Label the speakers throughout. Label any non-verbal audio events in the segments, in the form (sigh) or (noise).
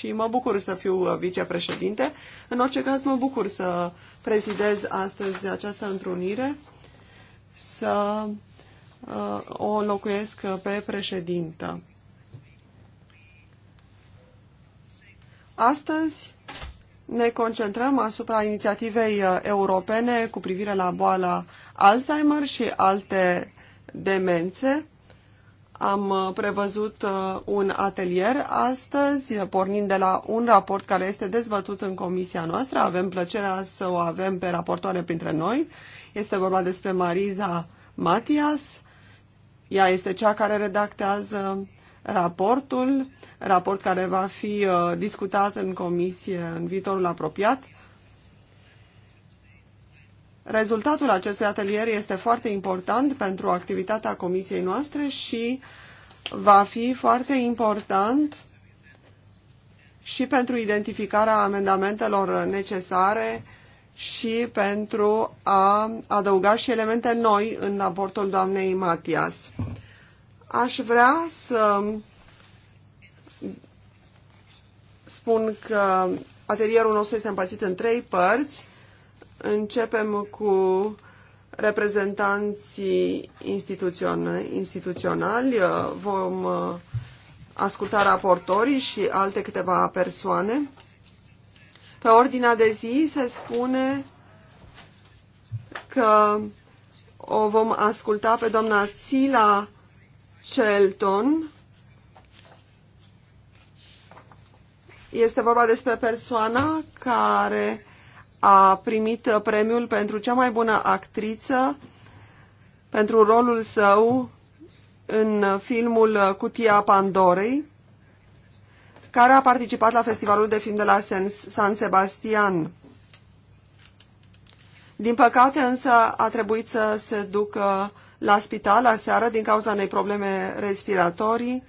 Speaker 1: și mă bucur să fiu uh, vicepreședinte. În orice caz, mă bucur să prezidez astăzi această întrunire, să uh, o locuiesc pe președintă. Astăzi ne concentrăm asupra inițiativei uh, europene cu privire la boala Alzheimer și alte demențe am uh, prevăzut uh, un atelier astăzi, pornind de la un raport care este dezbătut în comisia noastră. Avem plăcerea să o avem pe raportoare printre noi. Este vorba despre Mariza Matias. Ea este cea care redactează raportul, raport care va fi uh, discutat în comisie în viitorul apropiat. Rezultatul acestui atelier este foarte important pentru activitatea comisiei noastre și va fi foarte important și pentru identificarea amendamentelor necesare și pentru a adăuga și elemente noi în raportul doamnei Matias. Aș vrea să spun că atelierul nostru este împărțit în trei părți. Începem cu reprezentanții instituționali. Vom uh, asculta raportorii și alte câteva persoane. Pe ordinea de zi se spune că o vom asculta pe doamna Țila Shelton. Este vorba despre persoana care a primit premiul pentru cea mai bună actriță pentru rolul său în filmul Cutia Pandorei, care a participat la Festivalul de Film de la San Sebastian. Din păcate însă a trebuit să se ducă la spital la seară din cauza unei probleme respiratorii,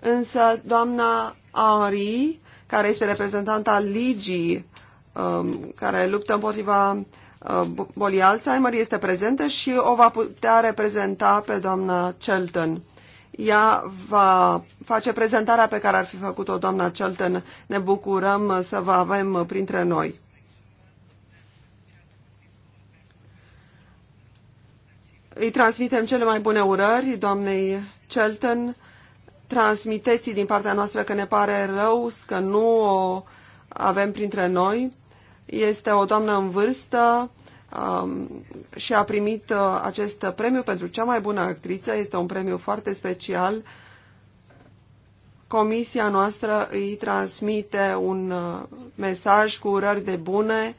Speaker 1: însă doamna Henri, care este reprezentanta Ligii Um, care luptă împotriva uh, bolii Alzheimer este prezentă și o va putea reprezenta pe doamna Chelton. Ea va face prezentarea pe care ar fi făcut-o doamna Chelton. Ne bucurăm să vă avem printre noi. Îi transmitem cele mai bune urări doamnei Chelton. Transmiteți din partea noastră că ne pare rău, că nu o avem printre noi. Este o doamnă în vârstă um, și a primit uh, acest premiu pentru cea mai bună actriță. Este un premiu foarte special. Comisia noastră îi transmite un uh, mesaj cu urări de bune,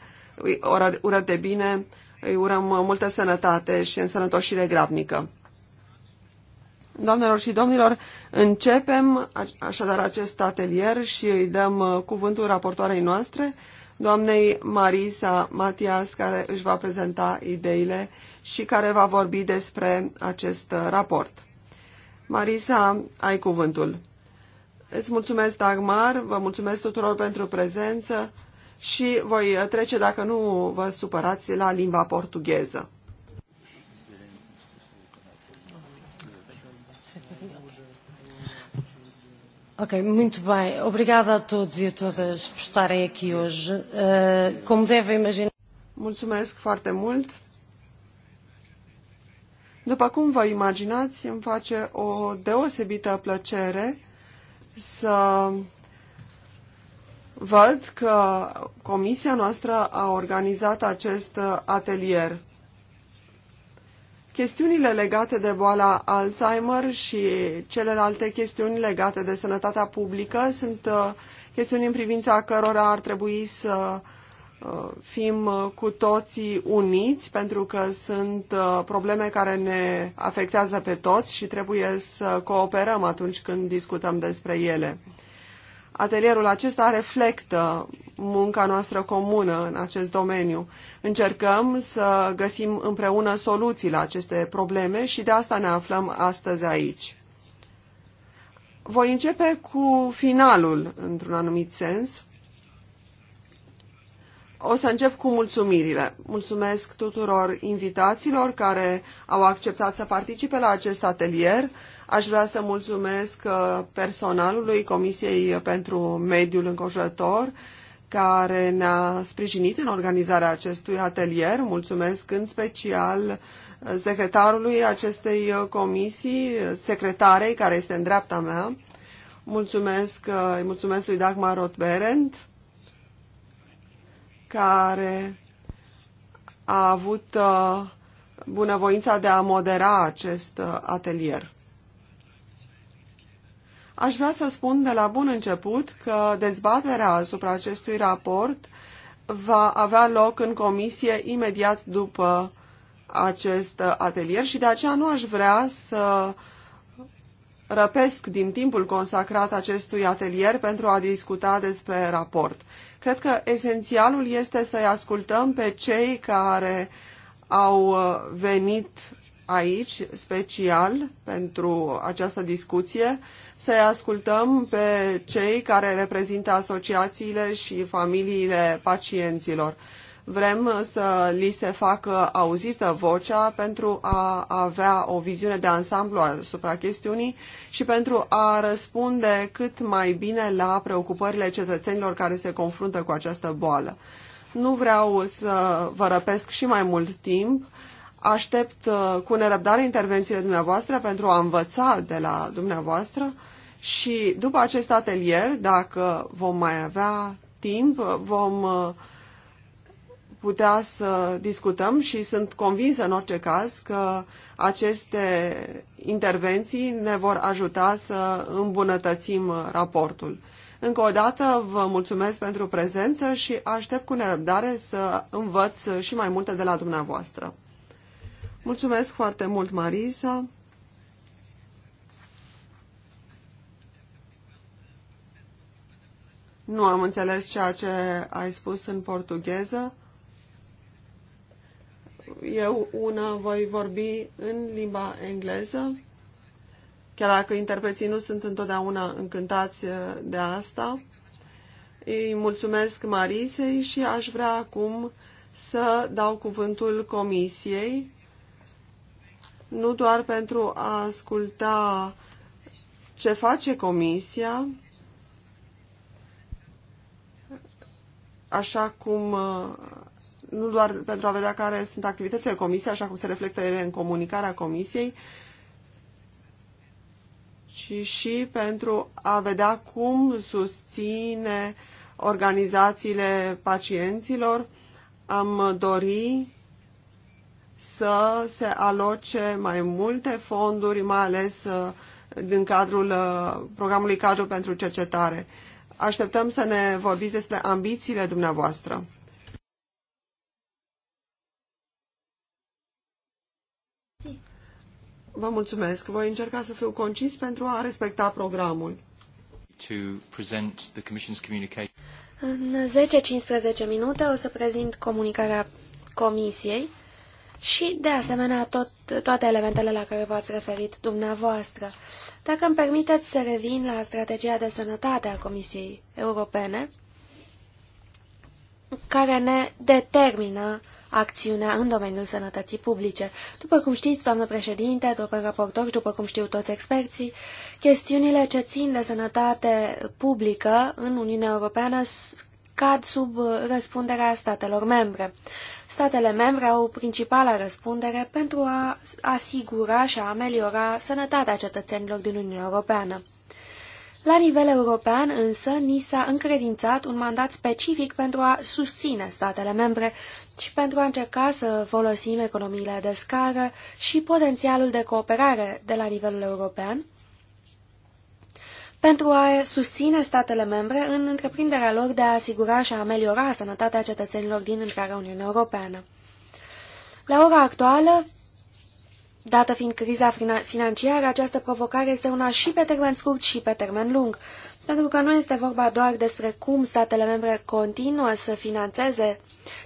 Speaker 1: urări, urări de bine, îi urăm uh, multă sănătate și însănătoșire grabnică. Doamnelor și domnilor, începem așadar acest atelier și îi dăm uh, cuvântul raportoarei noastre doamnei Marisa Matias, care își va prezenta ideile și care va vorbi despre acest uh, raport. Marisa, ai cuvântul. Îți mulțumesc, Dagmar, vă mulțumesc tuturor pentru prezență și voi uh, trece, dacă nu vă supărați, la limba portugheză. Ok, muito bem. Obrigada a todos e a todas por estarem aqui hoje. Uh, como devem imagina... Mulțumesc foarte mult. După cum vă imaginați, îmi face o deosebită plăcere să văd că comisia noastră a organizat acest atelier chestiunile legate de boala Alzheimer și celelalte chestiuni legate de sănătatea publică sunt uh, chestiuni în privința cărora ar trebui să uh, fim uh, cu toții uniți pentru că sunt probleme care ne afectează pe toți și trebuie să cooperăm atunci când discutăm despre ele. Atelierul acesta reflectă munca noastră comună în acest domeniu. Încercăm să găsim împreună soluții la aceste probleme și de asta ne aflăm astăzi aici. Voi începe cu finalul, într-un anumit sens. O să încep cu mulțumirile. Mulțumesc tuturor invitaților care au acceptat să participe la acest atelier. Aș vrea să mulțumesc uh, personalului Comisiei pentru Mediul Înconjurător care ne-a sprijinit în organizarea acestui atelier. Mulțumesc în special uh, secretarului acestei uh, comisii, uh, secretarei care este în dreapta mea. Mulțumesc, îi mulțumesc lui Dagmar Rotberend, care a avut bunăvoința de a modera acest atelier. Aș vrea să spun de la bun început că dezbaterea asupra acestui raport va avea loc în comisie imediat după acest atelier și de aceea nu aș vrea să răpesc din timpul consacrat acestui atelier pentru a discuta despre raport. Cred că esențialul este să-i ascultăm pe cei care au venit aici, special pentru această discuție, să ascultăm pe cei care reprezintă asociațiile și familiile pacienților. Vrem să li se facă auzită vocea pentru a avea o viziune de ansamblu asupra chestiunii și pentru a răspunde cât mai bine la preocupările cetățenilor care se confruntă cu această boală. Nu vreau să vă răpesc și mai mult timp. Aștept uh, cu nerăbdare intervențiile dumneavoastră pentru a învăța de la dumneavoastră și după acest atelier, dacă vom mai avea timp, vom uh, putea să discutăm și sunt convinsă în orice caz că aceste intervenții ne vor ajuta să îmbunătățim raportul. Încă o dată vă mulțumesc pentru prezență și aștept cu nerăbdare să învăț și mai multe de la dumneavoastră. Mulțumesc foarte mult, Marisa. Nu am înțeles ceea ce ai spus în portugheză. Eu una voi vorbi în limba engleză, chiar dacă interpreții nu sunt întotdeauna încântați eh, de asta. Îi mulțumesc Marisei și aș vrea acum să dau cuvântul comisiei nu doar pentru a asculta ce face Comisia, așa cum uh, nu doar pentru a vedea care sunt activitățile Comisiei, așa cum se reflectă ele în comunicarea Comisiei, ci și pentru a vedea cum susține organizațiile pacienților. Am dori să se aloce mai multe fonduri, mai ales uh, din cadrul uh, programului cadru pentru cercetare. Așteptăm să ne vorbiți despre ambițiile dumneavoastră. Vă mulțumesc. Voi încerca să fiu concis pentru a respecta programul.
Speaker 2: În 10-15 minute o să prezint comunicarea Comisiei și, de asemenea, tot, toate elementele la care v-ați referit dumneavoastră. Dacă îmi permiteți să revin la strategia de sănătate a Comisiei Europene, care ne determină acțiunea în domeniul sănătății publice. După cum știți, doamnă președinte, după raportor și după cum știu toți experții, chestiunile ce țin de sănătate publică în Uniunea Europeană cad sub răspunderea statelor membre. Statele membre au principala răspundere pentru a asigura și a ameliora sănătatea cetățenilor din Uniunea Europeană. La nivel european, însă, ni s-a încredințat un mandat specific pentru a susține statele membre și pentru a încerca să folosim economiile de scară și potențialul de cooperare de la nivelul european pentru a susține statele membre în întreprinderea lor de a asigura și a ameliora sănătatea cetățenilor din întreaga Uniune Europeană. La ora actuală, dată fiind criza financiară, această provocare este una și pe termen scurt și pe termen lung, pentru că nu este vorba doar despre cum statele membre continuă să financeze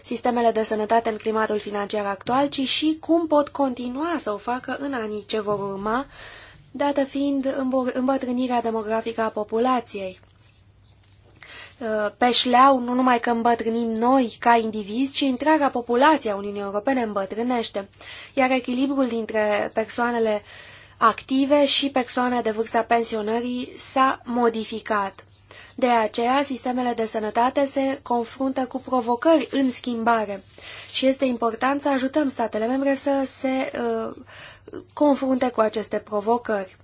Speaker 2: sistemele de sănătate în climatul financiar actual, ci și cum pot continua să o facă în anii ce vor urma, dată fiind îmbătrânirea demografică a populației. Pe șleau, nu numai că îmbătrânim noi ca indivizi, ci întreaga populație a Uniunii Europene îmbătrânește, iar echilibrul dintre persoanele active și persoane de vârsta pensionării s-a modificat. De aceea, sistemele de sănătate se confruntă cu provocări în schimbare și este important să ajutăm statele membre să se uh, confrunte cu aceste provocări.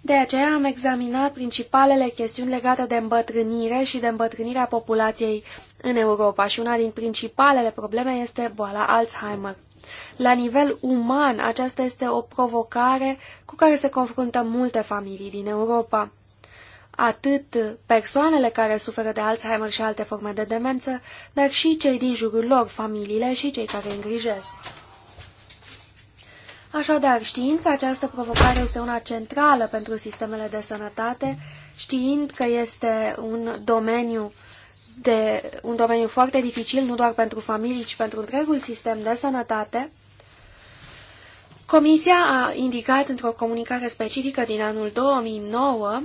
Speaker 2: De aceea am examinat principalele chestiuni legate de îmbătrânire și de îmbătrânirea populației în Europa și una din principalele probleme este boala Alzheimer. La nivel uman, aceasta este o provocare cu care se confruntă multe familii din Europa. Atât persoanele care suferă de Alzheimer și alte forme de demență, dar și cei din jurul lor, familiile și cei care îngrijesc. Așadar, știind că această provocare este una centrală pentru sistemele de sănătate, știind că este un domeniu, de, un domeniu foarte dificil, nu doar pentru familii, ci pentru întregul sistem de sănătate, Comisia a indicat într-o comunicare specifică din anul 2009,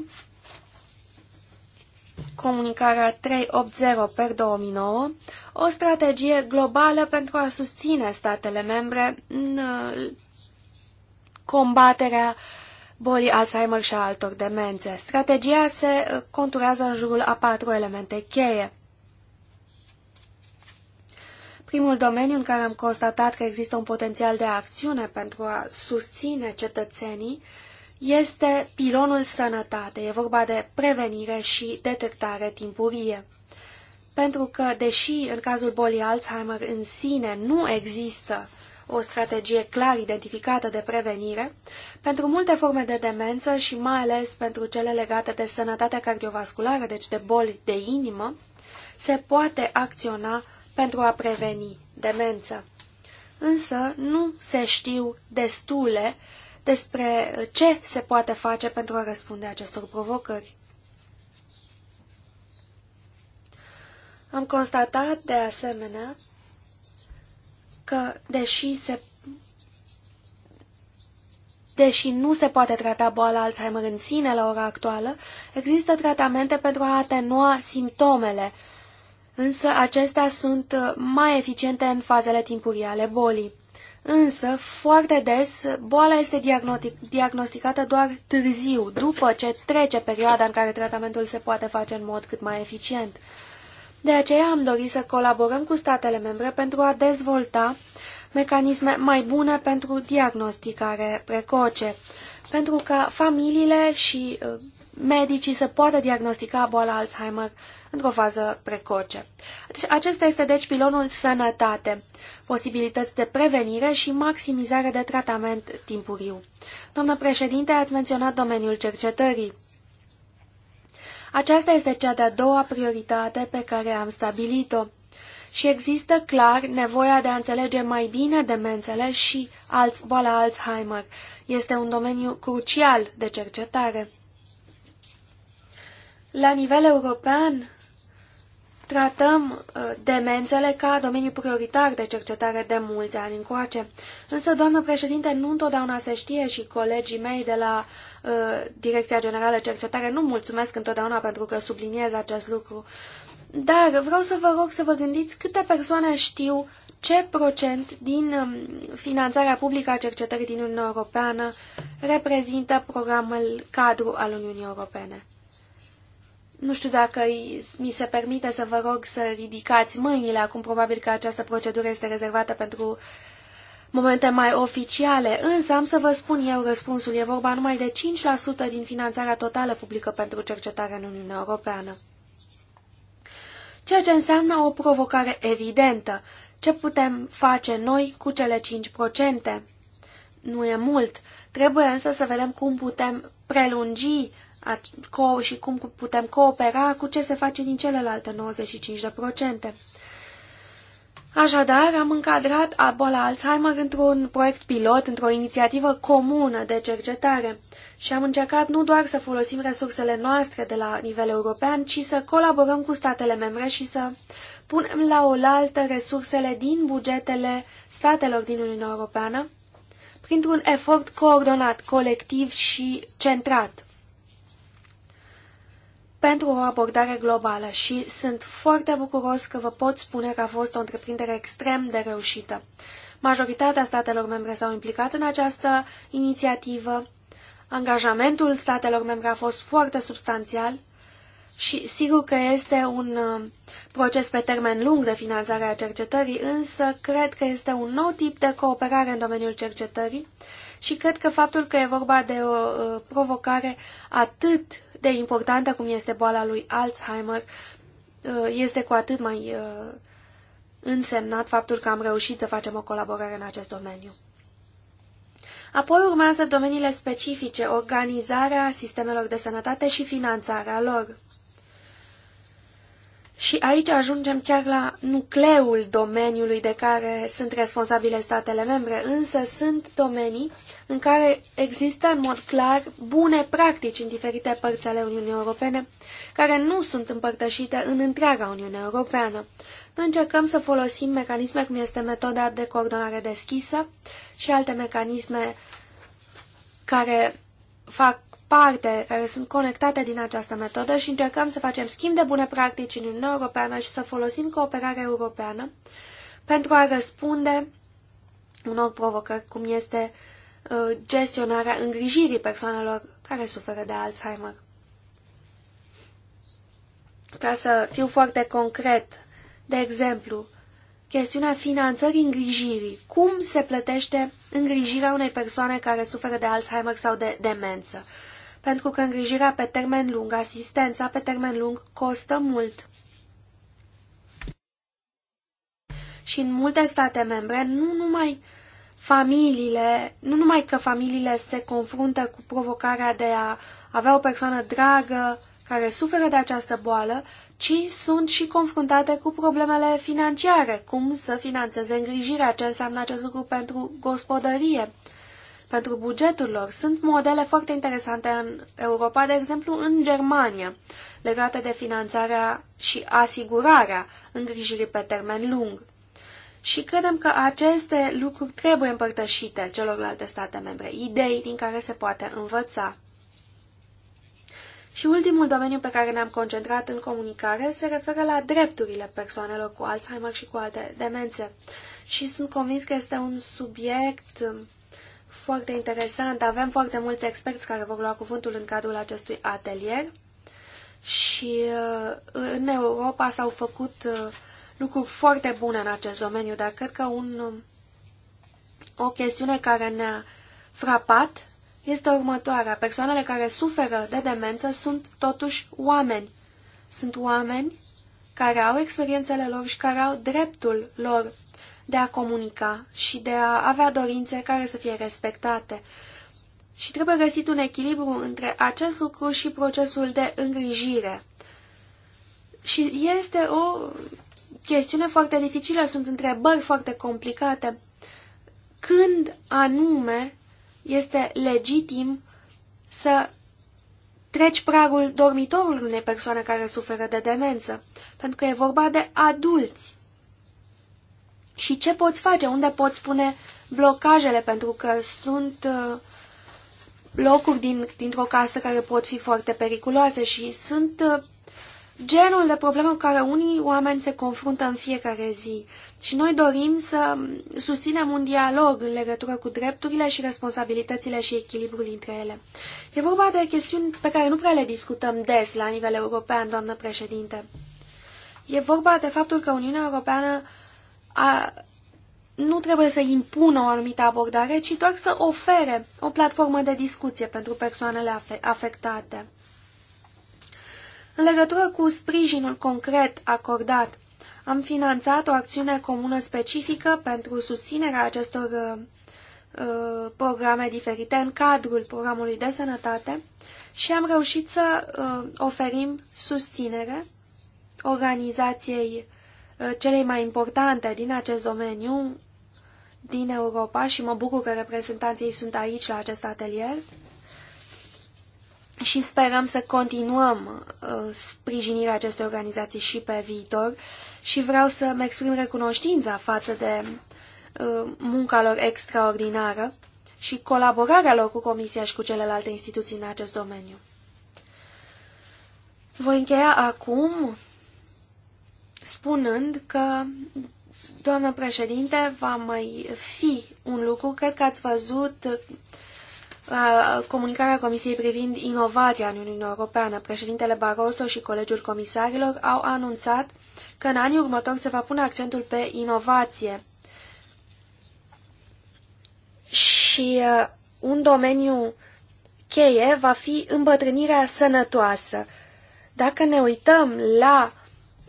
Speaker 2: comunicarea 380 per 2009, o strategie globală pentru a susține statele membre în combaterea bolii Alzheimer și a altor demențe. Strategia se eh, conturează în jurul a patru elemente cheie. Primul domeniu în care am constatat că există un potențial de acțiune pentru a susține cetățenii este pilonul sănătate. E vorba de prevenire și detectare timpurie. Pentru că, deși în cazul bolii Alzheimer în sine nu există o strategie clar identificată de prevenire pentru multe forme de demență și mai ales pentru cele legate de sănătatea cardiovasculară, deci de boli de inimă, se poate acționa pentru a preveni demență. Însă nu se știu destule despre ce se poate face pentru a răspunde acestor provocări. Am constatat, de asemenea, că, deși se Deși nu se poate trata boala Alzheimer în sine la ora actuală, există tratamente pentru a atenua simptomele, însă acestea sunt mai eficiente în fazele timpurii ale bolii. Însă, foarte des, boala este diagnosticată doar târziu, după ce trece perioada în care tratamentul se poate face în mod cât mai eficient. De aceea am dorit să colaborăm cu statele membre pentru a dezvolta mecanisme mai bune pentru diagnosticare precoce, pentru ca familiile și uh, medicii să poată diagnostica boala Alzheimer într-o fază precoce. Deci, acesta este deci pilonul sănătate, posibilități de prevenire și maximizare de tratament timpuriu. Doamnă președinte, ați menționat domeniul cercetării. Aceasta este cea de-a doua prioritate pe care am stabilit-o și există clar nevoia de a înțelege mai bine demențele și alți, boala Alzheimer. Este un domeniu crucial de cercetare. La nivel european, tratăm uh, demențele ca domeniu prioritar de cercetare de mulți ani încoace. Însă, doamnă președinte, nu întotdeauna se știe și colegii mei de la uh, Direcția Generală Cercetare nu mulțumesc întotdeauna pentru că subliniez acest lucru. Dar vreau să vă rog să vă gândiți câte persoane știu ce procent din um, finanțarea publică a cercetării din Uniunea Europeană reprezintă programul cadru al Uniunii Europene. Nu știu dacă mi se permite să vă rog să ridicați mâinile, acum probabil că această procedură este rezervată pentru momente mai oficiale, însă am să vă spun eu răspunsul, e vorba numai de 5% din finanțarea totală publică pentru cercetare în Uniunea Europeană. Ceea ce înseamnă o provocare evidentă. Ce putem face noi cu cele 5%? Nu e mult. Trebuie însă să vedem cum putem prelungi și cum putem coopera cu ce se face din celelalte 95%. Așadar, am încadrat boala Alzheimer într-un proiect pilot, într-o inițiativă comună de cercetare și am încercat nu doar să folosim resursele noastre de la nivel european, ci să colaborăm cu statele membre și să punem la oaltă resursele din bugetele statelor din Uniunea Europeană printr-un efort coordonat, colectiv și centrat pentru o abordare globală și sunt foarte bucuros că vă pot spune că a fost o întreprindere extrem de reușită. Majoritatea statelor membre s-au implicat în această inițiativă, angajamentul statelor membre a fost foarte substanțial și sigur că este un uh, proces pe termen lung de finanțare a cercetării, însă cred că este un nou tip de cooperare în domeniul cercetării și cred că faptul că e vorba de o uh, provocare atât de importantă cum este boala lui Alzheimer, uh, este cu atât mai uh, însemnat faptul că am reușit să facem o colaborare în acest domeniu. Apoi urmează domeniile specifice, organizarea sistemelor de sănătate și finanțarea lor. Și aici ajungem chiar la nucleul domeniului de care sunt responsabile statele membre, însă sunt domenii în care există în mod clar bune practici în diferite părți ale Uniunii Europene, care nu sunt împărtășite în întreaga Uniune Europeană. Noi încercăm să folosim mecanisme cum este metoda de coordonare deschisă și alte mecanisme care fac parte care sunt conectate din această metodă și încercăm să facem schimb de bune practici în Uniunea Europeană și să folosim cooperarea europeană pentru a răspunde unor provocări, cum este uh, gestionarea îngrijirii persoanelor care suferă de Alzheimer. Ca să fiu foarte concret, de exemplu, chestiunea finanțării îngrijirii. Cum se plătește îngrijirea unei persoane care suferă de Alzheimer sau de demență? pentru că îngrijirea pe termen lung, asistența pe termen lung, costă mult. Și în multe state membre, nu numai familiile, nu numai că familiile se confruntă cu provocarea de a avea o persoană dragă care suferă de această boală, ci sunt și confruntate cu problemele financiare, cum să financeze îngrijirea, ce înseamnă acest lucru pentru gospodărie pentru bugetul lor. Sunt modele foarte interesante în Europa, de exemplu în Germania, legate de finanțarea și asigurarea îngrijirii pe termen lung. Și credem că aceste lucruri trebuie împărtășite celorlalte state membre, idei din care se poate învăța. Și ultimul domeniu pe care ne-am concentrat în comunicare se referă la drepturile persoanelor cu Alzheimer și cu alte demențe. Și sunt convins că este un subiect foarte interesant. Avem foarte mulți experți care vor lua cuvântul în cadrul acestui atelier și uh, în Europa s-au făcut uh, lucruri foarte bune în acest domeniu, dar cred că un, um, o chestiune care ne-a frapat este următoarea. Persoanele care suferă de demență sunt totuși oameni. Sunt oameni care au experiențele lor și care au dreptul lor de a comunica și de a avea dorințe care să fie respectate. Și trebuie găsit un echilibru între acest lucru și procesul de îngrijire. Și este o chestiune foarte dificilă, sunt întrebări foarte complicate. Când anume este legitim să treci pragul dormitorului unei persoane care suferă de demență? Pentru că e vorba de adulți și ce poți face, unde poți pune blocajele, pentru că sunt uh, locuri din, dintr-o casă care pot fi foarte periculoase și sunt uh, genul de probleme cu care unii oameni se confruntă în fiecare zi. Și noi dorim să susținem un dialog în legătură cu drepturile și responsabilitățile și echilibrul dintre ele. E vorba de chestiuni pe care nu prea le discutăm des la nivel european, doamnă președinte. E vorba de faptul că Uniunea Europeană a, nu trebuie să impună o anumită abordare, ci doar să ofere o platformă de discuție pentru persoanele afectate. În legătură cu sprijinul concret acordat, am finanțat o acțiune comună specifică pentru susținerea acestor uh, uh, programe diferite în cadrul programului de sănătate și am reușit să uh, oferim susținere organizației uh, Uh, celei mai importante din acest domeniu din Europa și mă bucur că reprezentanții sunt aici la acest atelier și sperăm să continuăm uh, sprijinirea acestei organizații și pe viitor și vreau să-mi exprim recunoștința față de uh, munca lor extraordinară și colaborarea lor cu Comisia și cu celelalte instituții în acest domeniu. Voi încheia acum spunând că, doamnă președinte, va mai fi un lucru. Cred că ați văzut uh, comunicarea Comisiei privind inovația în Uniunea Europeană. Președintele Barroso și colegiul comisarilor au anunțat că în anii următori se va pune accentul pe inovație. Și uh, un domeniu cheie va fi îmbătrânirea sănătoasă. Dacă ne uităm la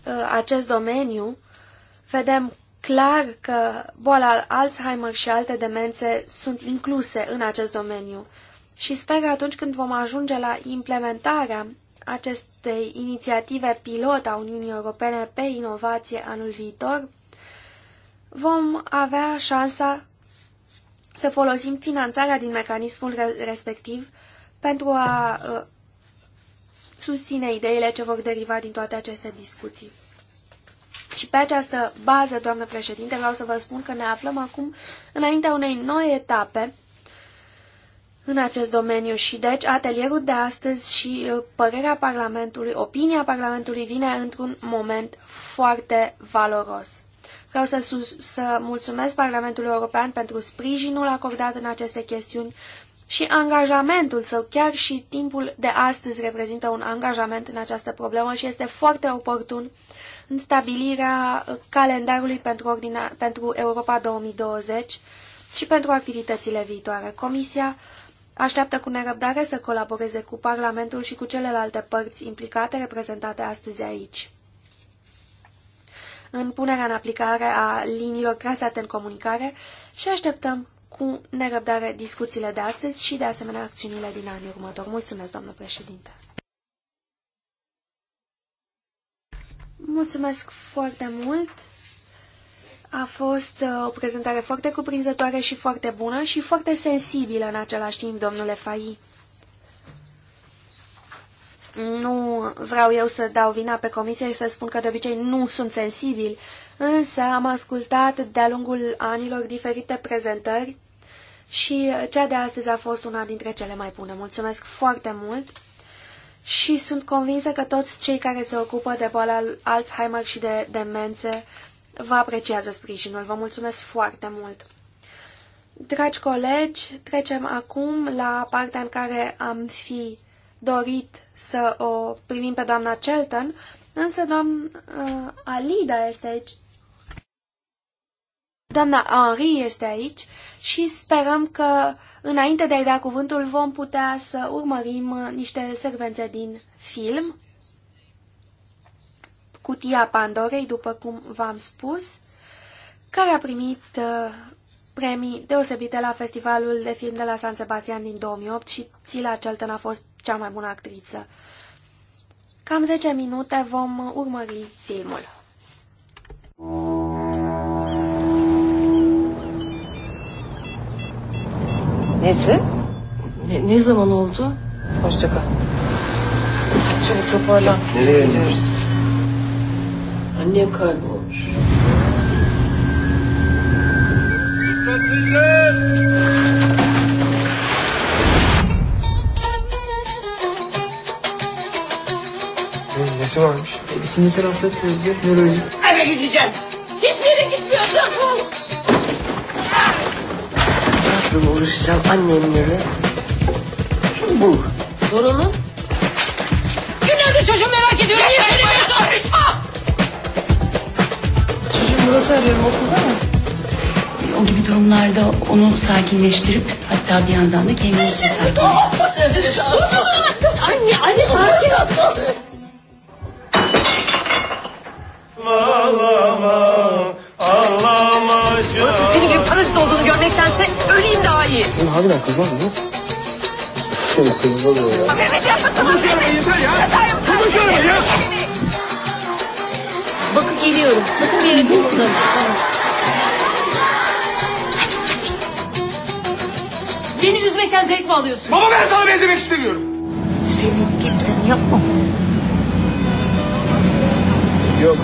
Speaker 2: Uh, acest domeniu, vedem clar că boala Alzheimer și alte demențe sunt incluse în acest domeniu. Și sper că atunci când vom ajunge la implementarea acestei inițiative pilot a Uniunii Europene pe inovație anul viitor, vom avea șansa să folosim finanțarea din mecanismul respectiv pentru a uh, susține ideile ce vor deriva din toate aceste discuții. Și pe această bază, doamnă președinte, vreau să vă spun că ne aflăm acum înaintea unei noi etape în acest domeniu și deci atelierul de astăzi și uh, părerea Parlamentului, opinia Parlamentului vine într-un moment foarte valoros. Vreau să, să mulțumesc Parlamentului European pentru sprijinul acordat în aceste chestiuni și angajamentul său, chiar și timpul de astăzi reprezintă un angajament în această problemă și este foarte oportun în stabilirea uh, calendarului pentru, ordina, pentru Europa 2020 și pentru activitățile viitoare. Comisia așteaptă cu nerăbdare să colaboreze cu Parlamentul și cu celelalte părți implicate reprezentate astăzi aici. În punerea în aplicare a liniilor trasate în comunicare și așteptăm cu nerăbdare discuțiile de astăzi și, de asemenea, acțiunile din anii următor. Mulțumesc, doamnă președinte! Mulțumesc foarte mult! A fost uh, o prezentare foarte cuprinzătoare și foarte bună și foarte sensibilă în același timp, domnule Fai. Nu vreau eu să dau vina pe comisie și să spun că de obicei nu sunt sensibil, însă am ascultat de-a lungul anilor diferite prezentări și uh, cea de astăzi a fost una dintre cele mai bune. Mulțumesc foarte mult și sunt convinsă că toți cei care se ocupă de boala Alzheimer și de demențe vă apreciază sprijinul. Vă mulțumesc foarte mult! Dragi colegi, trecem acum la partea în care am fi dorit să o primim pe doamna Chelton, însă doamna uh, Alida este aici Doamna Henri este aici și sperăm că înainte de a-i da cuvântul vom putea să urmărim uh, niște secvențe din film. Cutia Pandorei, după cum v-am spus, care a primit uh, premii deosebite la Festivalul de Film de la San Sebastian din 2008 și Țila Celton a fost cea mai bună actriță. Cam 10 minute vom urmări filmul. Mm.
Speaker 3: Nesrin? Ne, ne zaman oldu?
Speaker 1: Hoşça kal. Hadi çabuk toparlan. Nereye gidiyoruz? Annem kaybolmuș. Dikkatlice! Nesi varmış? Sinirsel hastalık hastalıkla ilgili nörolojik.
Speaker 4: Eve gideceğim. Hiçbir yere gitmiyorsun
Speaker 3: yardım uğraşacağım annemlere. Bu. Sorunun? Günlerdir çocuğu merak ediyorum. Niye söylemiyorsun? Karışma!
Speaker 1: Çocuğum Murat'ı arıyorum okulda mı? O
Speaker 4: gibi durumlarda onu sakinleștirip hatta bir yandan da kendini için sakinleștirip.
Speaker 1: Anne, anne sakin
Speaker 4: ol.
Speaker 3: Mama, mama. Murat'ın senin gibi parazit olduğunu görmektense öleyim daha iyi.
Speaker 2: Oğlum harbiden kızmaz değil mi? kızmaz o ya. Mehmet yapma tamam. Bunu söyleme yeter ya. Bunu söyleme ya.
Speaker 4: Bakıp geliyorum. Sakın bir yere kıpırdamayın. Tamam.
Speaker 3: Beni üzmekten zevk mi alıyorsun? Baba ben sana benzemek
Speaker 2: istemiyorum. Senin kimsenin yok mu?
Speaker 1: Yok.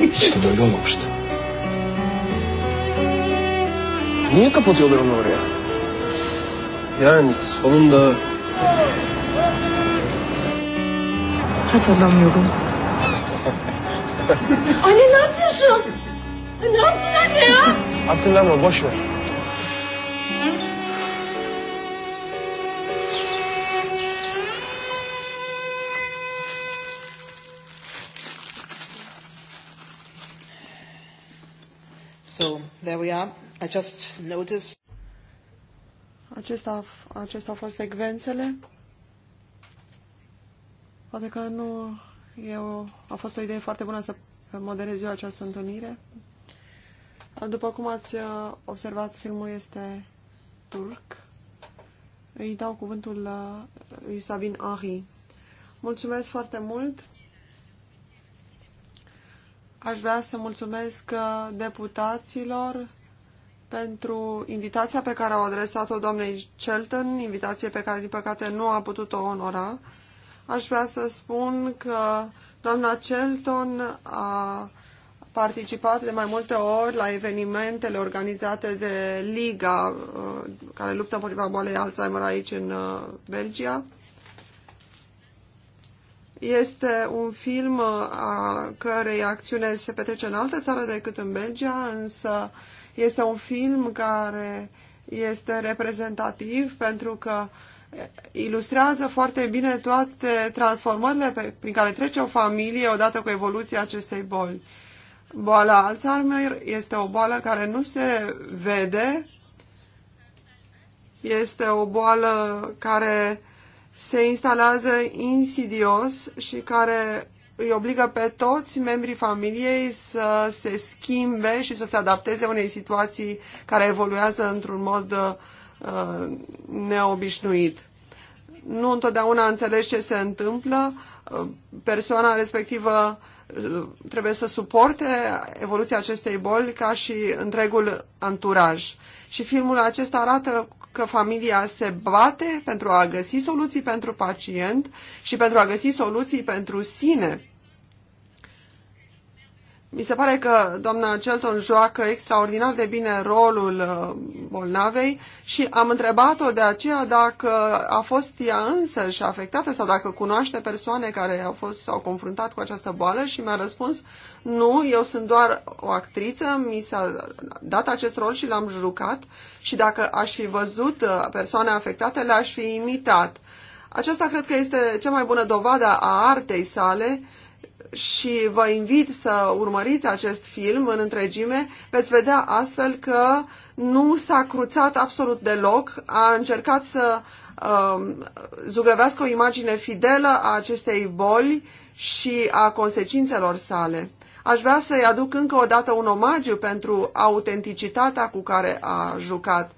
Speaker 1: Hiç de böyle olmamıştı. Niye kapatıyorlar onu oraya?
Speaker 3: Yani sonunda... Hatırlamıyorum. (laughs) anne ne yapıyorsun? Ne yaptın anne ya? Hatırlama boș ver.
Speaker 1: So there we are. I just noticed. Acesta, acestea au fost secvențele. Poate că nu eu, a fost o idee foarte bună să moderez eu această întâlnire. După cum ați uh, observat, filmul este turc. Îi dau cuvântul uh, lui Sabin Ahi. Mulțumesc foarte mult Aș vrea să mulțumesc uh, deputaților pentru invitația pe care au adresat-o doamnei Shelton, invitație pe care, din păcate, nu a putut-o onora. Aș vrea să spun că doamna Shelton a participat de mai multe ori la evenimentele organizate de Liga uh, care luptă împotriva boalei Alzheimer aici în uh, Belgia. Este un film uh, a cărei acțiune se petrece în altă țară decât în Belgia, însă este un film care este reprezentativ pentru că eh, ilustrează foarte bine toate transformările pe, prin care trece o familie odată cu evoluția acestei boli. Boala Alzheimer este o boală care nu se vede, este o boală care se instalează insidios și care îi obligă pe toți membrii familiei să se schimbe și să se adapteze unei situații care evoluează într-un mod uh, neobișnuit. Nu întotdeauna înțelegi ce se întâmplă, uh, persoana respectivă uh, trebuie să suporte evoluția acestei boli ca și întregul anturaj. Și filmul acesta arată că familia se bate pentru a găsi soluții pentru pacient și pentru a găsi soluții pentru sine. Mi se pare că doamna Celton joacă extraordinar de bine rolul uh, bolnavei și am întrebat-o de aceea dacă a fost ea însă și afectată sau dacă cunoaște persoane care au fost sau confruntat cu această boală și mi-a răspuns nu, eu sunt doar o actriță, mi s-a dat acest rol și l-am jucat și dacă aș fi văzut uh, persoane afectate, le-aș fi imitat. Aceasta cred că este cea mai bună dovadă a artei sale și vă invit să urmăriți acest film în întregime. Veți vedea astfel că nu s-a cruțat absolut deloc, a încercat să uh, zugrăvească o imagine fidelă a acestei boli și a consecințelor sale. Aș vrea să-i aduc încă o dată un omagiu pentru autenticitatea cu care a jucat.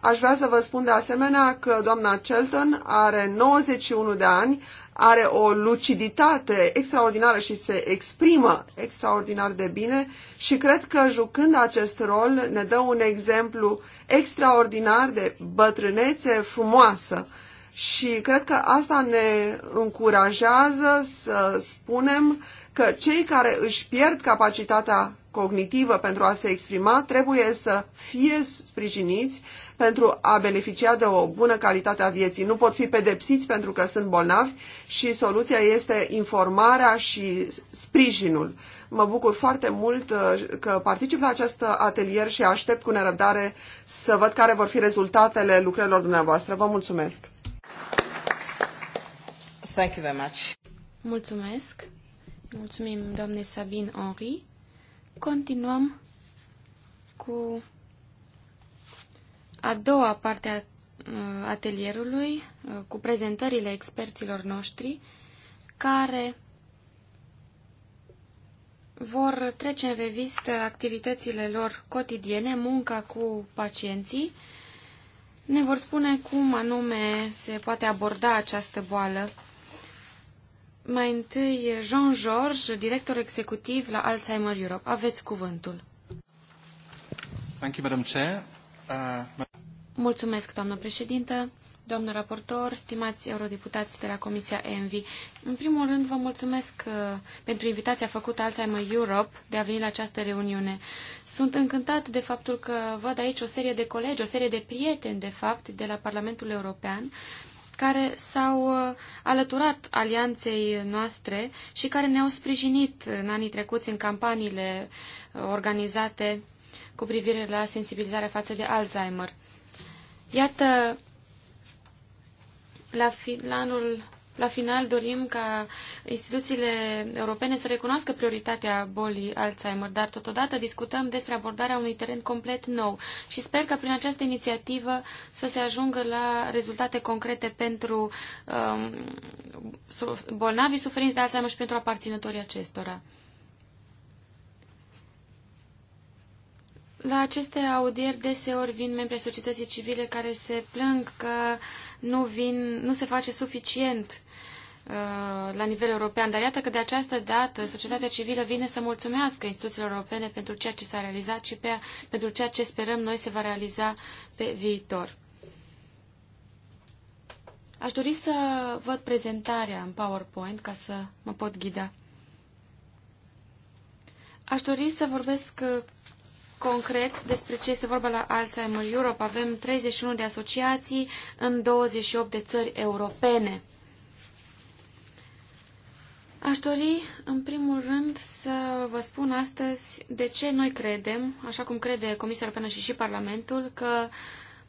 Speaker 1: Aș vrea să vă spun de asemenea că doamna Chelton are 91 de ani, are o luciditate extraordinară și se exprimă extraordinar de bine și cred că jucând acest rol ne dă un exemplu extraordinar de bătrânețe frumoasă. Și cred că asta ne încurajează să spunem că cei care își pierd capacitatea cognitivă pentru a se exprima trebuie să fie sprijiniți pentru a beneficia de o bună calitate a vieții. Nu pot fi pedepsiți pentru că sunt bolnavi și soluția este informarea și sprijinul. Mă bucur foarte mult uh, că particip la acest atelier și aștept cu nerăbdare să văd care vor fi rezultatele lucrărilor dumneavoastră. Vă mulțumesc! Thank you very much.
Speaker 4: Mulțumesc! Mulțumim doamne Sabine Henri. Continuăm cu a doua parte a uh, atelierului uh, cu prezentările experților noștri care vor trece în revistă activitățile lor cotidiene, munca cu pacienții, ne vor spune cum anume se poate aborda această boală. Mai întâi, Jean George, director executiv la Alzheimer Europe. Aveți cuvântul.
Speaker 3: Thank you, Madam Chair.
Speaker 4: Mulțumesc, doamnă președintă, doamnă raportor, stimați eurodeputați de la Comisia ENVI. În primul rând, vă mulțumesc uh, pentru invitația făcută Alzheimer Europe de a veni la această reuniune. Sunt încântat de faptul că văd aici o serie de colegi, o serie de prieteni, de fapt, de la Parlamentul European, care s-au uh, alăturat alianței noastre și care ne-au sprijinit în anii trecuți în campaniile uh, organizate cu privire la sensibilizarea față de Alzheimer. Iată, la, finalul, la final dorim ca instituțiile europene să recunoască prioritatea bolii Alzheimer, dar totodată discutăm despre abordarea unui teren complet nou și sper că prin această inițiativă să se ajungă la rezultate concrete pentru um, bolnavii suferinți de Alzheimer și pentru aparținătorii acestora. La aceste audieri deseori vin membri societății civile care se plâng că nu, vin, nu se face suficient uh, la nivel european, dar iată că de această dată societatea civilă vine să mulțumească instituțiilor europene pentru ceea ce s-a realizat și pe, pentru ceea ce sperăm noi se va realiza pe viitor. Aș dori să văd prezentarea în PowerPoint ca să mă pot ghida. Aș dori să vorbesc uh, concret despre ce este vorba la Alzheimer Europe. Avem 31 de asociații în 28 de țări europene. Aș dori, în primul rând, să vă spun astăzi de ce noi credem, așa cum crede Comisia Europeană și și Parlamentul, că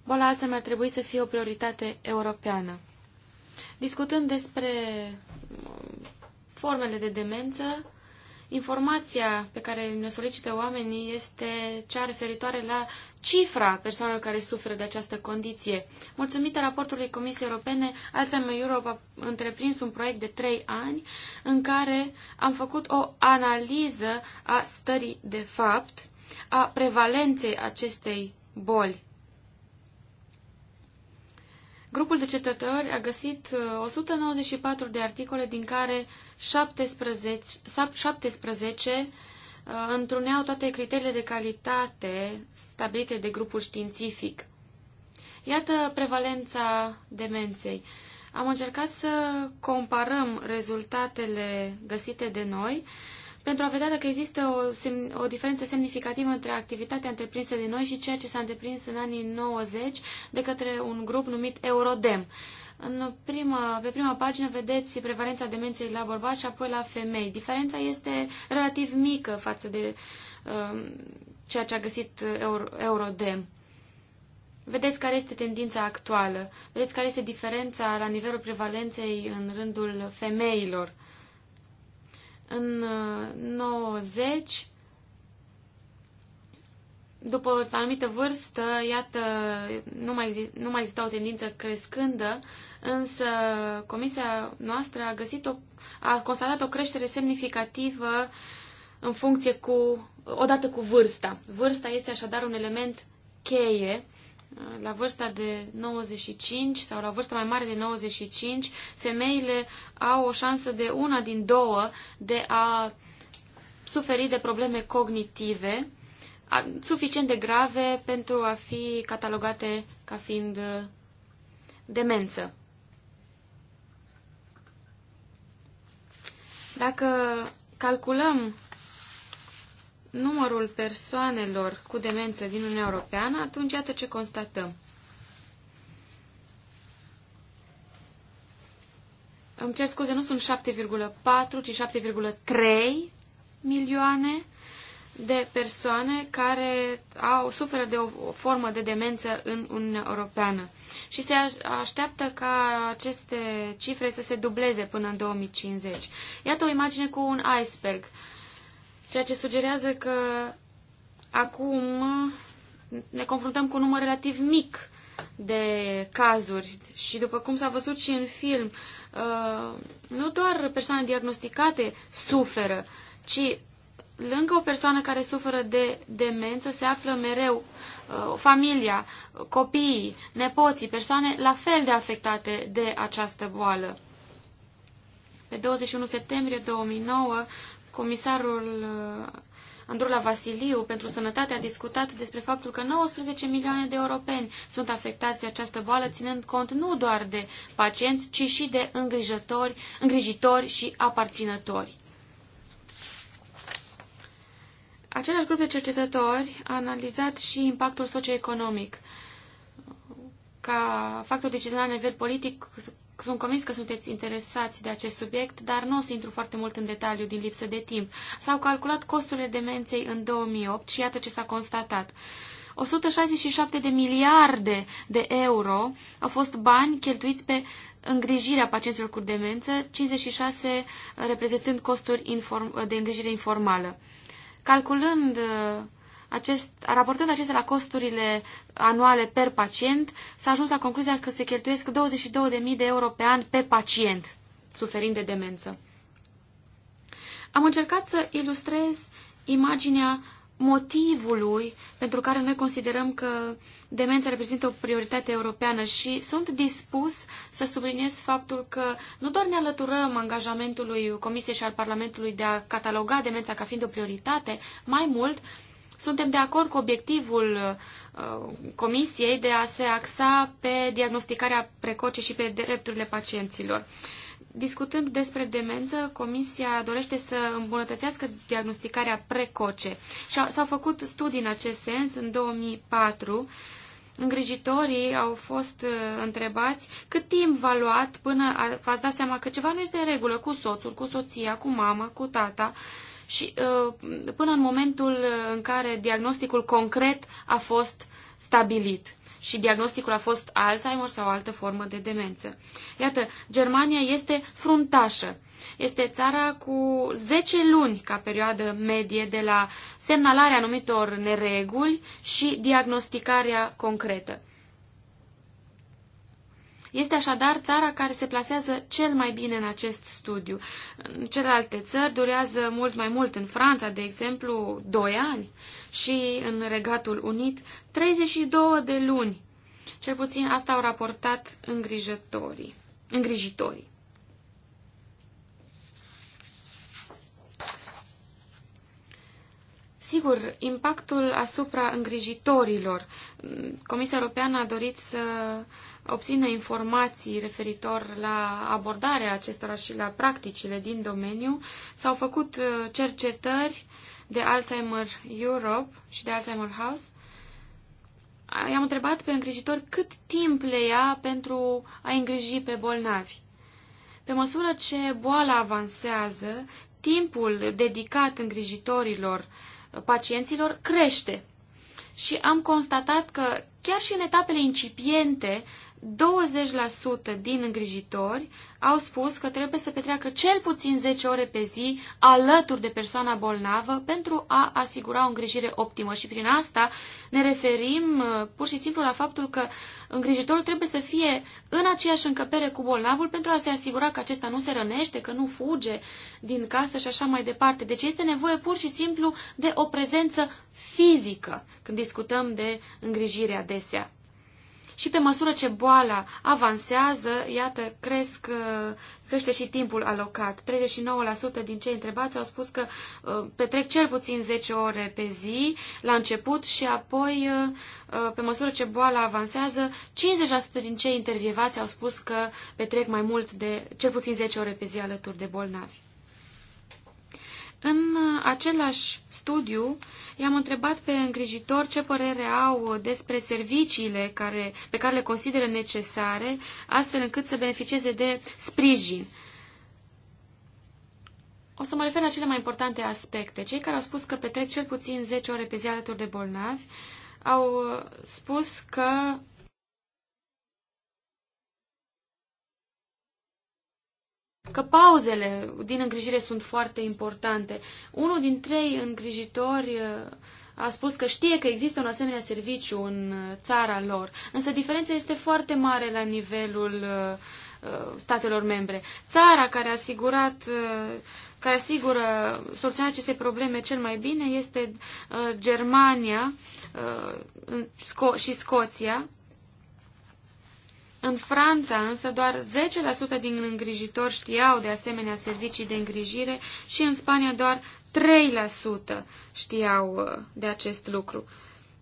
Speaker 4: boala Alzheimer ar trebui să fie o prioritate europeană. Discutând despre formele de demență, informația pe care ne solicită oamenii este cea referitoare la cifra persoanelor care suferă de această condiție. Mulțumită raportului Comisiei Europene, Alzheimer Europe a întreprins un proiect de trei ani în care am făcut o analiză a stării de fapt, a prevalenței acestei boli. Grupul de cetători a găsit 194 uh, de articole din care 17, 17 uh, întruneau toate criteriile de calitate stabilite de grupul științific. Iată prevalența demenței. Am încercat să comparăm rezultatele găsite de noi pentru a vedea dacă există o, o diferență semnificativă între activitatea întreprinsă de noi și ceea ce s-a întreprins în anii 90 de către un grup numit Eurodem. Uh, în prima, pe prima pagină vedeți prevalența demenței la bărbați și apoi la femei. Diferența este relativ mică față de uh, ceea ce a găsit Eurodem. Vedeți care este tendința actuală, vedeți care este diferența la nivelul prevalenței în rândul femeilor. În 90, uh, după o anumită vârstă, iată, nu mai, exist, nu mai exista o tendință crescândă, însă comisia noastră a, găsit o, a constatat o creștere semnificativă în funcție cu, odată cu vârsta. Vârsta este așadar un element cheie. La vârsta de 95 sau la vârsta mai mare de 95, femeile au o șansă de una din două de a suferi de probleme cognitive suficient de grave pentru a fi catalogate ca fiind uh, demență. Dacă calculăm numărul persoanelor cu demență din Uniunea Europeană, atunci iată ce constatăm. Îmi cer scuze, nu sunt 7,4, ci 7,3 milioane de persoane care au, suferă de o, o formă de demență în Uniunea Europeană și se așteaptă ca aceste cifre să se dubleze până în 2050. Iată o imagine cu un iceberg, ceea ce sugerează că acum ne confruntăm cu un număr relativ mic de cazuri și după cum s-a văzut și în film, uh, nu doar persoane diagnosticate suferă, ci lângă o persoană care suferă de demență se află mereu uh, familia, copiii, nepoții, persoane la fel de afectate de această boală. Pe 21 septembrie 2009, comisarul uh, Andrula Vasiliu pentru Sănătate a discutat despre faptul că 19 milioane de europeni sunt afectați de această boală, ținând cont nu doar de pacienți, ci și de îngrijitori și aparținători. Același grup de cercetători a analizat și impactul socioeconomic. Ca factor decizional la nivel politic, sunt convins că sunteți interesați de acest subiect, dar nu o să intru foarte mult în detaliu din lipsă de timp. S-au calculat costurile demenței în 2008 și iată ce s-a constatat. 167 de miliarde de euro au fost bani cheltuiți pe îngrijirea pacienților cu demență, 56 reprezentând costuri de îngrijire informală calculând uh, acest, raportând acestea la costurile anuale per pacient, s-a ajuns la concluzia că se cheltuiesc 22.000 de euro pe an pe pacient suferind de demență. Am încercat să ilustrez imaginea motivului pentru care noi considerăm că demența reprezintă o prioritate europeană și sunt dispus să subliniez faptul că nu doar ne alăturăm angajamentului Comisiei și al Parlamentului de a cataloga demența ca fiind o prioritate, mai mult suntem de acord cu obiectivul uh, Comisiei de a se axa pe diagnosticarea precoce și pe drepturile pacienților. Uh, Discutând despre demență, Comisia dorește să îmbunătățească diagnosticarea precoce. S-au făcut studii în acest sens în 2004. Îngrijitorii au fost uh, întrebați cât timp v-a luat până v-ați dat seama că ceva nu este în regulă cu soțul, cu soția, cu mama, cu tata și uh, până în momentul uh, în care diagnosticul concret a fost stabilit și diagnosticul a fost Alzheimer sau o altă formă de demență. Iată, Germania este fruntașă. Este țara cu 10 luni ca perioadă medie de la semnalarea anumitor nereguli și diagnosticarea concretă. Este așadar țara care se plasează cel mai bine în acest studiu. În celelalte țări durează mult mai mult. În Franța, de exemplu, 2 ani și în Regatul Unit 32 de luni. Cel puțin asta au raportat îngrijitorii. îngrijitorii. Sigur, impactul asupra îngrijitorilor. Comisia Europeană a dorit să obțină informații referitor la abordarea acestora și la practicile din domeniu. S-au făcut uh, cercetări de Alzheimer Europe și de Alzheimer House, i-am întrebat pe îngrijitor cât timp le ia pentru a îngriji pe bolnavi. Pe măsură ce boala avansează, timpul dedicat îngrijitorilor uh, pacienților crește. Și am constatat că chiar și în etapele incipiente 20% din îngrijitori au spus că trebuie să petreacă cel puțin 10 ore pe zi alături de persoana bolnavă pentru a asigura o îngrijire optimă. Și prin asta ne referim uh, pur și simplu la faptul că îngrijitorul trebuie să fie în aceeași încăpere cu bolnavul pentru a se asigura că acesta nu se rănește, că nu fuge din casă și așa mai departe. Deci este nevoie pur și simplu de o prezență fizică când discutăm de îngrijire adesea. Și pe măsură ce boala avansează, iată, cresc, uh, crește și timpul alocat. 39% din cei întrebați au spus că uh, petrec cel puțin 10 ore pe zi la început și apoi, uh, pe măsură ce boala avansează, 50% din cei intervievați au spus că petrec mai mult de cel puțin 10 ore pe zi alături de bolnavi. În uh, același studiu i-am întrebat pe îngrijitor ce părere au despre serviciile care, pe care le consideră necesare, astfel încât să beneficieze de sprijin. O să mă refer la cele mai importante aspecte. Cei care au spus că petrec cel puțin 10 ore pe zi alături de bolnavi au uh, spus că că pauzele din îngrijire sunt foarte importante. Unul din trei îngrijitori uh, a spus că știe că există un asemenea serviciu în uh, țara lor, însă diferența este foarte mare la nivelul uh, statelor membre. Țara care a asigurat care asigură soluționarea acestei probleme cel mai bine este Germania și Scoția, în Franța, însă, doar 10% din îngrijitori știau de asemenea servicii de îngrijire și în Spania doar 3% știau uh, de acest lucru.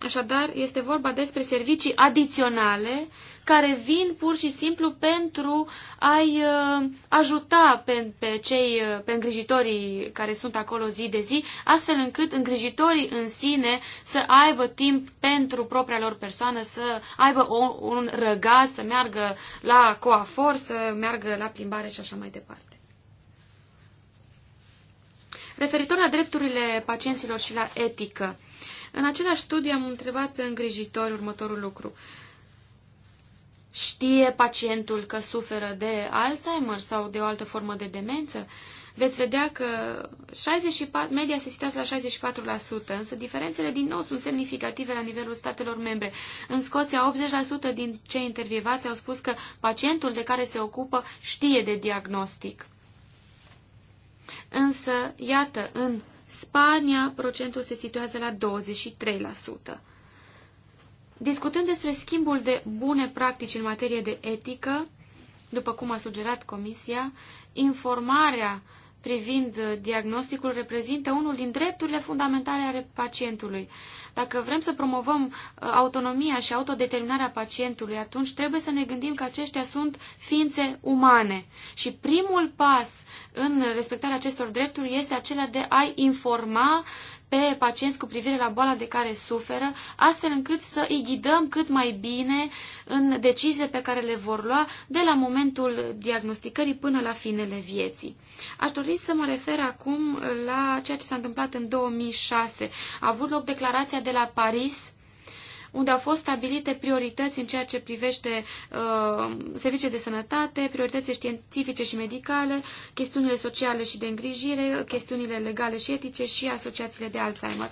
Speaker 4: Așadar, este vorba despre servicii adiționale care vin pur și simplu pentru a-i uh, ajuta pe, pe cei, uh, pe îngrijitorii care sunt acolo zi de zi, astfel încât îngrijitorii în sine să aibă timp pentru propria lor persoană, să aibă o, un răgaz, să meargă la coafor, să meargă la plimbare și așa mai departe. Referitor la drepturile pacienților și la etică, în același studiu am întrebat pe îngrijitori următorul lucru. Știe pacientul că suferă de Alzheimer sau de o altă formă de demență? Veți vedea că 64, media se situează la 64%, însă diferențele din nou sunt semnificative la nivelul statelor membre. În Scoția, 80% din cei intervievați au spus că pacientul de care se ocupă știe de diagnostic. Însă, iată, în Spania procentul se situează la 23%. Discutând despre schimbul de bune practici în materie de etică, după cum a sugerat Comisia, informarea privind diagnosticul reprezintă unul din drepturile fundamentale ale pacientului. Dacă vrem să promovăm uh, autonomia și autodeterminarea pacientului, atunci trebuie să ne gândim că aceștia sunt ființe umane. Și primul pas în respectarea acestor drepturi este acela de a-i informa uh, pe pacienți cu privire la boala de care suferă, astfel încât să îi ghidăm cât mai bine în deciziile pe care le vor lua de la momentul diagnosticării până la finele vieții. Aș dori să mă refer acum la ceea ce s-a întâmplat în 2006. A avut loc declarația de la Paris unde au fost stabilite priorități în ceea ce privește uh, servicii de sănătate, priorități științifice și medicale, chestiunile sociale și de îngrijire, chestiunile legale și etice și asociațiile de Alzheimer.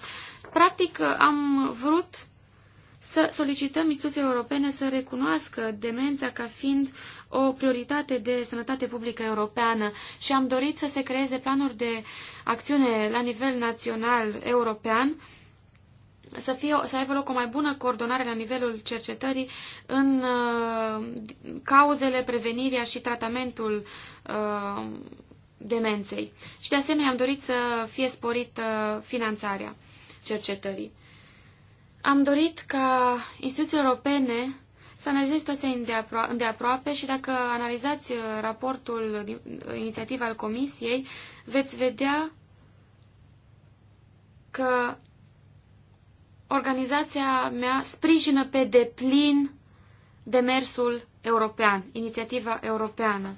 Speaker 4: Practic, am vrut să solicităm instituțiilor europene să recunoască demența ca fiind o prioritate de sănătate publică europeană și am dorit să se creeze planuri de acțiune la nivel național european să, fie, să aibă loc o mai bună coordonare la nivelul cercetării în uh, cauzele, prevenirea și tratamentul uh, demenței. Și de asemenea am dorit să fie sporită finanțarea cercetării. Am dorit ca instituțiile europene să analizeze situația îndeaproape și dacă analizați uh, raportul uh, inițiativa al Comisiei, veți vedea că organizația mea sprijină pe deplin demersul european, inițiativa europeană.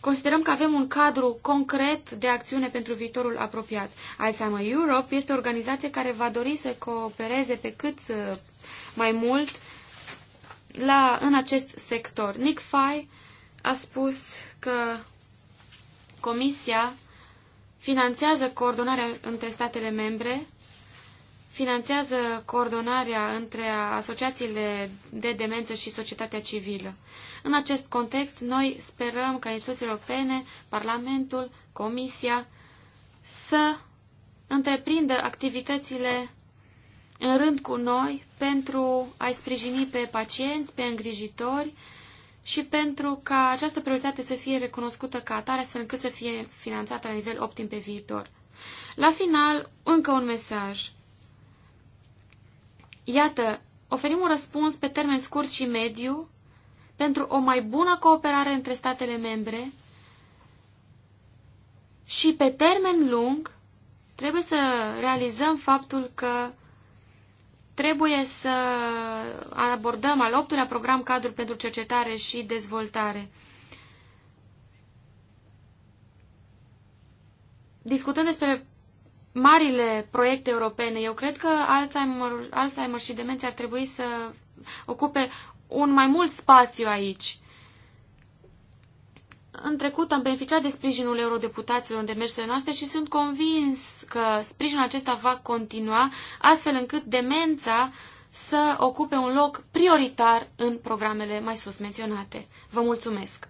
Speaker 4: Considerăm că avem un cadru concret de acțiune pentru viitorul apropiat. Alzheimer Europe este o organizație care va dori să coopereze pe cât uh, mai mult la, în acest sector. Nick Fay a spus că Comisia finanțează coordonarea între statele membre finanțează coordonarea între asociațiile de demență și societatea civilă. În acest context, noi sperăm ca instituțiile europene, Parlamentul, Comisia, să întreprindă activitățile în rând cu noi pentru a-i sprijini pe pacienți, pe îngrijitori și pentru ca această prioritate să fie recunoscută ca atare, astfel încât să fie finanțată la nivel optim pe viitor. La final, încă un mesaj – Iată, oferim un răspuns pe termen scurt și mediu pentru o mai bună cooperare între statele membre și pe termen lung trebuie să realizăm faptul că trebuie să abordăm al optulea program cadru pentru cercetare și dezvoltare. discutând despre marile proiecte europene. Eu cred că Alzheimer, Alzheimer și demenția ar trebui să ocupe un mai mult spațiu aici. În trecut am beneficiat de sprijinul eurodeputaților în demersurile noastre și sunt convins că sprijinul acesta va continua, astfel încât demența să ocupe un loc prioritar în programele mai sus menționate. Vă mulțumesc!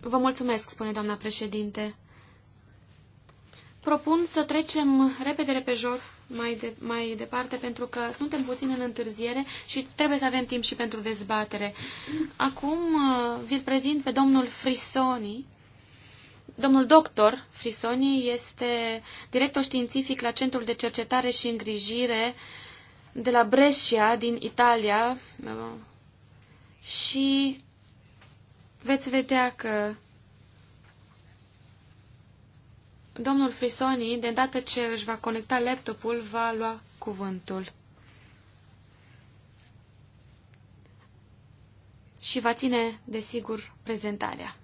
Speaker 4: Vă mulțumesc, spune doamna președinte. Propun să trecem repede repejor mai, de, mai departe, pentru că suntem puțin în întârziere și trebuie să avem timp și pentru dezbatere. Acum uh, vi-l prezint pe domnul Frisoni. Domnul doctor Frisoni este director științific la Centrul de Cercetare și Îngrijire de la Brescia, din Italia, uh, și veți vedea că domnul Frisoni, de îndată ce își va conecta laptopul, va lua cuvântul. Și va ține, desigur, prezentarea.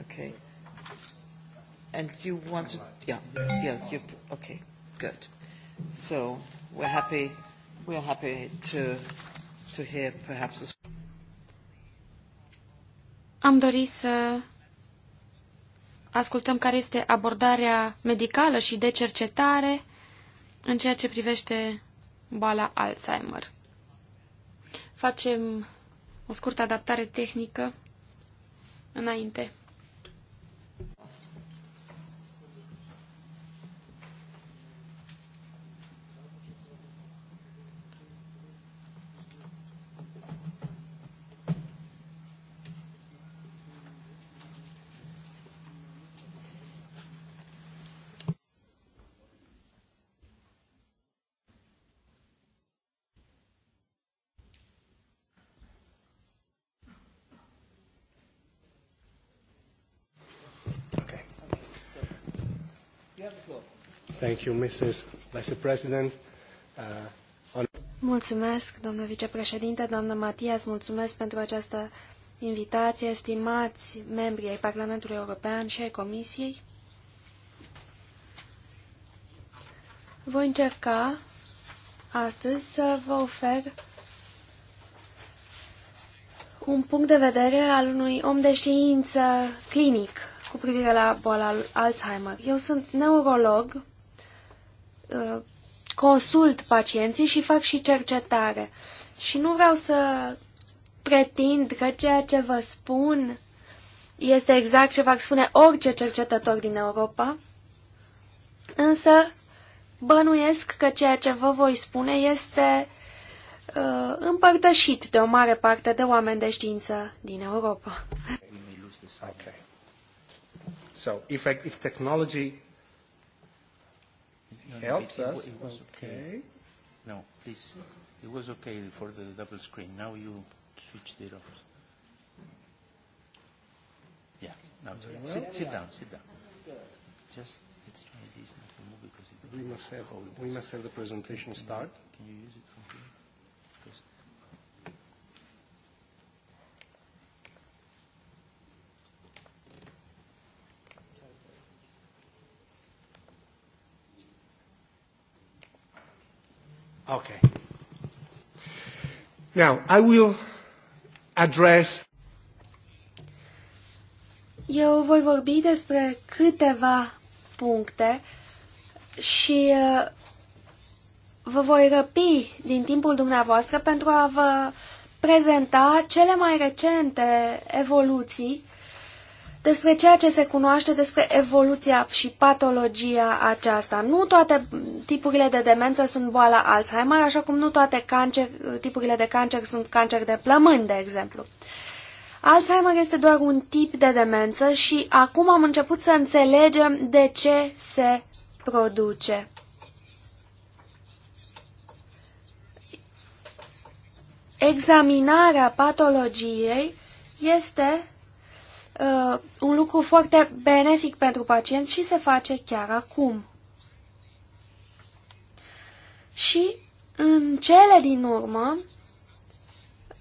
Speaker 1: Okay. And you want to... Yeah, yeah, you... Okay, good. So, we're happy, we're happy to, to hear perhaps...
Speaker 4: Am dorit să ascultăm care este abordarea medicală și de cercetare în ceea ce privește boala Alzheimer. Facem o scurtă adaptare tehnică înainte.
Speaker 3: Thank you, Mrs. Vice President. Uh,
Speaker 2: Mulțumesc, doamnă vicepreședinte, doamnă Matias, mulțumesc pentru această invitație, stimați membrii ai Parlamentului European și ai Comisiei. Voi încerca astăzi să vă ofer un punct de vedere al unui om de știință clinic cu privire la boala Alzheimer. Eu sunt neurolog Uh, consult pacienții și fac și cercetare. Și nu vreau să pretind că ceea ce vă spun este exact ce vă spune orice cercetător din Europa, însă bănuiesc că ceea ce vă voi spune este uh, împărtășit de o mare parte de oameni de știință din Europa.
Speaker 3: Okay. So, if, if technology
Speaker 2: helps us. It was okay.
Speaker 3: No, please. It was okay for the double screen. Now you switched it off. Yeah. Now well. sit, sit down. Sit down. Just let's try this now to move because it. We must have. We must have the presentation start. Can you use it? Okay. Now, I will address
Speaker 2: eu voi vorbi despre câteva puncte și uh, vă voi răpi din timpul dumneavoastră pentru a vă prezenta cele mai recente evoluții despre ceea ce se cunoaște despre evoluția și patologia aceasta. Nu toate tipurile de demență sunt boala Alzheimer, așa cum nu toate cancer, tipurile de cancer sunt cancer de plămâni, de exemplu. Alzheimer este doar un tip de demență și acum am început să înțelegem de ce se produce. Examinarea patologiei este uh, un lucru foarte benefic pentru pacient și se face chiar acum. Și în cele din urmă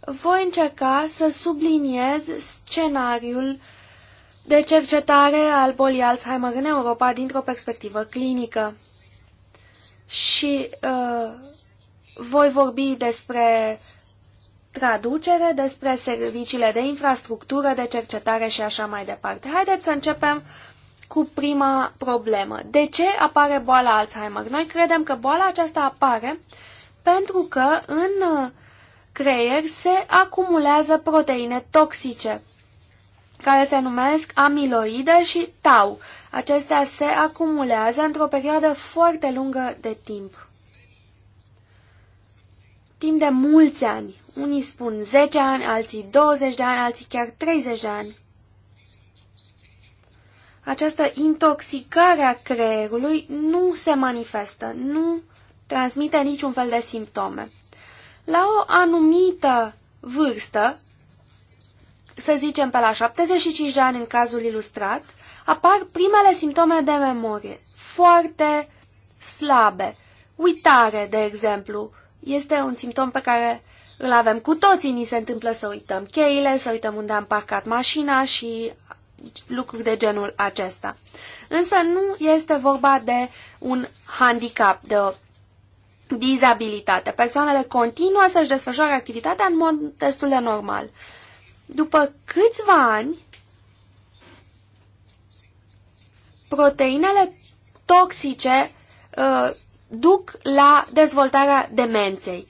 Speaker 2: voi încerca să subliniez scenariul de cercetare al bolii Alzheimer în Europa dintr-o perspectivă clinică. Și uh, voi vorbi despre uh, traducere, despre serviciile de infrastructură, de cercetare și așa mai departe. Haideți să începem cu prima problemă. De ce apare boala Alzheimer? Noi credem că boala aceasta apare pentru că în uh, creier se acumulează proteine toxice care se numesc amiloide și tau. Acestea se acumulează într-o perioadă foarte lungă de timp timp de mulți ani. Unii spun 10 ani, alții 20 de ani, alții chiar 30 de ani. Această intoxicare a creierului nu se manifestă, nu transmite niciun fel de simptome. La o anumită vârstă, să zicem pe la 75 de ani în cazul ilustrat, apar primele simptome de memorie, foarte slabe. Uitare, de exemplu, este un simptom pe care îl avem cu toții, ni se întâmplă să uităm cheile, să uităm unde am parcat mașina și lucruri de genul acesta. Însă nu este vorba de un handicap, de o dizabilitate. Persoanele continuă să-și desfășoare activitatea în mod destul de normal. După câțiva ani, proteinele toxice uh, duc la dezvoltarea demenței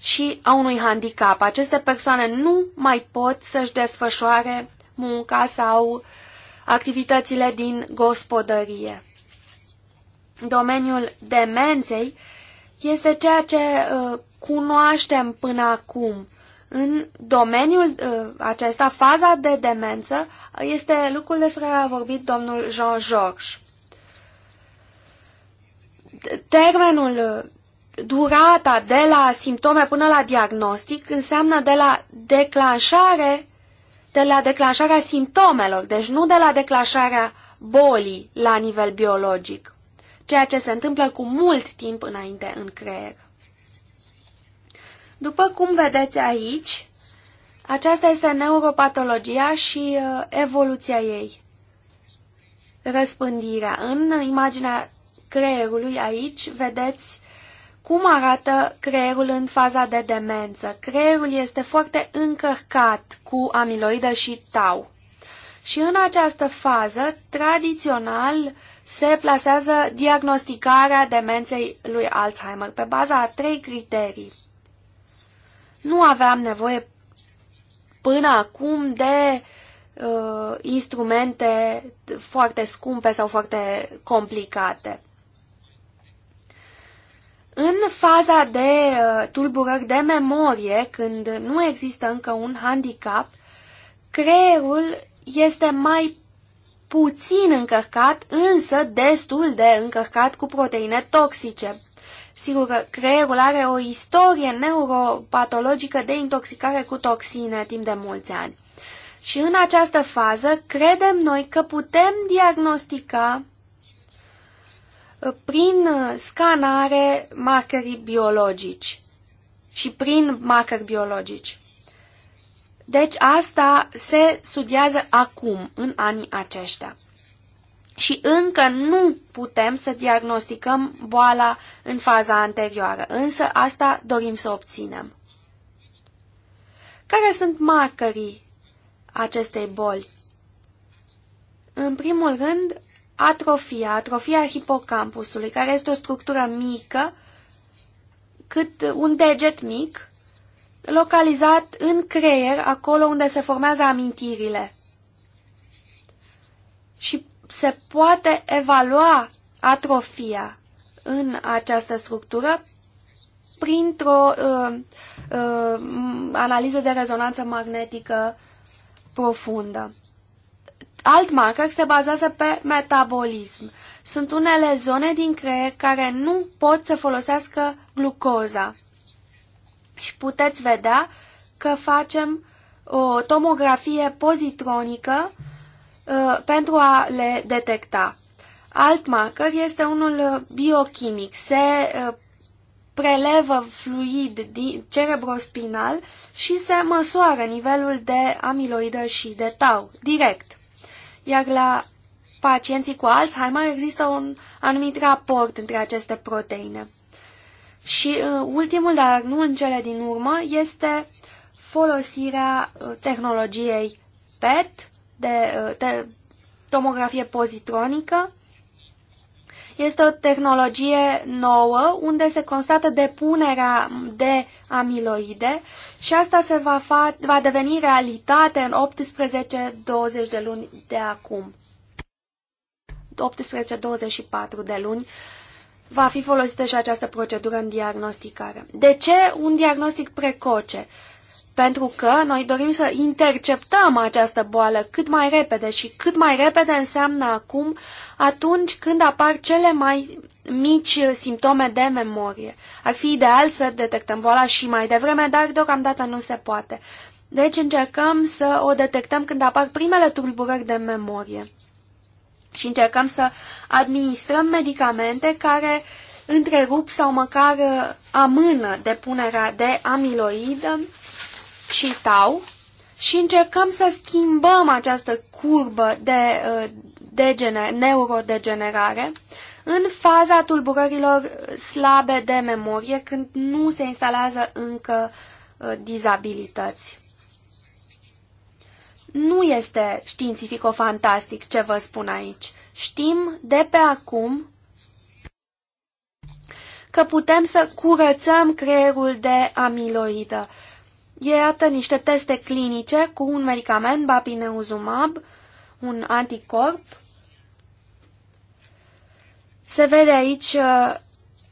Speaker 2: și a unui handicap. Aceste persoane nu mai pot să-și desfășoare munca sau activitățile din gospodărie. Domeniul demenței este ceea ce uh, cunoaștem până acum. În domeniul uh, acesta, faza de demență, este lucrul despre care a vorbit domnul Jean-Georges termenul, uh, durata de la simptome până la diagnostic înseamnă de la declanșare, de la declanșarea simptomelor, deci nu de la declanșarea bolii la nivel biologic, ceea ce se întâmplă cu mult timp înainte în creier. După cum vedeți aici, aceasta este neuropatologia și uh, evoluția ei. Răspândirea. În imaginea creierului aici, vedeți cum arată creierul în faza de demență. Creierul este foarte încărcat cu amiloidă și tau. Și în această fază, tradițional, se plasează diagnosticarea demenței lui Alzheimer pe baza a trei criterii. Nu aveam nevoie până acum de uh, instrumente foarte scumpe sau foarte complicate. În faza de uh, tulburări de memorie, când nu există încă un handicap, creierul este mai puțin încărcat, însă destul de încărcat cu proteine toxice. Sigur că creierul are o istorie neuropatologică de intoxicare cu toxine timp de mulți ani. Și în această fază credem noi că putem diagnostica prin scanare markerii biologici și prin markeri biologici. Deci asta se studiază acum, în anii aceștia. Și încă nu putem să diagnosticăm boala în faza anterioară, însă asta dorim să obținem. Care sunt markerii acestei boli? În primul rând, atrofia, atrofia hipocampusului, care este o structură mică, cât un deget mic, localizat în creier, acolo unde se formează amintirile. Și se poate evalua atrofia în această structură printr-o uh, uh, analiză de rezonanță magnetică profundă alt marker se bazează pe metabolism. Sunt unele zone din creier care nu pot să folosească glucoza. Și puteți vedea că facem o tomografie pozitronică uh, pentru a le detecta. Alt marker este unul biochimic. Se uh, prelevă fluid din cerebrospinal și se măsoară nivelul de amiloidă și de tau direct iar la pacienții cu Alzheimer există un anumit raport între aceste proteine. Și uh, ultimul, dar nu în cele din urmă, este folosirea uh, tehnologiei PET, de, de uh, tomografie pozitronică, este o tehnologie nouă unde se constată depunerea de amiloide și asta se va, fa va deveni realitate în 18-20 de luni de acum. 18-24 de luni va fi folosită și această procedură în diagnosticare. De ce un diagnostic precoce? Uh, pentru că noi dorim să interceptăm această boală cât mai repede și cât mai repede înseamnă acum atunci când apar cele mai mici simptome de memorie. Ar fi ideal să detectăm boala și mai devreme, dar deocamdată nu se poate. Deci încercăm să o detectăm când apar primele tulburări de memorie. Și încercăm să administrăm medicamente care întrerup sau măcar amână depunerea de amiloidă și tau și încercăm să schimbăm această curbă de uh, degene, neurodegenerare în faza tulburărilor slabe de memorie când nu se instalează încă uh, dizabilități. Nu este științifico-fantastic ce vă spun aici. Știm de pe acum că putem să curățăm creierul de amiloidă. Iată niște teste clinice cu un medicament, bapineuzumab, un anticorp. Se vede aici uh,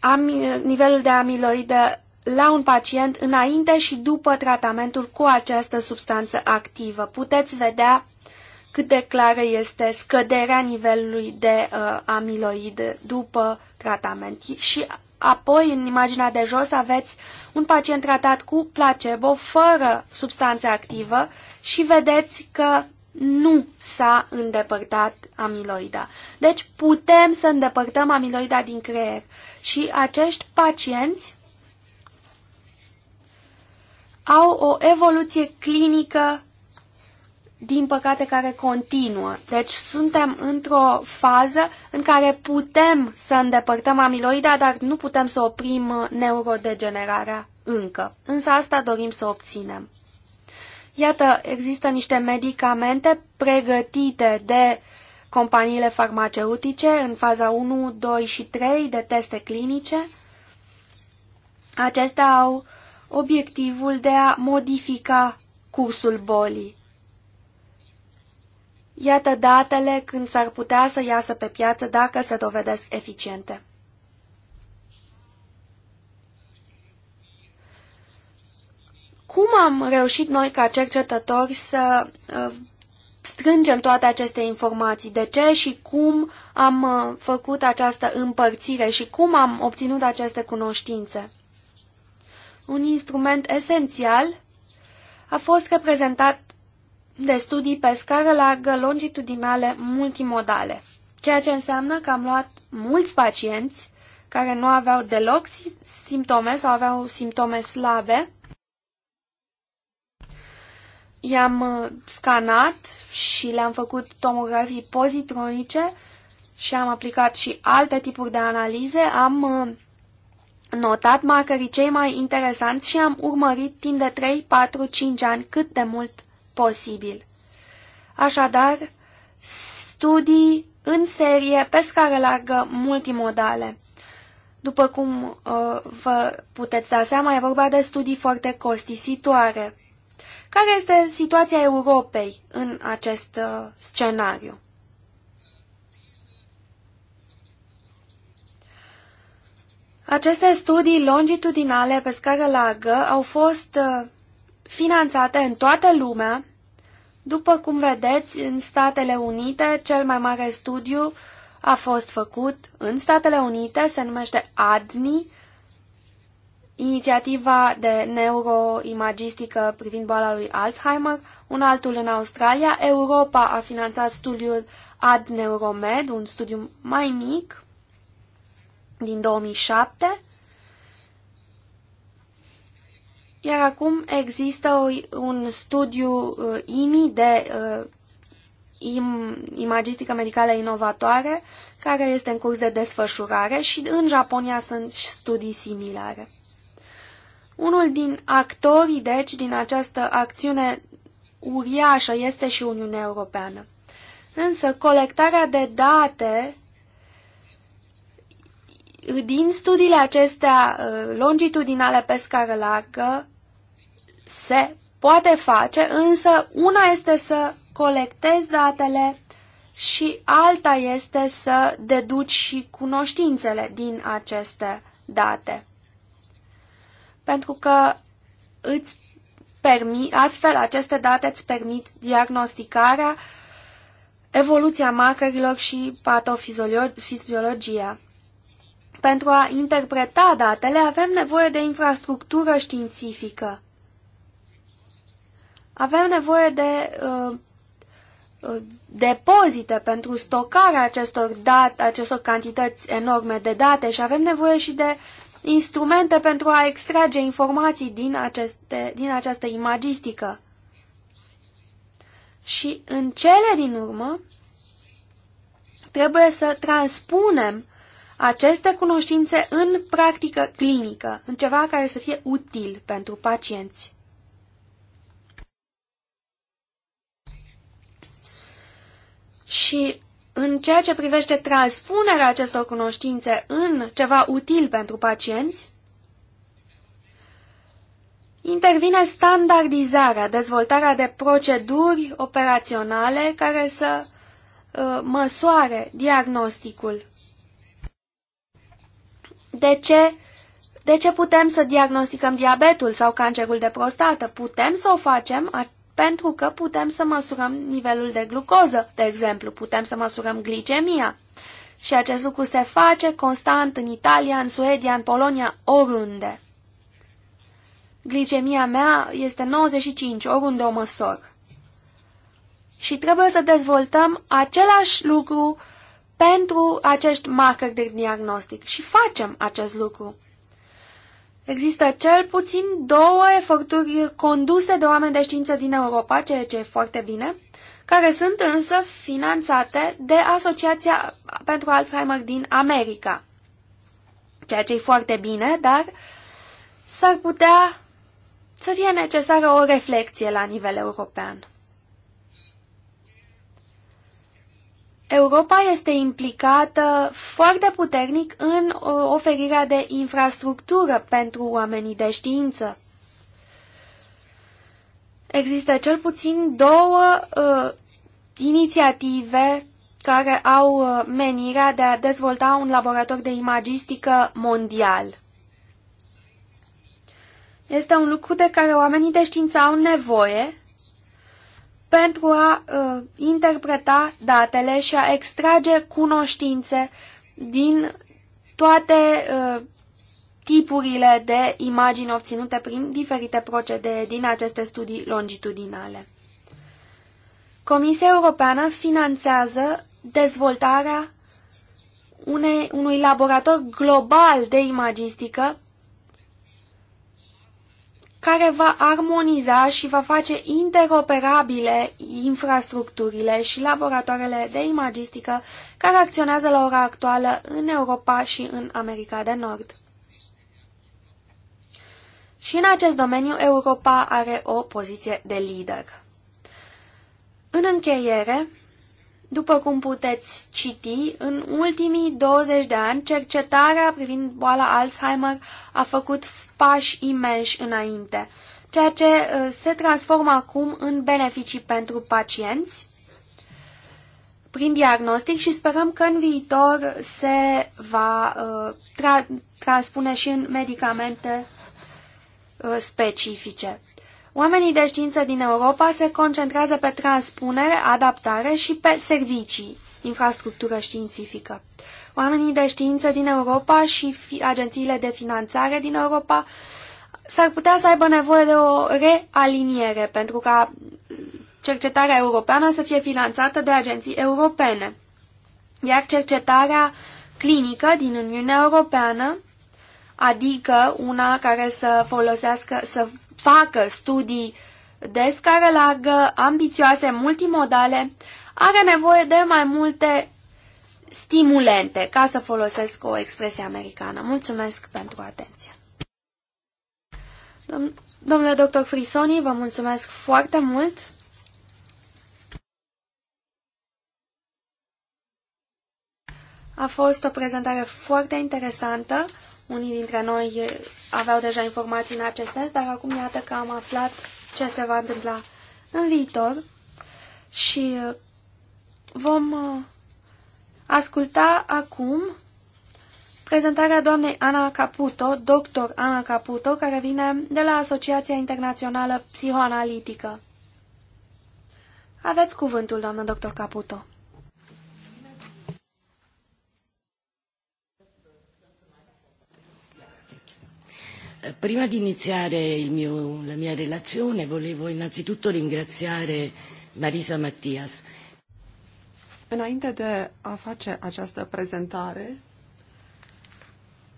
Speaker 2: am, nivelul de amiloidă la un pacient înainte și după tratamentul cu această substanță activă. Puteți vedea cât de clară este scăderea nivelului de uh, amiloid după tratament și Apoi, în imaginea de jos, aveți un pacient tratat cu placebo, fără substanță activă și vedeți că nu s-a îndepărtat amiloida. Deci putem să îndepărtăm amiloida din creier și acești pacienți au o evoluție clinică din păcate, care continuă. Deci suntem într-o fază în care putem să îndepărtăm amiloida, dar nu putem să oprim neurodegenerarea încă. Însă asta dorim să obținem. Iată, există niște medicamente pregătite de companiile farmaceutice în faza 1, 2 și 3 de teste clinice. Acestea au obiectivul de a modifica cursul bolii. Iată datele când s-ar putea să iasă pe piață dacă se dovedesc eficiente. Cum am reușit noi ca cercetători să uh, strângem toate aceste informații? De ce și cum am uh, făcut această împărțire și cum am obținut aceste cunoștințe? Un instrument esențial a fost reprezentat de studii pe scară largă, longitudinale, multimodale, ceea ce înseamnă că am luat mulți pacienți care nu aveau deloc simptome sau aveau simptome slabe. I-am uh, scanat și le-am făcut tomografii pozitronice și am aplicat și alte tipuri de analize. Am uh, notat marcării cei mai interesanți și am urmărit timp de 3, 4, 5 ani cât de mult posibil. Așadar, studii în serie pe scară largă multimodale. După cum uh, vă puteți da seama, e vorba de studii foarte costisitoare. Care este situația Europei în acest uh, scenariu? Aceste studii longitudinale pe scară largă au fost uh, finanțate în toată lumea. După cum vedeți, în Statele Unite, cel mai mare studiu a fost făcut în Statele Unite, se numește ADNI, inițiativa de neuroimagistică privind boala lui Alzheimer, un altul în Australia. Europa a finanțat studiul AdNeuromed, un studiu mai mic, din 2007. Iar acum există un studiu IMI uh, de uh, imagistică medicală inovatoare care este în curs de desfășurare și în Japonia sunt studii similare. Unul din actorii, deci, din această acțiune uriașă este și Uniunea Europeană. Însă, colectarea de date din studiile acestea uh, longitudinale pe scară largă se poate face, însă una este să colectezi datele și alta este să deduci și cunoștințele din aceste date. Pentru că îți permi, astfel aceste date îți permit diagnosticarea, evoluția markerilor și patofiziologia. Pentru a interpreta datele avem nevoie de infrastructură științifică. Avem nevoie de uh, uh, depozite pentru stocarea acestor, dat, acestor cantități enorme de date și avem nevoie și de instrumente pentru a extrage informații din, aceste, din această imagistică. Și în cele din urmă trebuie să transpunem aceste cunoștințe în practică clinică, în ceva care să fie util pentru pacienți. Și în ceea ce privește transpunerea acestor cunoștințe în ceva util pentru pacienți, intervine standardizarea, dezvoltarea de proceduri operaționale care să uh, măsoare diagnosticul de ce, de ce putem să diagnosticăm diabetul sau cancerul de prostată? Putem să o facem pentru că putem să măsurăm nivelul de glucoză, de exemplu, putem să măsurăm glicemia. Și acest lucru se face constant în Italia, în Suedia, în Polonia, oriunde. Glicemia mea este 95, oriunde o măsor. Și trebuie să dezvoltăm același lucru uh, pentru acești marcări de diagnostic și facem acest lucru. Există cel puțin două eforturi conduse de oameni de știință din Europa, ceea ce e foarte bine, care sunt însă finanțate de Asociația pentru Alzheimer din America, ceea ce e foarte bine, dar s-ar putea să fie necesară o reflexie la nivel european. Europa este implicată foarte puternic în uh, oferirea de infrastructură pentru oamenii de știință. Există cel puțin două uh, inițiative care au uh, menirea de a dezvolta un laborator de imagistică mondial. Este un lucru de care oamenii de știință au nevoie pentru a uh, interpreta datele și a extrage cunoștințe din toate uh, tipurile de imagini obținute prin diferite procedee din aceste studii longitudinale. Comisia Europeană finanțează dezvoltarea unei, unui laborator global de imagistică care va armoniza și va face interoperabile infrastructurile și laboratoarele de imagistică care acționează la ora actuală în Europa și în America de Nord. Și în acest domeniu Europa are o poziție de lider. În încheiere, după cum puteți citi, în ultimii 20 de ani, cercetarea privind boala Alzheimer a făcut pași imenși înainte, ceea ce uh, se transformă acum în beneficii pentru pacienți prin diagnostic și sperăm că în viitor se va uh, tra transpune și în medicamente uh, specifice. Oamenii de știință din Europa se concentrează pe transpunere, adaptare și pe servicii, infrastructură științifică. Oamenii de știință din Europa și agențiile de finanțare din Europa s-ar putea să aibă nevoie de o realiniere pentru ca cercetarea europeană să fie finanțată de agenții europene. Iar cercetarea clinică din Uniunea Europeană, adică una care să folosească, să facă studii de scară largă, ambițioase, multimodale, are nevoie de mai multe stimulente, ca să folosesc o expresie americană. Mulțumesc pentru atenție. Dom Domnule doctor Frisoni, vă mulțumesc foarte mult. A fost o prezentare foarte interesantă. Unii dintre noi aveau deja informații în acest sens, dar acum iată că am aflat ce se va întâmpla în viitor și uh, vom uh, asculta acum prezentarea doamnei Ana Caputo, doctor Ana Caputo, care vine de la Asociația Internațională Psihoanalitică. Aveți cuvântul, doamnă doctor Caputo.
Speaker 4: Prima di iniziare il mio,
Speaker 1: la mia relazione volevo innanzitutto ringraziare Marisa Mattias Înainte de a face această prezentare,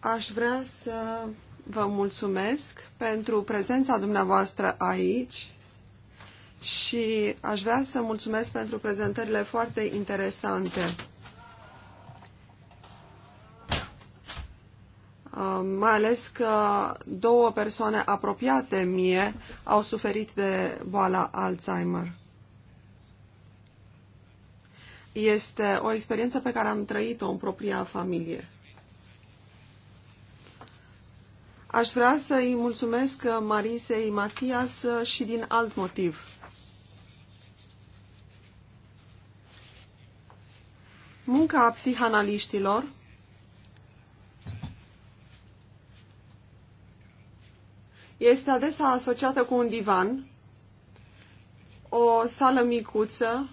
Speaker 1: aș vrea să vă mulțumesc pentru prezența dumneavoastră aici și aș vrea să mulțumesc pentru prezentările foarte interesante. Uh, mai ales că două persoane apropiate mie au suferit de boala Alzheimer. Este o experiență pe care am trăit-o în propria familie. Aș vrea să-i mulțumesc Marisei Matias și din alt motiv. Munca psihanaliștilor este adesea asociată cu un divan, o sală micuță,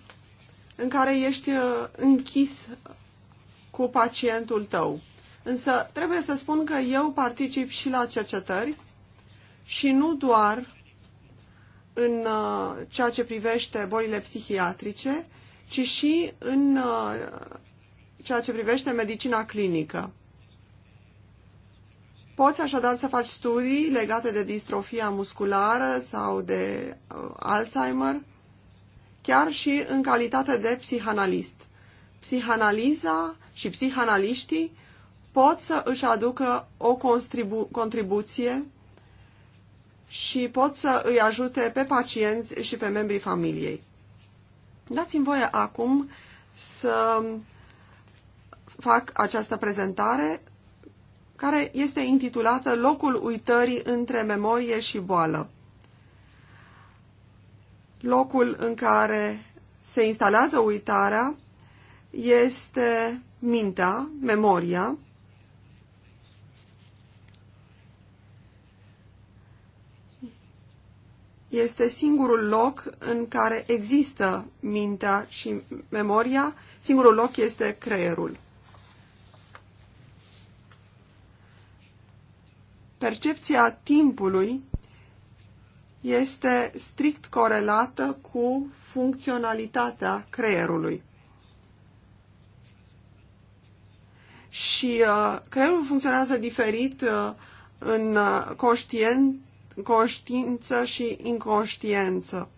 Speaker 1: în care ești uh, închis cu pacientul tău. Însă trebuie să spun că eu particip și la cercetări și nu doar în uh, ceea ce privește bolile psihiatrice, ci și în uh, ceea ce privește medicina clinică. Poți așadar să faci studii legate de distrofia musculară sau de Alzheimer, chiar și în calitate de psihanalist. Psihanaliza și psihanaliștii pot să își aducă o contribu- contribuție și pot să îi ajute pe pacienți și pe membrii familiei. Dați-mi voie acum să fac această prezentare care este intitulată Locul uitării între memorie și boală locul în care se instalează uitarea este mintea, memoria. Este singurul loc în care există mintea și memoria, singurul loc este creierul. Percepția timpului este strict corelată cu funcționalitatea creierului. Și uh, creierul funcționează diferit uh, în uh, conștiință și inconștiență.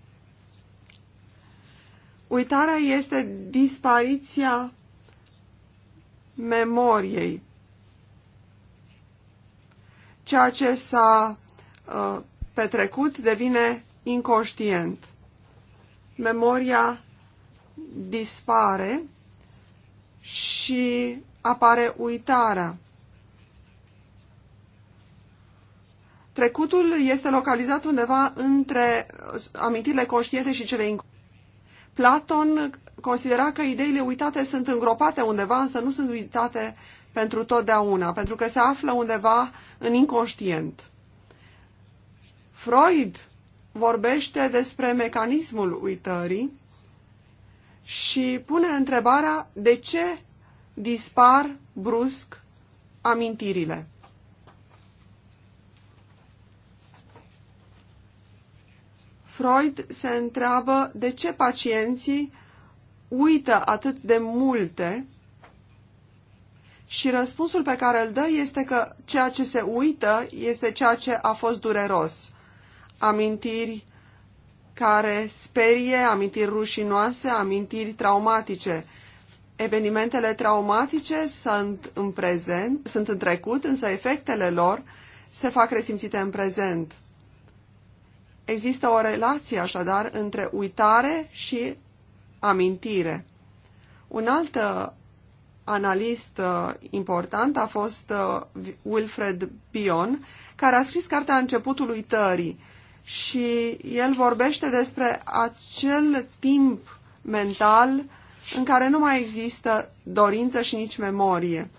Speaker 1: Uitarea este dispariția memoriei. Ceea ce s-a uh, petrecut devine inconștient. Memoria dispare și apare uitarea. Trecutul este localizat undeva între amintirile conștiente și cele inconștiente. Platon considera că ideile uitate sunt îngropate undeva, însă nu sunt uitate pentru totdeauna, pentru că se află undeva în inconștient. Freud vorbește despre mecanismul uitării și pune întrebarea de ce dispar brusc amintirile. Freud se întreabă de ce pacienții uită atât de multe și răspunsul pe care îl dă este că ceea ce se uită este ceea ce a fost dureros amintiri care sperie, amintiri rușinoase, amintiri traumatice. Evenimentele traumatice sunt în prezent, sunt în trecut, însă efectele lor se fac resimțite în prezent. Există o relație așadar între uitare și amintire. Un alt uh, analist uh, important a fost uh, Wilfred Bion, care a scris cartea Începutul uitării, și el vorbește despre acel timp mental în care nu mai există dorință și nici memorie.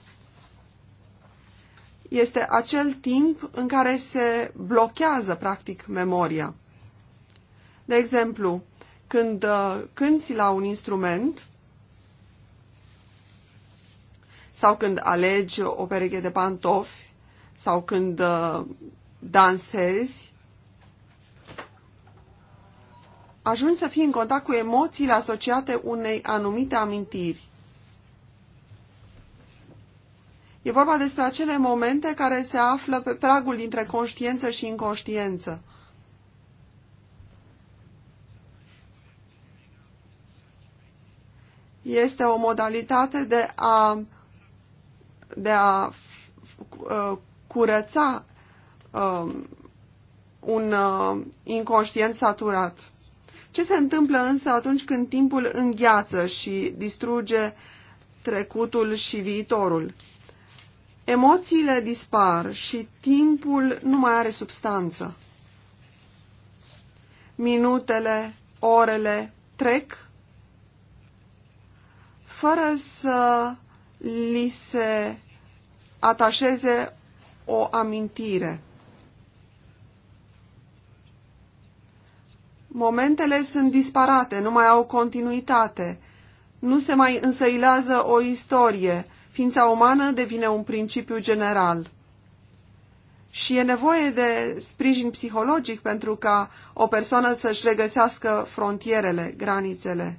Speaker 1: Este acel timp în care se blochează, practic, memoria. De exemplu, când uh, cânți la un instrument sau când alegi o pereche de pantofi sau când uh, dansezi, ajungi să fii în contact cu emoțiile asociate unei anumite amintiri. E vorba despre acele momente care se află pe pragul dintre conștiență și inconștiență. Este o modalitate de a, de a uh, curăța um, un uh, inconștient saturat. Ce se întâmplă însă atunci când timpul îngheață și distruge trecutul și viitorul? Emoțiile dispar și timpul nu mai are substanță. Minutele, orele trec fără să li se atașeze o amintire. Momentele sunt disparate, nu mai au continuitate. Nu se mai însăilează o istorie. Ființa umană devine un principiu general. Și e nevoie de sprijin psihologic pentru ca o persoană să-și regăsească frontierele, granițele.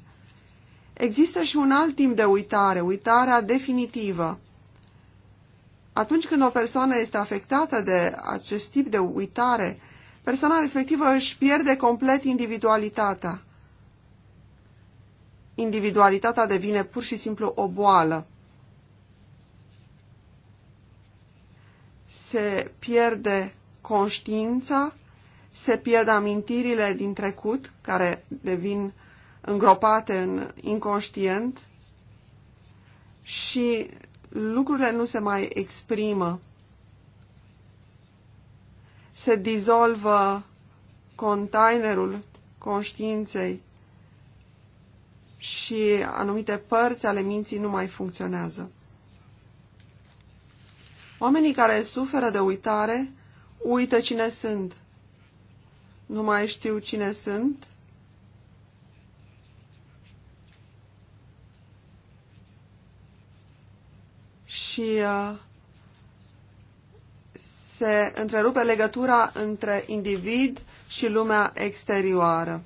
Speaker 1: Există și un alt timp de uitare, uitarea definitivă. Atunci când o persoană este afectată de acest tip de uitare, persoana respectivă își pierde complet individualitatea. Individualitatea devine pur și simplu o boală. Se pierde conștiința, se pierd amintirile din trecut, care devin îngropate în inconștient și lucrurile nu se mai exprimă se dizolvă containerul conștiinței și anumite părți ale minții nu mai funcționează. Oamenii care suferă de uitare uită cine sunt. Nu mai știu cine sunt. Și uh, se întrerupe legătura între individ și lumea exterioară.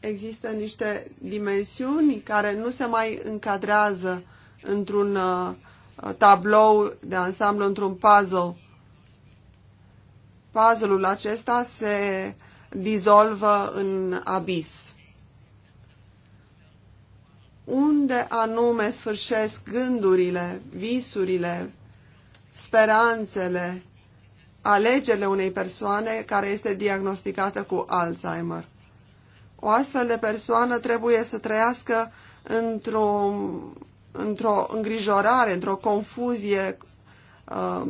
Speaker 1: Există niște dimensiuni care nu se mai încadrează într-un uh, tablou de ansamblu, într-un puzzle. Puzzle-ul acesta se dizolvă în abis unde anume sfârșesc gândurile, visurile, speranțele, alegerile unei persoane care este diagnosticată cu Alzheimer. O astfel de persoană trebuie să trăiască într-o într, îngrijorare, într-o confuzie uh,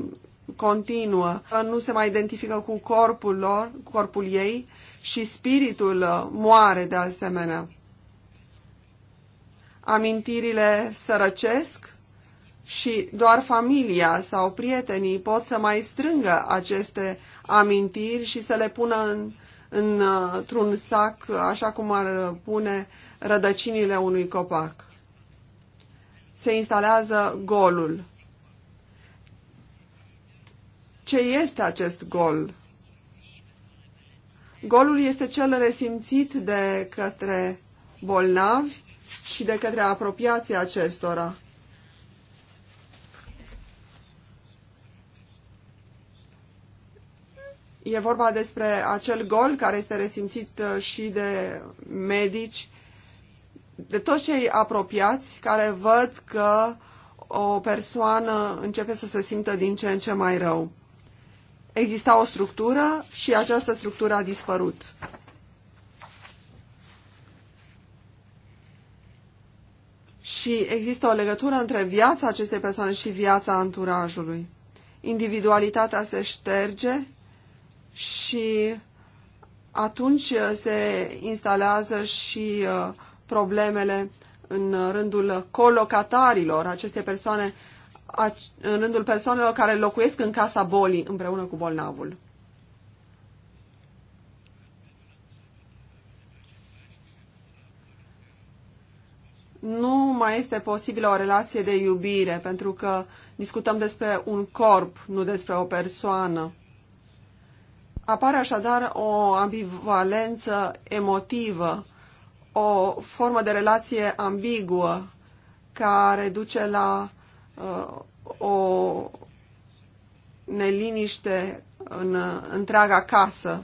Speaker 1: continuă. Nu se mai identifică cu corpul lor, cu corpul ei și spiritul uh, moare de asemenea amintirile sărăcesc și doar familia sau prietenii pot să mai strângă aceste amintiri și să le pună în, în, într-un sac, așa cum ar pune rădăcinile unui copac. Se instalează golul. Ce este acest gol? Golul este cel resimțit de către bolnavi și de către apropiații acestora. E vorba despre acel gol care este resimțit uh, și de medici, de toți cei apropiați care văd că o persoană începe să se simtă din ce în ce mai rău. Exista o structură și această structură a dispărut. și există o legătură între viața acestei persoane și viața anturajului. Individualitatea se șterge și atunci se instalează și uh, problemele în rândul colocatarilor, aceste persoane, în rândul persoanelor care locuiesc în casa bolii împreună cu bolnavul. nu mai este posibilă o relație de iubire, pentru că discutăm despre un corp, nu despre o persoană. Apare așadar o ambivalență emotivă, o formă de relație ambiguă care duce la uh, o neliniște în uh, întreaga casă.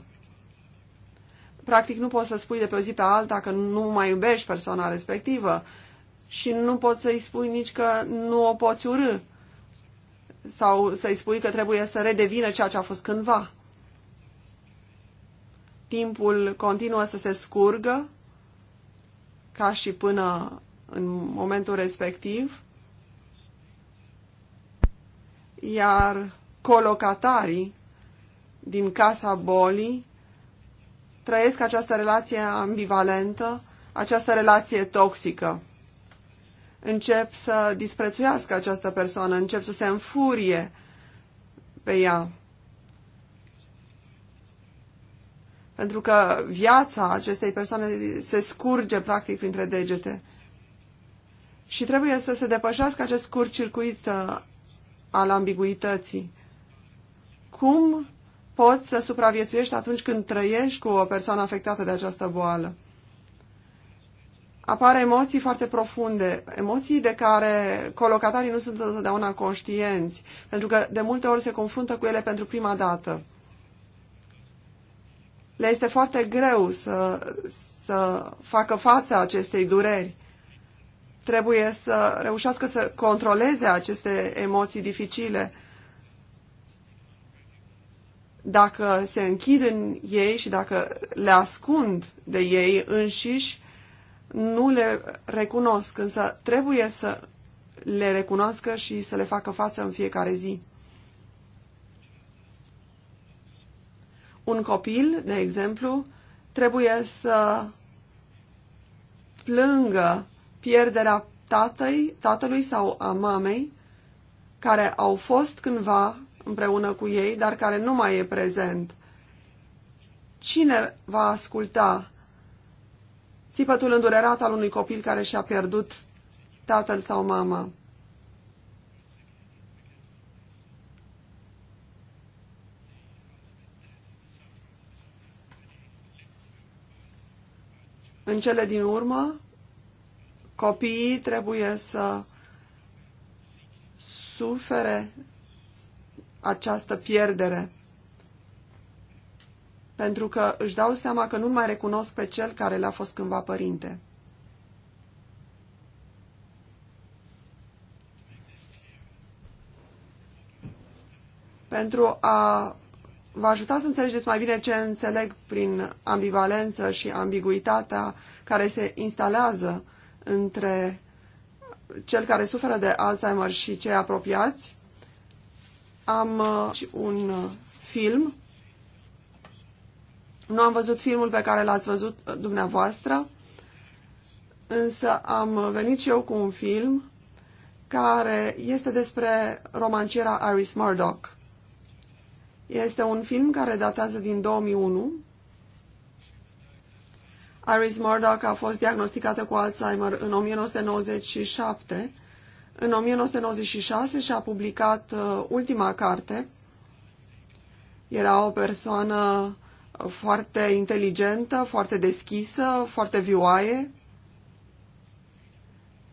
Speaker 1: Practic nu poți să spui de pe o zi pe alta că nu mai iubești persoana respectivă și nu poți să-i spui nici că nu o poți urâ sau să-i spui că trebuie să redevină ceea ce a fost cândva. Timpul continuă să se scurgă, ca și până în momentul respectiv, iar colocatarii din casa bolii trăiesc această relație ambivalentă, această relație toxică încep să disprețuiască această persoană, încep să se înfurie pe ea. Pentru că viața acestei persoane se scurge practic printre degete. Și trebuie să se depășească acest scurt circuit uh, al ambiguității. Cum poți să supraviețuiești atunci când trăiești cu o persoană afectată de această boală? apar emoții foarte profunde, emoții de care colocatarii nu sunt întotdeauna conștienți, pentru că de multe ori se confruntă cu ele pentru prima dată. Le este foarte greu să, să facă față acestei dureri. Trebuie să reușească să controleze aceste emoții dificile. Dacă se închid în ei și dacă le ascund de ei înșiși, nu le recunosc, însă trebuie să le recunoască și să le facă față în fiecare zi. Un copil, de exemplu, trebuie să plângă pierderea tatăi, tatălui sau a mamei, care au fost cândva împreună cu ei, dar care nu mai e prezent. Cine va asculta țipătul îndurerat al unui copil care și-a pierdut tatăl sau mama. În cele din urmă, copiii trebuie să sufere această pierdere pentru că își dau seama că nu mai recunosc pe cel care le-a fost cândva părinte. Pentru a vă ajuta să înțelegeți mai bine ce înțeleg prin ambivalență și ambiguitatea care se instalează între cel care suferă de Alzheimer și cei apropiați, am uh, și un uh, film nu am văzut filmul pe care l-ați văzut uh, dumneavoastră, însă am venit și eu cu un film care este despre romanciera Iris Murdoch. Este un film care datează din 2001. Iris Murdoch a fost diagnosticată cu Alzheimer în 1997. În 1996 și-a publicat uh, ultima carte. Era o persoană foarte inteligentă, foarte deschisă, foarte vioaie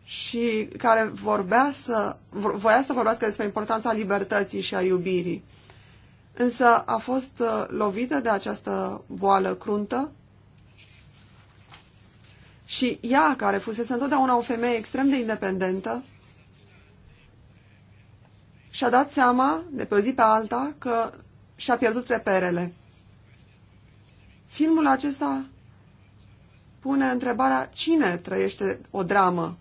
Speaker 1: și care vorbea să, voia să vorbească despre importanța libertății și a iubirii. Însă a fost uh, lovită de această boală cruntă și ea, care fusese întotdeauna o femeie extrem de independentă, și-a dat seama, de pe o zi pe alta, că și-a pierdut reperele. Filmul acesta pune întrebarea cine trăiește o dramă.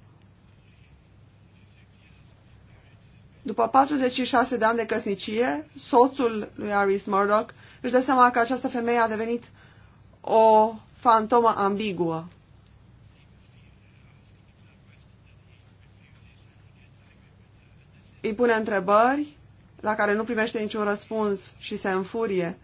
Speaker 1: După 46 de ani de căsnicie, soțul lui Aris Murdoch își dă seama că această femeie a devenit o fantomă ambiguă. Îi pune întrebări la care nu primește niciun răspuns și se înfurie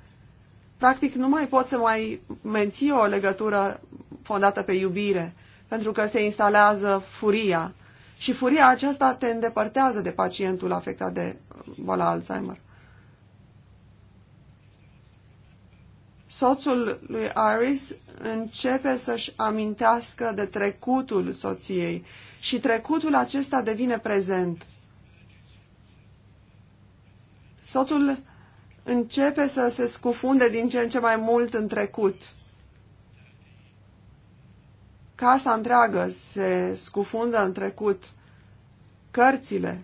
Speaker 1: practic nu mai pot să mai menții o legătură fondată pe iubire, pentru că se instalează furia. Și furia aceasta te îndepărtează de pacientul afectat de uh, boala Alzheimer. Soțul lui Iris începe să-și amintească de trecutul soției și trecutul acesta devine prezent. Soțul începe să se scufunde din ce în ce mai mult în trecut. Casa întreagă se scufundă în trecut. Cărțile.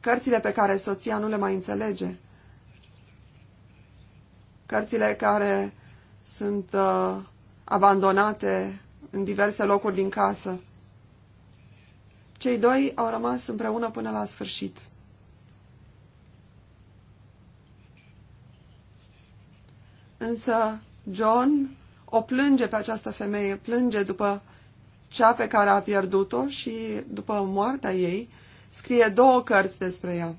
Speaker 1: Cărțile pe care soția nu le mai înțelege. Cărțile care sunt uh, abandonate în diverse locuri din casă. Cei doi au rămas împreună până la sfârșit. Însă John o plânge pe această femeie, plânge după cea pe care a pierdut-o și după moartea ei, scrie două cărți despre ea.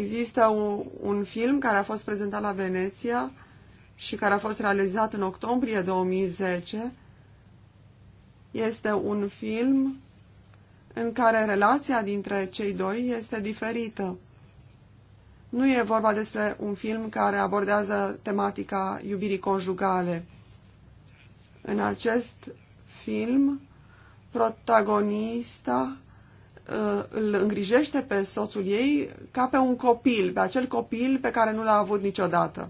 Speaker 1: Există un, un film care a fost prezentat la Veneția și care a fost realizat în octombrie 2010. Este un film în care relația dintre cei doi este diferită. Nu e vorba despre un film care abordează tematica iubirii conjugale. În acest film, protagonista Uh, îl îngrijește pe soțul ei ca pe un copil, pe acel copil pe care nu l-a avut niciodată.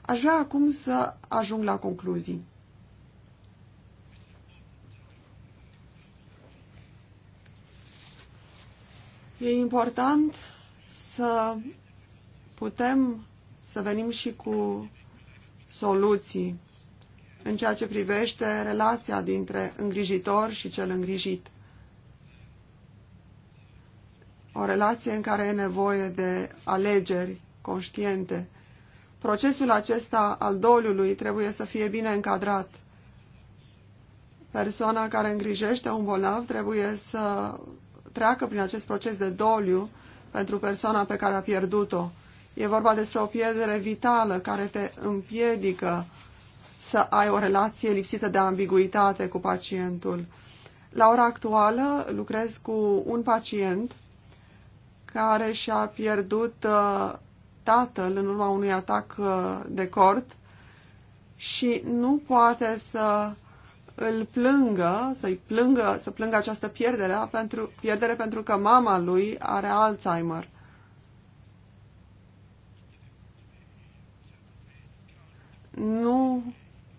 Speaker 1: Aș vrea acum să ajung la concluzii. E important să putem să venim și cu soluții în ceea ce privește relația dintre îngrijitor și cel îngrijit o relație în care e nevoie de alegeri conștiente. Procesul acesta al doliului trebuie să fie bine încadrat. Persoana care îngrijește un bolnav trebuie să treacă prin acest proces de doliu pentru persoana pe care a pierdut-o. E vorba despre o pierdere vitală care te împiedică să ai o relație lipsită de ambiguitate cu pacientul. La ora actuală lucrez cu un pacient care și-a pierdut uh, tatăl în urma unui atac uh, de cort și nu poate să îl plângă, să-i plângă, să plângă această pierdere pentru, pierdere pentru că mama lui are Alzheimer. Nu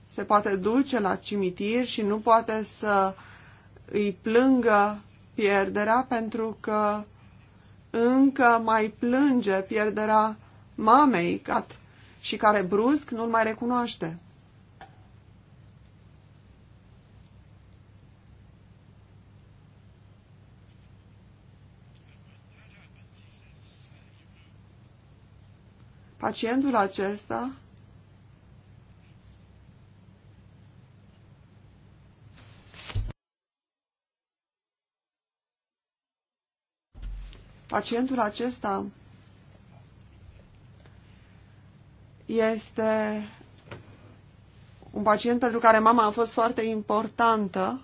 Speaker 1: se poate duce la cimitir și nu poate să îi plângă pierderea pentru că încă mai plânge pierderea mamei cat și care brusc nu-l mai recunoaște. Pacientul acesta pacientul acesta este un pacient pentru care mama a fost foarte importantă.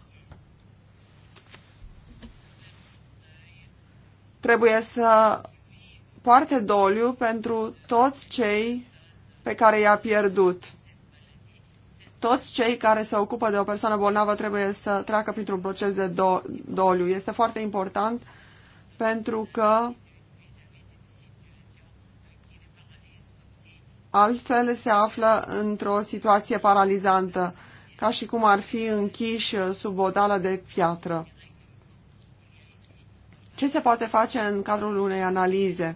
Speaker 1: Trebuie să poarte doliu pentru toți cei pe care i-a pierdut. Toți cei care se ocupă de o persoană bolnavă trebuie să treacă printr-un proces de do doliu. Este foarte important uh, pentru că altfel se află într-o situație paralizantă, ca și cum ar fi închiși sub o dală de piatră. Ce se poate face în cadrul unei analize?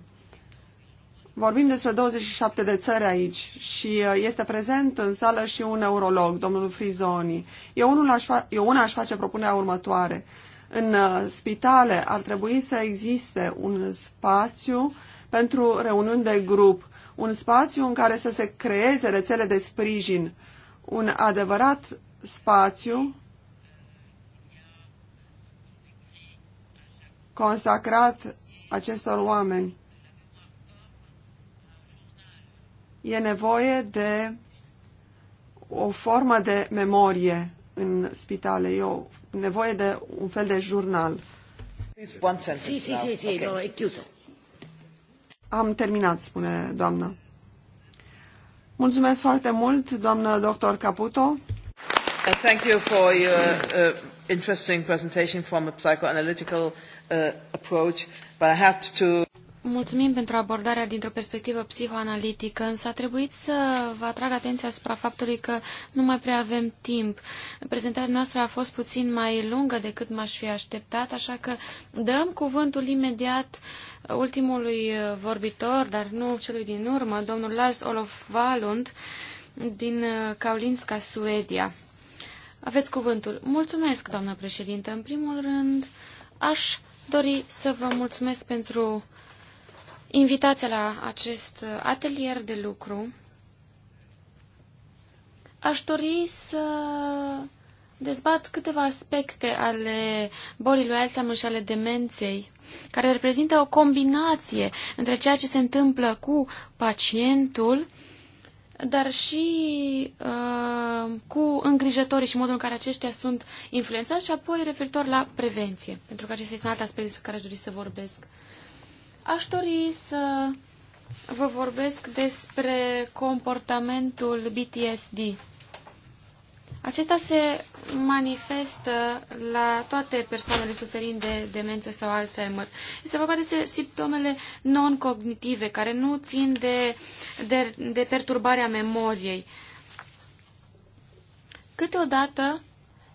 Speaker 1: Vorbim despre 27 de țări aici și uh, este prezent în sală și un neurolog, domnul Frizoni. Eu, unul aș fa- eu una aș face propunerea următoare. În uh, spitale ar trebui să existe un spațiu pentru reuniuni de grup, un spațiu în care să se creeze rețele de sprijin, un adevărat spațiu consacrat acestor oameni. E nevoie de o formă de memorie în spitale. Eu nevoie de un fel de jurnal.
Speaker 2: Si, si, si, si, no,
Speaker 1: Am terminat, spune doamna. Mulțumesc foarte mult, doamnă doctor Caputo. Uh, thank you for your uh, interesting presentation from a psychoanalytical uh, approach, but I have to
Speaker 4: Mulțumim pentru abordarea dintr-o perspectivă psihoanalitică, însă a trebuit să vă atrag atenția asupra faptului că nu mai prea avem timp. Prezentarea noastră a fost puțin mai lungă decât m-aș fi așteptat, așa că dăm cuvântul imediat ultimului vorbitor, dar nu celui din urmă, domnul Lars Olof Valund din Kaulinska, Suedia. Aveți cuvântul. Mulțumesc, doamnă președintă. În primul rând, aș dori să vă mulțumesc pentru invitația la acest uh, atelier de lucru, aș dori să dezbat câteva aspecte ale bolii lui Alzheimer și ale demenței, care reprezintă o combinație între ceea ce se întâmplă cu pacientul, dar și uh, cu îngrijătorii și modul în care aceștia sunt influențați și apoi referitor la prevenție, pentru că acesta este un alt aspect despre care aș dori să vorbesc. Aș dori să vă vorbesc despre comportamentul BTSD. Acesta se manifestă la toate persoanele suferind de demență sau Alzheimer. Este vorba de simptomele non-cognitive, care nu țin de, de, de perturbarea memoriei. Câteodată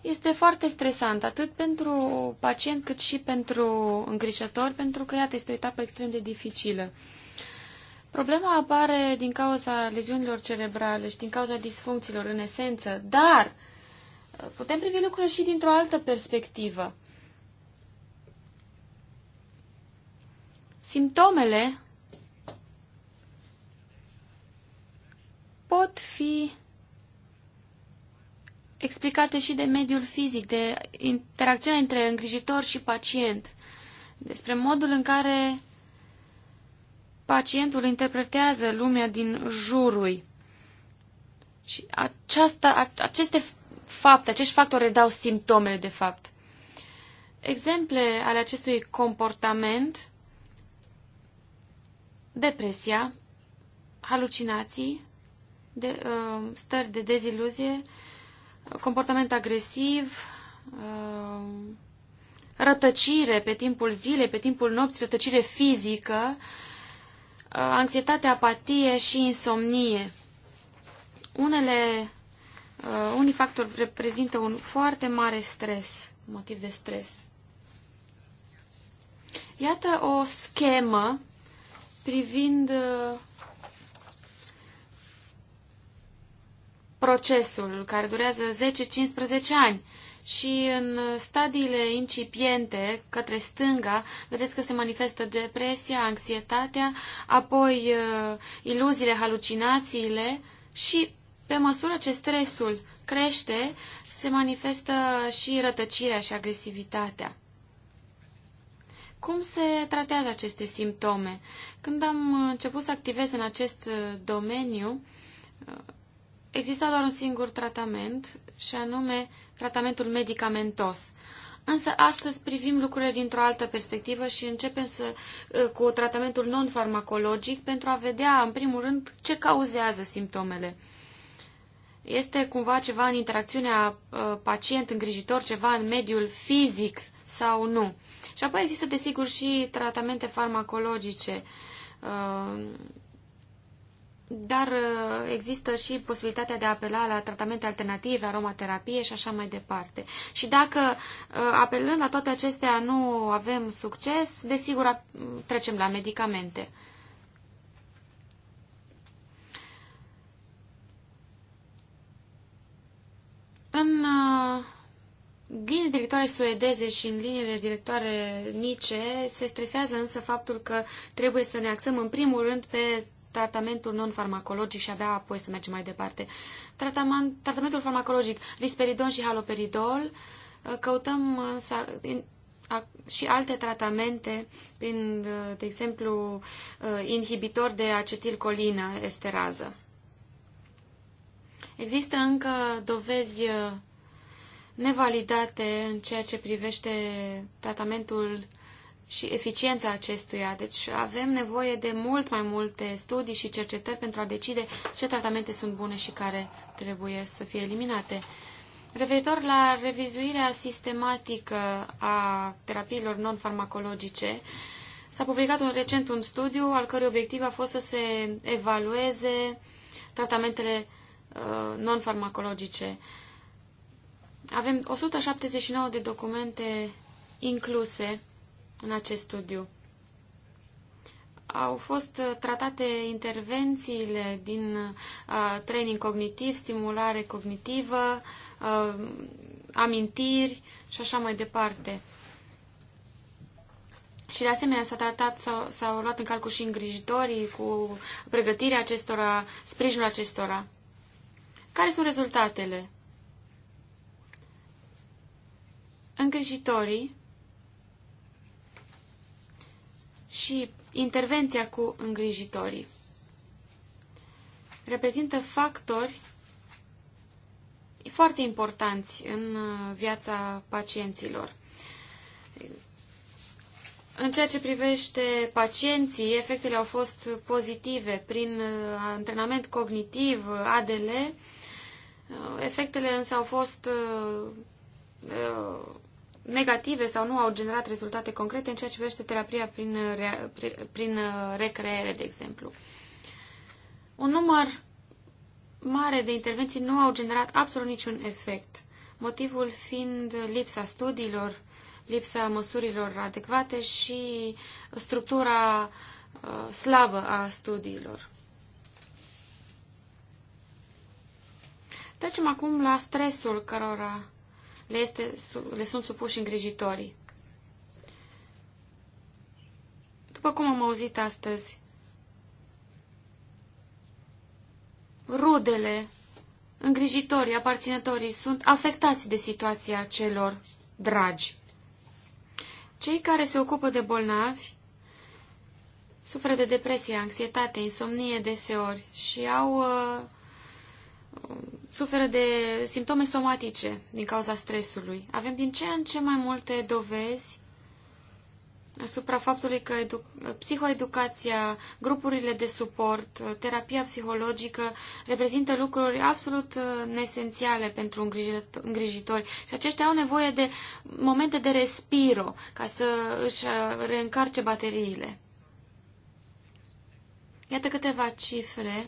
Speaker 4: este foarte stresant, atât pentru pacient cât și pentru îngrijător, pentru că, iată, este o etapă extrem de dificilă. Problema apare din cauza leziunilor cerebrale și din cauza disfuncțiilor, în esență, dar uh, putem privi lucrurile și dintr-o altă perspectivă. Simptomele pot fi explicate și de mediul fizic, de interacțiunea între îngrijitor și pacient, despre modul în care pacientul interpretează lumea din jurul. Și aceasta, aceste fapte, acești factori dau simptomele, de fapt. Exemple ale acestui comportament, depresia, halucinații, de, uh, stări de deziluzie, comportament agresiv, uh, rătăcire pe timpul zilei, pe timpul nopții, rătăcire fizică, uh, anxietate, apatie și insomnie. Unele, uh, unii factori reprezintă un foarte mare stres, motiv de stres. Iată o schemă privind procesul care durează 10-15 ani și în stadiile incipiente către stânga vedeți că se manifestă depresia, anxietatea, apoi uh, iluziile, halucinațiile și pe măsură ce stresul crește, se manifestă și rătăcirea și agresivitatea. Cum se tratează aceste simptome? Când am început să activez în acest uh, domeniu, uh, exista doar un singur tratament, și anume tratamentul medicamentos. Însă astăzi privim lucrurile dintr-o altă perspectivă și începem să, ă, cu tratamentul non-farmacologic pentru a vedea, în primul rând, ce cauzează simptomele. Este cumva ceva în interacțiunea ă, pacient-îngrijitor, ceva în mediul fizic sau nu. Și apoi există, desigur, și tratamente farmacologice ă, dar uh, există și posibilitatea de a apela la tratamente alternative, aromaterapie și așa mai departe. Și dacă uh, apelând la toate acestea nu avem succes, desigur trecem la medicamente. În uh, linii directoare suedeze și în liniile directoare nice se stresează însă faptul că trebuie să ne axăm în primul rând pe tratamentul non-farmacologic și abia apoi să mergem mai departe. Trataman, tratamentul farmacologic, risperidon și haloperidol, uh, căutăm însă și alte tratamente, prin, uh, de exemplu, uh, inhibitor de acetilcolină esterază. Există încă dovezi nevalidate în ceea ce privește tratamentul uh, și eficiența acestuia. Deci avem nevoie de mult mai multe studii și cercetări pentru a decide ce tratamente sunt bune și care trebuie să fie eliminate. Referitor la revizuirea sistematică a terapiilor non-farmacologice, s-a publicat un, recent un studiu al cărui obiectiv a fost să se evalueze tratamentele uh, non-farmacologice. Avem 179 de documente incluse în acest studiu. Au fost uh, tratate intervențiile din uh, training cognitiv, stimulare cognitivă, uh, amintiri și așa mai departe. Și de asemenea s-a tratat, s-au luat în calcul și îngrijitorii cu pregătirea acestora, sprijinul acestora. Care sunt rezultatele? Îngrijitorii și intervenția cu îngrijitorii reprezintă factori foarte importanți în uh, viața pacienților. În ceea ce privește pacienții, efectele au fost pozitive prin uh, antrenament cognitiv, uh, ADL. Efectele însă au fost negative sau nu au generat rezultate concrete în ceea ce privește terapia prin, rea, prin uh, recreere, de exemplu. Un număr mare de intervenții nu au generat absolut niciun efect, motivul fiind lipsa studiilor, lipsa măsurilor adecvate și structura uh, slabă a studiilor. Trecem acum la stresul cărora le, este, le sunt supuși îngrijitorii. După cum am auzit astăzi, rudele, îngrijitorii, aparținătorii sunt afectați de situația celor dragi. Cei care se ocupă de bolnavi suferă de depresie, anxietate, insomnie deseori și au uh, suferă de simptome somatice din cauza stresului. Avem din ce în ce mai multe dovezi asupra faptului că edu- psihoeducația, grupurile de suport, terapia psihologică reprezintă lucruri absolut uh, nesențiale pentru îngrijitori și aceștia au nevoie de momente de respiro ca să își uh, reîncarce bateriile. Iată câteva cifre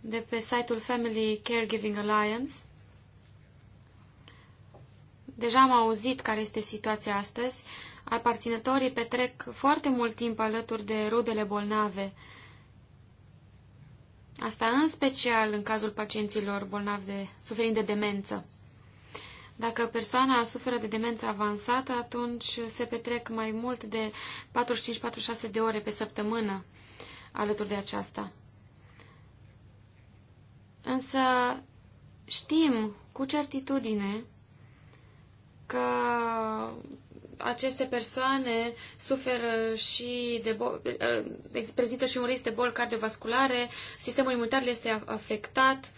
Speaker 4: de pe site-ul Family Caregiving Alliance. Deja am auzit care este situația astăzi. Aparținătorii petrec foarte mult timp alături de rudele bolnave. Asta în special în cazul pacienților bolnavi de, suferind de demență. Dacă persoana suferă de demență avansată, atunci se petrec mai mult de 45-46 de ore pe săptămână alături de aceasta. Însă știm cu certitudine că aceste persoane suferă și de boli, prezintă și un risc de boli cardiovasculare, sistemul imunitar le este afectat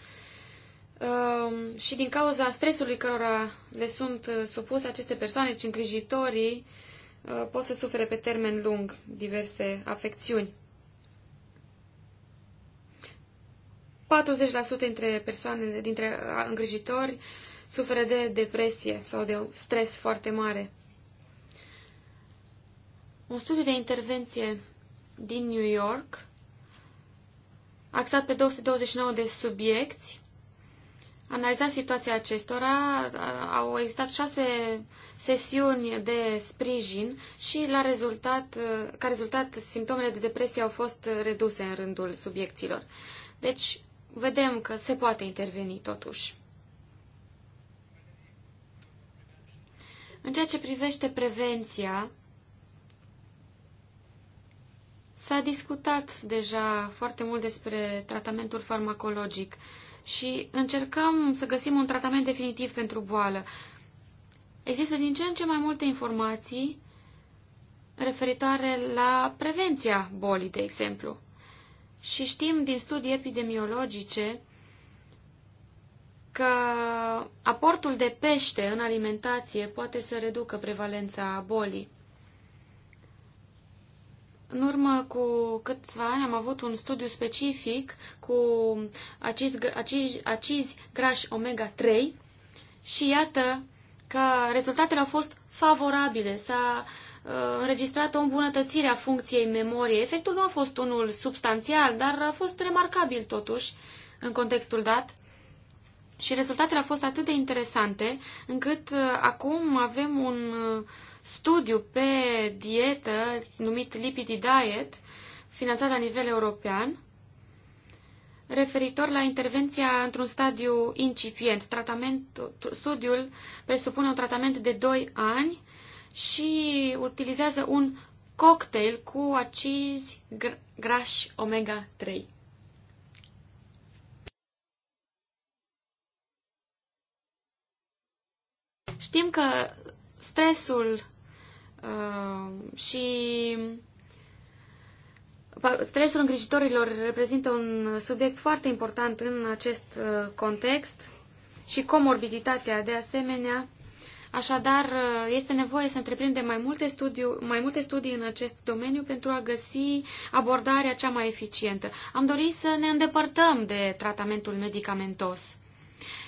Speaker 4: și din cauza stresului cărora le sunt supuse aceste persoane, ci îngrijitorii, pot să sufere pe termen lung diverse afecțiuni. 40% dintre persoanele, dintre îngrijitori, suferă de depresie sau de stres foarte mare. Un studiu de intervenție din New York, axat pe 229 de subiecti, analizat situația acestora, au existat șase sesiuni de sprijin și la rezultat, ca rezultat simptomele de depresie au fost reduse în rândul subiecților. Deci, vedem că se poate interveni totuși. În ceea ce privește prevenția, s-a discutat deja foarte mult despre tratamentul farmacologic și încercăm să găsim un tratament definitiv pentru boală. Există din ce în ce mai multe informații referitoare la prevenția bolii, de exemplu și știm din studii epidemiologice că aportul de pește în alimentație poate să reducă prevalența bolii. În urmă cu câțiva ani am avut un studiu specific cu acizi, acizi, acizi grași omega-3 și iată că rezultatele au fost favorabile. S-a Uh, înregistrat o îmbunătățire a funcției memoriei. Efectul nu a fost unul substanțial, dar a fost remarcabil totuși în contextul dat. Și rezultatele au fost atât de interesante încât uh, acum avem un uh, studiu pe dietă numit Lipid Diet, finanțat la nivel european, referitor la intervenția într-un stadiu incipient. Tratament, studiul presupune un tratament de 2 ani și utilizează un cocktail cu acizi grași omega-3. Știm că stresul uh, și stresul îngrijitorilor reprezintă un subiect foarte important în acest uh, context și comorbiditatea de asemenea Așadar, uh, este nevoie să întreprindem mai multe, studiu, mai multe studii în acest domeniu pentru a găsi abordarea cea mai eficientă. Am dorit să ne îndepărtăm de tratamentul medicamentos.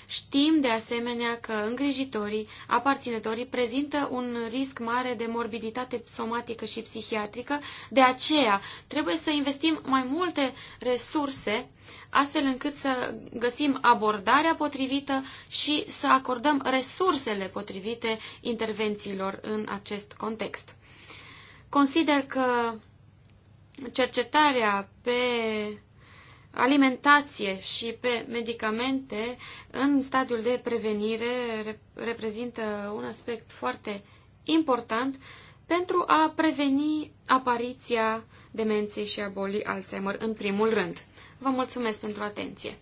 Speaker 4: Știm de asemenea că îngrijitorii, aparținătorii prezintă un risc mare de morbiditate somatică și psihiatrică, de aceea trebuie să investim mai multe resurse astfel încât să găsim abordarea potrivită și să acordăm resursele potrivite intervențiilor în acest context. Consider că cercetarea pe alimentație și pe medicamente în stadiul de prevenire reprezintă un aspect foarte important pentru a preveni apariția demenței și a bolii Alzheimer în primul rând. Vă mulțumesc pentru atenție!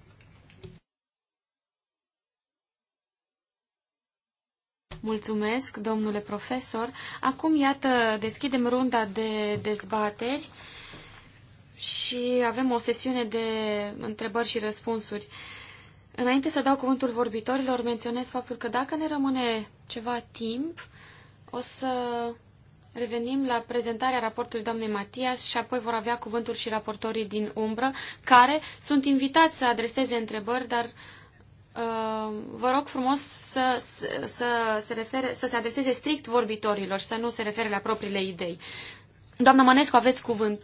Speaker 4: Mulțumesc, domnule profesor. Acum, iată, deschidem runda de dezbateri și avem o sesiune de întrebări și răspunsuri. Înainte să dau cuvântul vorbitorilor, menționez faptul că dacă ne rămâne ceva timp, o să revenim la prezentarea raportului doamnei Matias și apoi vor avea cuvântul și raportorii din umbră, care sunt invitați să adreseze întrebări, dar uh, vă rog frumos să, să, să, se refere, să se adreseze strict vorbitorilor să nu se refere la propriile idei. Doamna Mănescu, aveți cuvânt,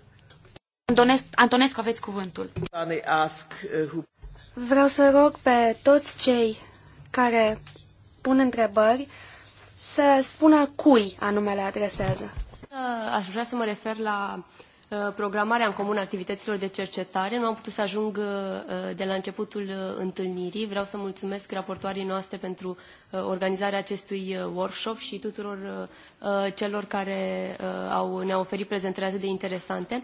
Speaker 4: Antonescu, aveți cuvântul.
Speaker 1: Eh,
Speaker 2: Vreau să rog pe toți cei care pun întrebări să spună cui anume le adresează.
Speaker 4: Aș vrea
Speaker 3: să mă refer la Uh, programarea în comun activităților de cercetare. Nu am putut să ajung uh, uh, de la începutul întâlnirii. Vreau să mulțumesc raportoarei noastre pentru organizarea acestui workshop și tuturor celor care au, ne-au oferit prezentări atât de interesante.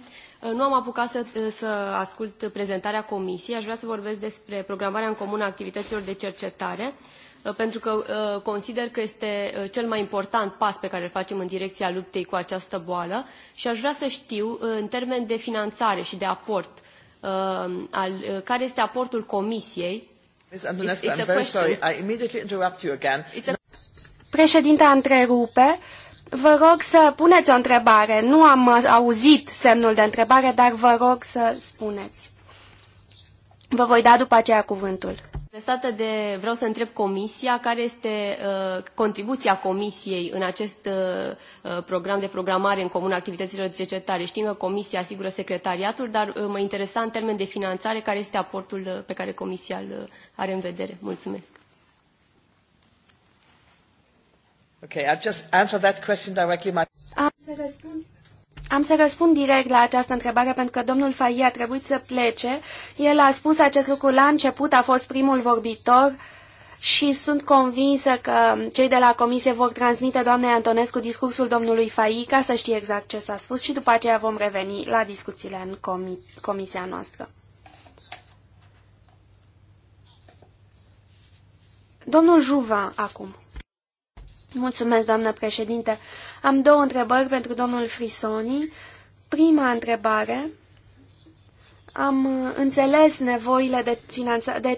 Speaker 3: Nu am apucat să, să ascult prezentarea comisiei. Aș vrea să vorbesc despre programarea în comun a activităților de cercetare. Uh, pentru că uh, consider că este uh, cel mai important pas pe care îl facem în direcția luptei cu această boală și aș vrea să știu, în termen de finanțare și de aport, al, care este aportul Comisiei.
Speaker 2: Președinte, întrerupe. Vă rog să puneți o întrebare. Nu am auzit semnul de întrebare, dar vă rog să spuneți. Vă voi da după aceea cuvântul.
Speaker 3: Interesată de, vreau să întreb Comisia, care este uh, contribuția Comisiei în acest uh, uh, program de programare în comun activităților de cercetare? Știm că Comisia asigură secretariatul, dar uh, mă interesa în termen de finanțare care este aportul uh, pe care Comisia îl uh, are în vedere. Mulțumesc.
Speaker 1: Okay, I'll just answer that question directly.
Speaker 2: Am să răspund am să răspund direct la această întrebare pentru că domnul Faria a trebuit să plece. El a spus acest lucru la început, a fost primul vorbitor și sunt convinsă că cei de la comisie vor transmite doamnei Antonescu discursul domnului Fai ca să știe exact ce s-a spus și după aceea vom reveni la discuțiile în comi comisia noastră. Domnul Juvan acum. Mulțumesc, doamnă președinte. Am două întrebări pentru domnul Frisoni. Prima întrebare. Am înțeles nevoile de, finanța de,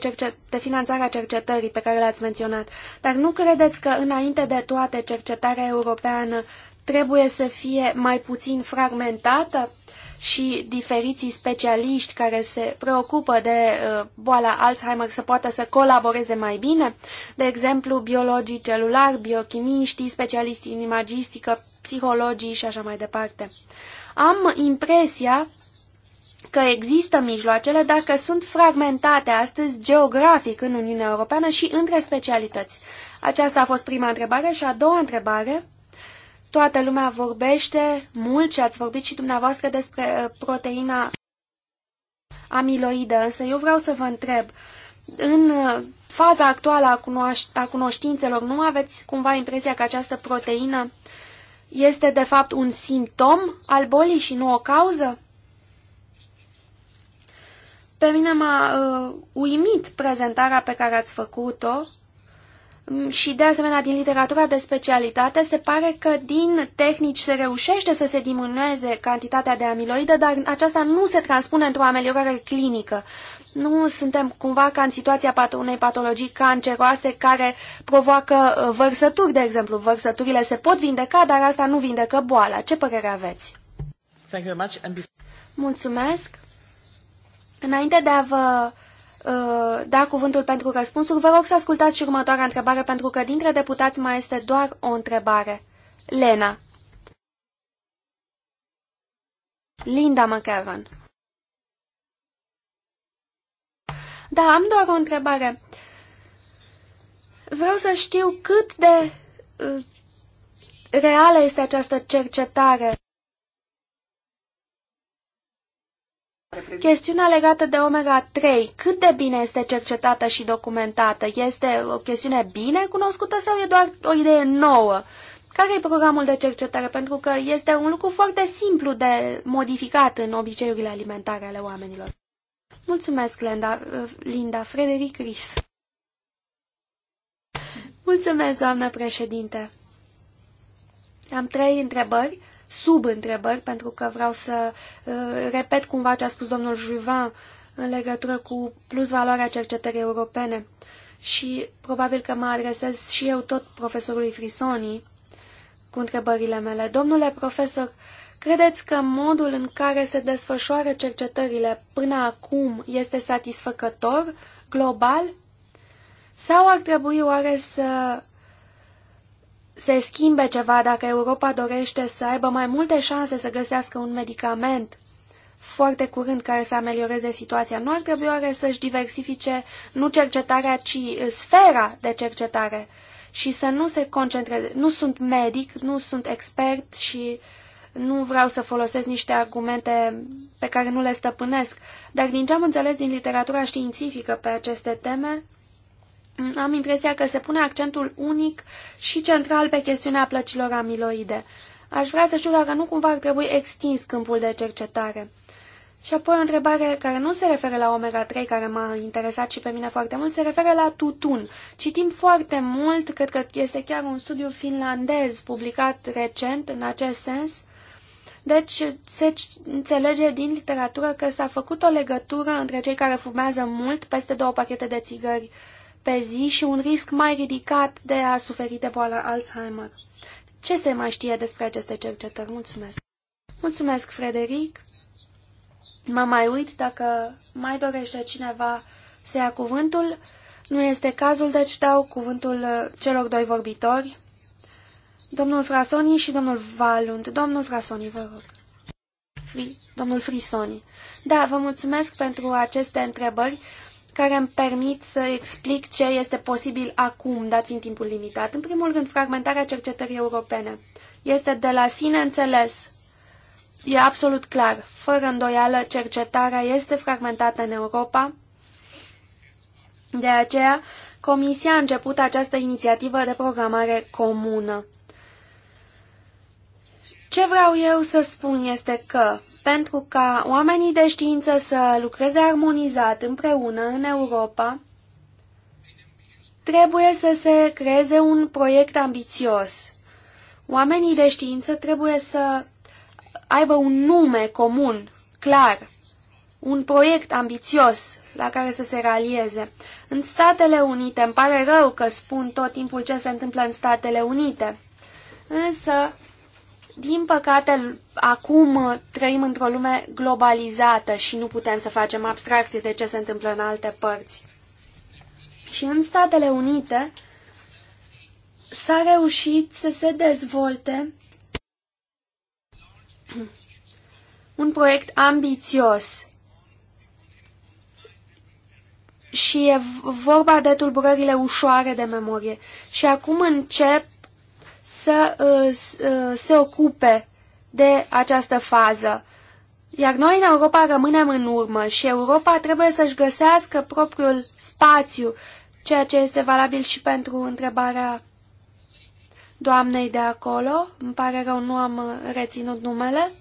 Speaker 2: de finanțare a cercetării pe care le-ați menționat, dar nu credeți că înainte de toate cercetarea europeană trebuie să fie mai puțin fragmentată? Uh, și diferiții specialiști care se preocupă de uh, boala Alzheimer să poată să colaboreze mai bine, de exemplu biologii celulari, biochimiștii, specialiștii în imagistică, psihologii și așa mai departe. Am impresia că există mijloacele dacă sunt fragmentate astăzi geografic în Uniunea Europeană și între specialități. Aceasta a fost prima întrebare și a doua întrebare Toată lumea vorbește mult și ați vorbit și dumneavoastră despre uh, proteina amiloidă, însă eu vreau să vă întreb, în uh, faza actuală a, cunoaș- a cunoștințelor, nu aveți cumva impresia că această proteină este de fapt un simptom al bolii și nu o cauză? Pe mine m-a uh, uimit prezentarea pe care ați făcut-o Mm, și de asemenea din literatura de specialitate se pare că din tehnici se reușește să se diminueze cantitatea de amiloidă, dar aceasta nu se transpune într-o ameliorare clinică. Nu suntem cumva ca în situația pat unei patologii canceroase care provoacă uh, vărsături, de exemplu. Vărsăturile se pot vindeca, dar asta nu vindecă boala. Ce părere aveți? Mulțumesc! Înainte de a vă Uh, da cuvântul pentru răspunsuri. Vă rog să ascultați și următoarea întrebare, pentru că dintre deputați mai este doar o întrebare. Lena. Linda McEwan. Da, am doar o întrebare. Vreau să știu cât de uh, reală este această cercetare. Chestiunea legată de omega-3, cât de bine este cercetată și documentată? Este o chestiune bine cunoscută sau e doar o idee nouă? Care e programul de cercetare? Pentru că este un lucru foarte simplu de modificat în obiceiurile alimentare ale oamenilor. Mulțumesc, Linda, Linda Frederic Ris. Mulțumesc, doamnă președinte. Am trei întrebări sub întrebări, pentru că vreau să uh, repet cumva ce a spus domnul Juvin în legătură cu plus valoarea cercetării europene. Și probabil că mă adresez și eu tot profesorului Frisoni cu întrebările mele. Domnule profesor, credeți că modul în care se desfășoară cercetările până acum este satisfăcător, global? Sau ar trebui oare să se schimbe ceva, dacă Europa dorește să aibă mai multe șanse să găsească un medicament foarte curând care să amelioreze situația, nu ar trebui oare să-și diversifice nu cercetarea, ci sfera de cercetare și să nu se concentreze. Nu sunt medic, nu sunt expert și nu vreau să folosesc niște argumente pe care nu le stăpânesc, dar din ce am înțeles din literatura științifică pe aceste teme, am impresia că se pune accentul unic și central pe chestiunea plăcilor amiloide. Aș vrea să știu dacă nu cumva ar trebui extins câmpul de cercetare. Și apoi o întrebare care nu se referă la omega-3, care m-a interesat și pe mine foarte mult, se referă la tutun. Citim foarte mult, cred că este chiar un studiu finlandez publicat recent în acest sens. Deci se înțelege din literatură că s-a făcut o legătură între cei care fumează mult, peste două pachete de țigări uh, pe zi și un risc mai ridicat de a suferi de boala Alzheimer. Ce se mai știe despre aceste cercetări? Mulțumesc! Mulțumesc, Frederic! Mă mai uit dacă mai dorește cineva să ia cuvântul. Nu este cazul, deci dau cuvântul uh, celor doi vorbitori, domnul Frasoni și domnul Valund. Domnul Frasoni, vă rog. Fri, domnul Frisoni. Da, vă mulțumesc pentru aceste întrebări care îmi permit să explic ce este posibil acum, dat fiind timpul limitat. În primul rând, fragmentarea cercetării europene. Este de la sine înțeles. E absolut clar. Fără îndoială, cercetarea este fragmentată în Europa. De aceea, Comisia a început această inițiativă de programare comună. Ce vreau eu să spun este că pentru ca oamenii de știință să lucreze armonizat împreună în Europa, trebuie să se creeze un proiect ambițios. Oamenii de știință trebuie să aibă un nume comun, clar, un proiect ambițios la care să se realieze. În Statele Unite, îmi pare rău că spun tot timpul ce se întâmplă în Statele Unite, însă din păcate, acum trăim într-o lume globalizată și nu putem să facem abstracție de ce se întâmplă în alte părți. Și în Statele Unite s-a reușit să se dezvolte un proiect ambițios și e vorba de tulburările ușoare de memorie. Și acum încep să uh, uh, se ocupe de această fază. Iar noi în Europa rămânem în urmă și Europa trebuie să-și găsească propriul spațiu, ceea ce este valabil și pentru întrebarea doamnei de acolo. Îmi pare rău, nu am uh, reținut numele.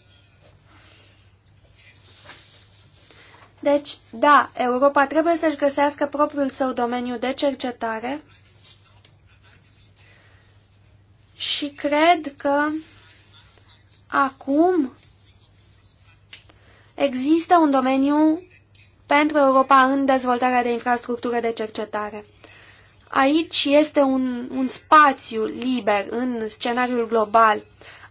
Speaker 2: Deci, da, Europa trebuie să-și găsească propriul său domeniu de cercetare și cred că acum există un domeniu pentru Europa în dezvoltarea de infrastructură de cercetare. Aici este un, un spațiu liber în scenariul global.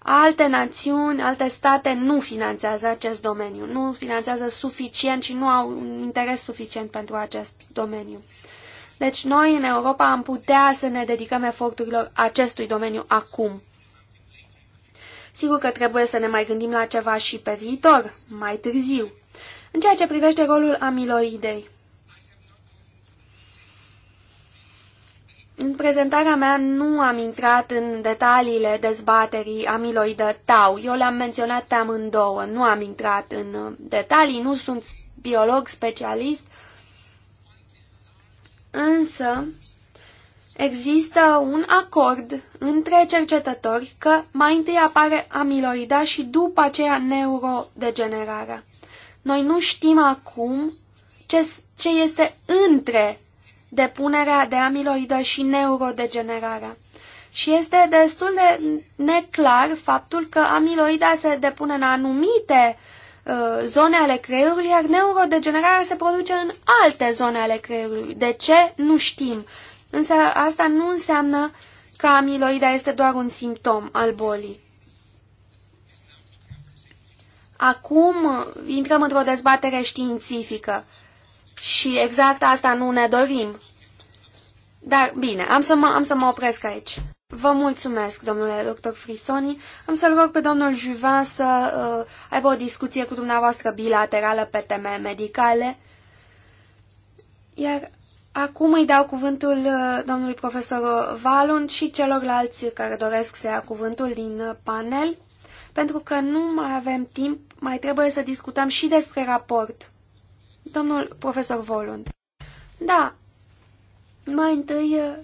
Speaker 2: Alte națiuni, alte state nu finanțează acest domeniu, nu finanțează suficient și nu au un interes suficient pentru acest domeniu. Deci noi în Europa am putea să ne dedicăm eforturilor acestui domeniu acum. Sigur că trebuie să ne mai gândim la ceva și pe viitor, mai târziu. În ceea ce privește rolul amiloidei. În prezentarea mea nu am intrat în detaliile dezbaterii amiloidă tau. Eu le-am menționat pe amândouă, nu am intrat în detalii, nu sunt biolog specialist, uh, însă există un acord între cercetători că mai întâi apare amiloida și după aceea neurodegenerarea. Noi nu știm acum ce, ce este între depunerea de amiloidă și neurodegenerarea. Și este destul de neclar faptul că amiloida se depune în anumite Uh, zone ale creierului, iar neurodegenerarea se produce în alte zone ale creierului. De ce? Nu știm. Însă asta nu înseamnă că amiloida este doar un simptom al bolii. Acum intrăm într-o dezbatere științifică și exact asta nu ne dorim. Dar bine, am să mă, am să mă opresc aici. Vă mulțumesc, domnule doctor Frisoni. Am să-l rog pe domnul Juvin să uh, aibă o discuție cu dumneavoastră bilaterală pe teme medicale. Iar acum îi dau cuvântul uh, domnului profesor Valun și celorlalți care doresc să ia cuvântul din uh, panel, pentru că nu mai avem timp, mai trebuie să discutăm și despre raport. Domnul profesor Volund. Da, mai întâi... Uh,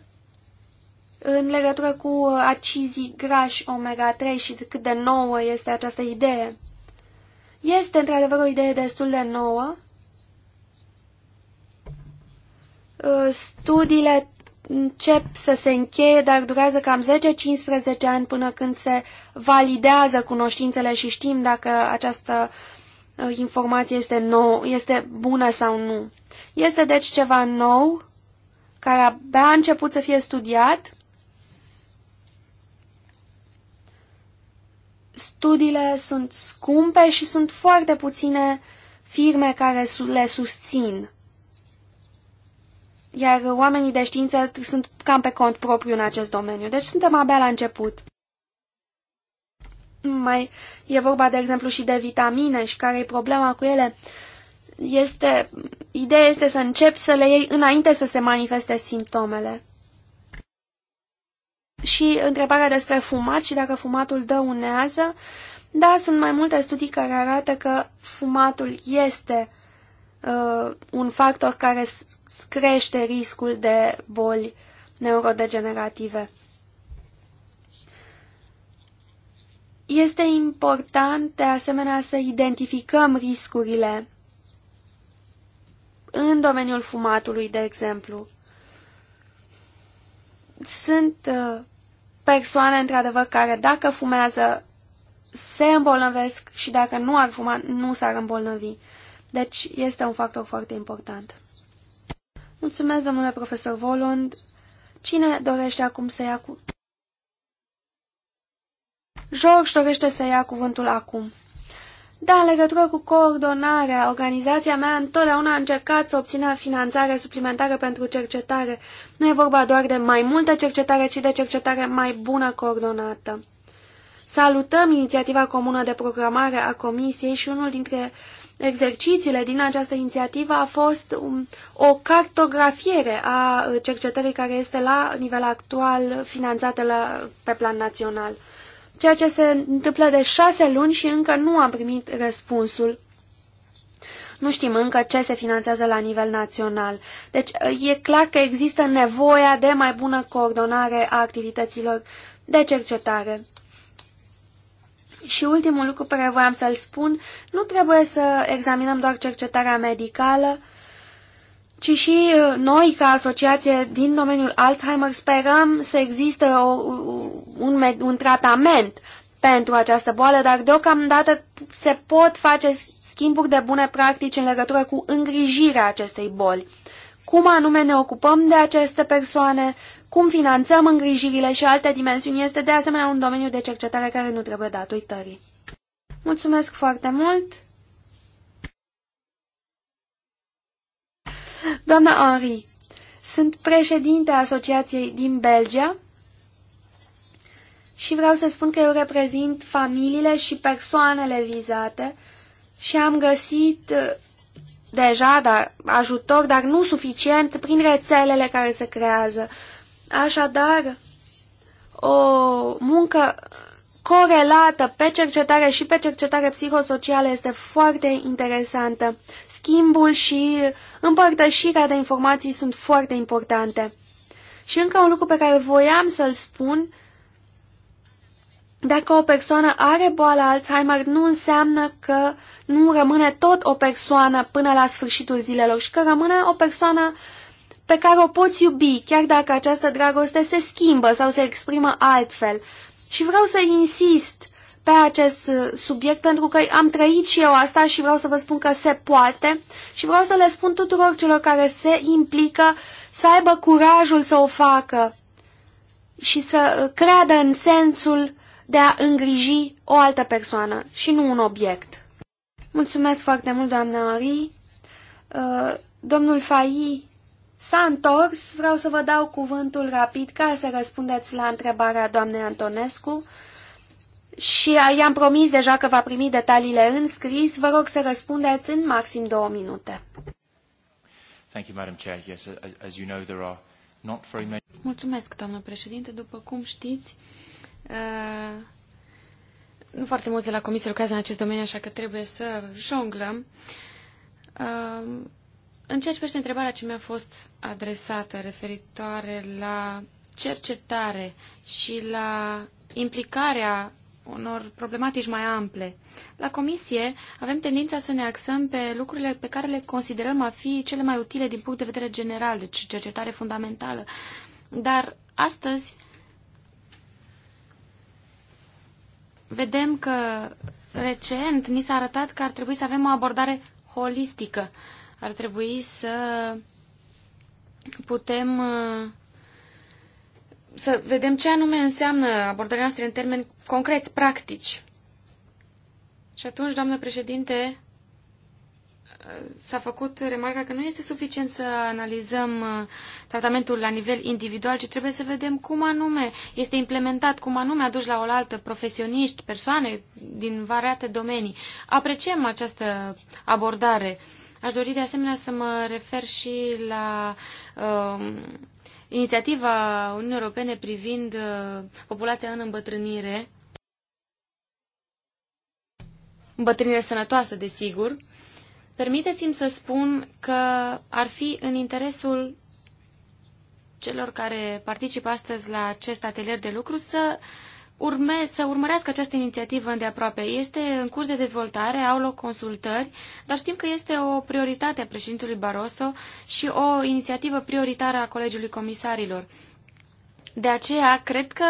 Speaker 2: în legătură cu acizii grași omega-3 și cât de nouă este această idee. Este într-adevăr o idee destul de nouă. Uh, studiile încep să se încheie, dar durează cam 10-15 ani până când se validează cunoștințele și știm dacă această uh, informație este, nou, este bună sau nu. Este deci ceva nou, care abia a început să fie studiat studiile sunt scumpe și sunt foarte puține firme care le susțin. Iar oamenii de știință sunt cam pe cont propriu în acest domeniu, deci suntem abia la început. Mai e vorba, de exemplu, și de vitamine și care e problema cu ele. Este, ideea este să începi să le iei înainte să se manifeste simptomele și întrebarea despre fumat și dacă fumatul dăunează. Da, sunt mai multe studii care arată că fumatul este uh, un factor care crește riscul de boli neurodegenerative. Este important, de asemenea, să identificăm riscurile în domeniul fumatului, de exemplu. Sunt uh, persoane, într-adevăr, care dacă fumează se îmbolnăvesc și dacă nu ar fuma, nu s-ar îmbolnăvi. Deci este un factor foarte important. Mulțumesc, domnule profesor Volund. Cine dorește acum să ia cu... George dorește să ia cuvântul acum. Da, în legătură cu coordonarea, organizația mea întotdeauna a încercat să obțină finanțare suplimentară pentru cercetare. Nu e vorba doar de mai multă cercetare, ci de cercetare mai bună coordonată. Salutăm inițiativa comună de programare a Comisiei și unul dintre exercițiile din această inițiativă a fost o cartografiere a cercetării care este la nivel actual finanțată la, pe plan național ceea ce se întâmplă de șase luni și încă nu am primit răspunsul. Nu știm încă ce se finanțează la nivel național. Deci e clar că există nevoia de mai bună coordonare a activităților de cercetare. Și ultimul lucru pe care voiam să-l spun, nu trebuie să examinăm doar cercetarea medicală, ci și uh, noi, ca asociație din domeniul Alzheimer, sperăm să existe o, un, un tratament pentru această boală, dar deocamdată se pot face schimburi de bune practici în legătură cu îngrijirea acestei boli. Cum anume ne ocupăm de aceste persoane, cum finanțăm îngrijirile și alte dimensiuni este de asemenea un domeniu de cercetare care nu trebuie dat uitării. Mulțumesc foarte mult! Doamna Henri, sunt președinte a asociației din Belgia și vreau să spun că eu reprezint familiile și persoanele vizate și am găsit uh, deja dar, ajutor, dar nu suficient, prin rețelele care se creează. Așadar, o muncă corelată pe cercetare și pe cercetare psihosocială este foarte interesantă. Schimbul și împărtășirea de informații sunt foarte importante. Și încă un lucru pe care voiam să-l spun, dacă o persoană are boala Alzheimer, nu înseamnă că nu rămâne tot o persoană până la sfârșitul zilelor și că rămâne o persoană pe care o poți iubi, chiar dacă această dragoste se schimbă sau se exprimă altfel. Și vreau să insist pe acest uh, subiect pentru că am trăit și eu asta și vreau să vă spun că se poate și vreau să le spun tuturor celor care se implică să aibă curajul să o facă și să uh, creadă în sensul de a îngriji o altă persoană și nu un obiect. Mulțumesc foarte mult, doamna Marie. Uh, domnul Fai s-a întors. Vreau să vă dau cuvântul rapid ca să răspundeți la întrebarea doamnei Antonescu și i-am promis deja că va primi detaliile în scris. Vă rog să răspundeți în maxim două minute.
Speaker 3: Thank you, Madam Chair. Yes, as you know, there are not very many...
Speaker 2: Mulțumesc, doamnă președinte. După cum
Speaker 4: știți, uh... Nu foarte mulți de la comisie lucrează în acest domeniu, așa că trebuie să jonglăm. Uh, în ceea ce privește întrebarea ce mi-a fost adresată referitoare la cercetare și la implicarea unor problematici mai ample. La comisie avem tendința să ne axăm pe lucrurile pe care le considerăm a fi cele mai utile din punct de vedere general, deci cercetare fundamentală. Dar astăzi vedem că recent ni s-a arătat că ar trebui să avem o abordare holistică. Uh, ar trebui să putem uh, să vedem ce anume înseamnă abordarea noastră în termeni concreți, practici. Și atunci, doamnă președinte, uh, s-a făcut remarca că nu este suficient să analizăm uh, tratamentul la nivel individual, ci trebuie să vedem cum anume este implementat, cum anume aduci la oaltă profesioniști, persoane din variate domenii. Apreciem această abordare Aș dori de asemenea să mă refer și la um, inițiativa Uniunii Europene privind uh, populația în îmbătrânire, îmbătrânire sănătoasă, desigur. Permiteți-mi să spun că ar fi în interesul celor care participă astăzi la acest atelier de lucru să uh, urme, să urmărească această inițiativă îndeaproape. Este în curs de dezvoltare, au loc consultări, dar știm că este o prioritate a președintelui Barroso și o inițiativă prioritară a Colegiului Comisarilor. De aceea, cred că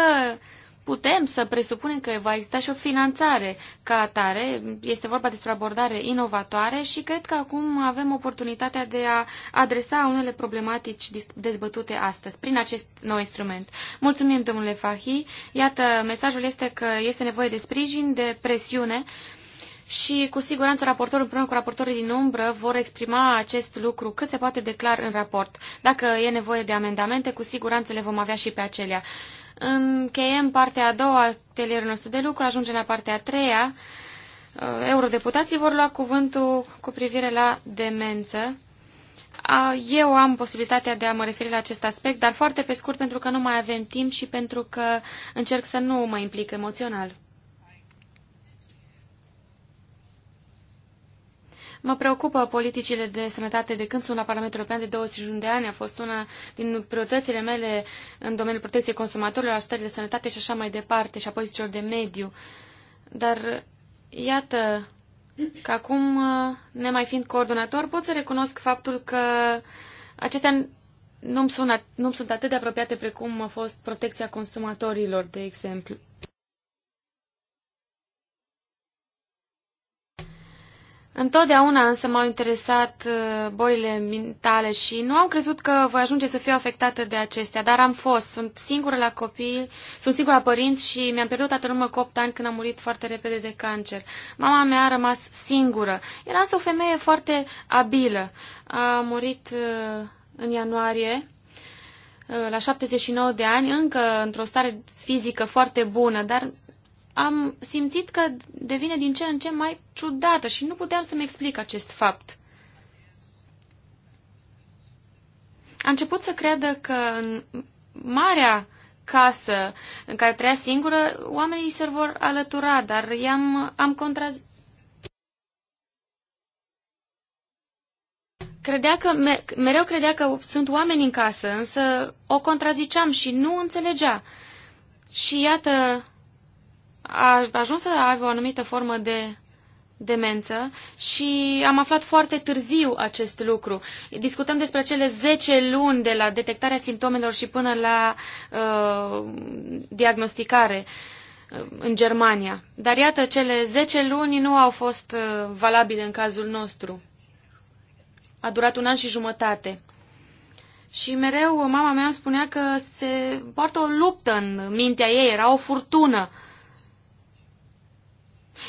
Speaker 4: putem să presupunem că va exista și o finanțare ca atare. Este vorba despre abordare inovatoare și cred că acum avem oportunitatea de a adresa unele problematici dezbătute astăzi prin acest nou instrument. Mulțumim, domnule Fahi. Iată, mesajul este că este nevoie de sprijin, de presiune și cu siguranță raportorul împreună cu raportorii din umbră vor exprima acest lucru cât se poate declar în raport. Dacă e nevoie de amendamente, cu siguranță le vom avea și pe acelea. Încheiem partea a doua a atelierului nostru de lucru, ajungem la partea a treia. Uh, eurodeputații vor lua cuvântul cu privire la demență. Eu am posibilitatea de a mă referi la acest aspect, dar foarte pe scurt pentru că nu mai avem timp și pentru că încerc să nu mă implic emoțional. Mă preocupă politicile de sănătate de când sunt la Parlamentul European de 21 de ani. A fost una din prioritățile mele în domeniul protecției consumatorilor, ajutării de sănătate și așa mai departe, și a politicilor de mediu. Dar iată că acum, nemai fiind coordonator, pot să recunosc faptul că acestea nu-mi sunt, nu sunt atât de apropiate precum a fost protecția consumatorilor, de exemplu. Întotdeauna însă m-au interesat uh, bolile mentale și nu am crezut că voi ajunge să fiu afectată de acestea, dar am fost. Sunt singură la copii, sunt singură la părinți și mi-am pierdut tatăl urmă cu 8 ani când am murit foarte repede de cancer. Mama mea a rămas singură. Era însă o femeie foarte abilă. A murit uh, în ianuarie uh, la 79 de ani, încă într-o stare fizică foarte bună, dar am simțit că devine din ce în ce mai ciudată și nu puteam să-mi explic acest fapt. A început să creadă că în marea casă în care trăia singură, oamenii se vor alătura, dar i-am am contra... Credea că, mereu credea că sunt oameni în casă, însă o contraziceam și nu înțelegea. Și iată, a ajuns să aibă o anumită formă de demență și am aflat foarte târziu acest lucru. Discutăm despre cele 10 luni de la detectarea simptomelor și până la uh, diagnosticare uh, în Germania. Dar iată, cele 10 luni nu au fost uh, valabile în cazul nostru. A durat un an și jumătate. Și mereu mama mea spunea că se poartă o luptă în mintea ei, era o furtună. Uh,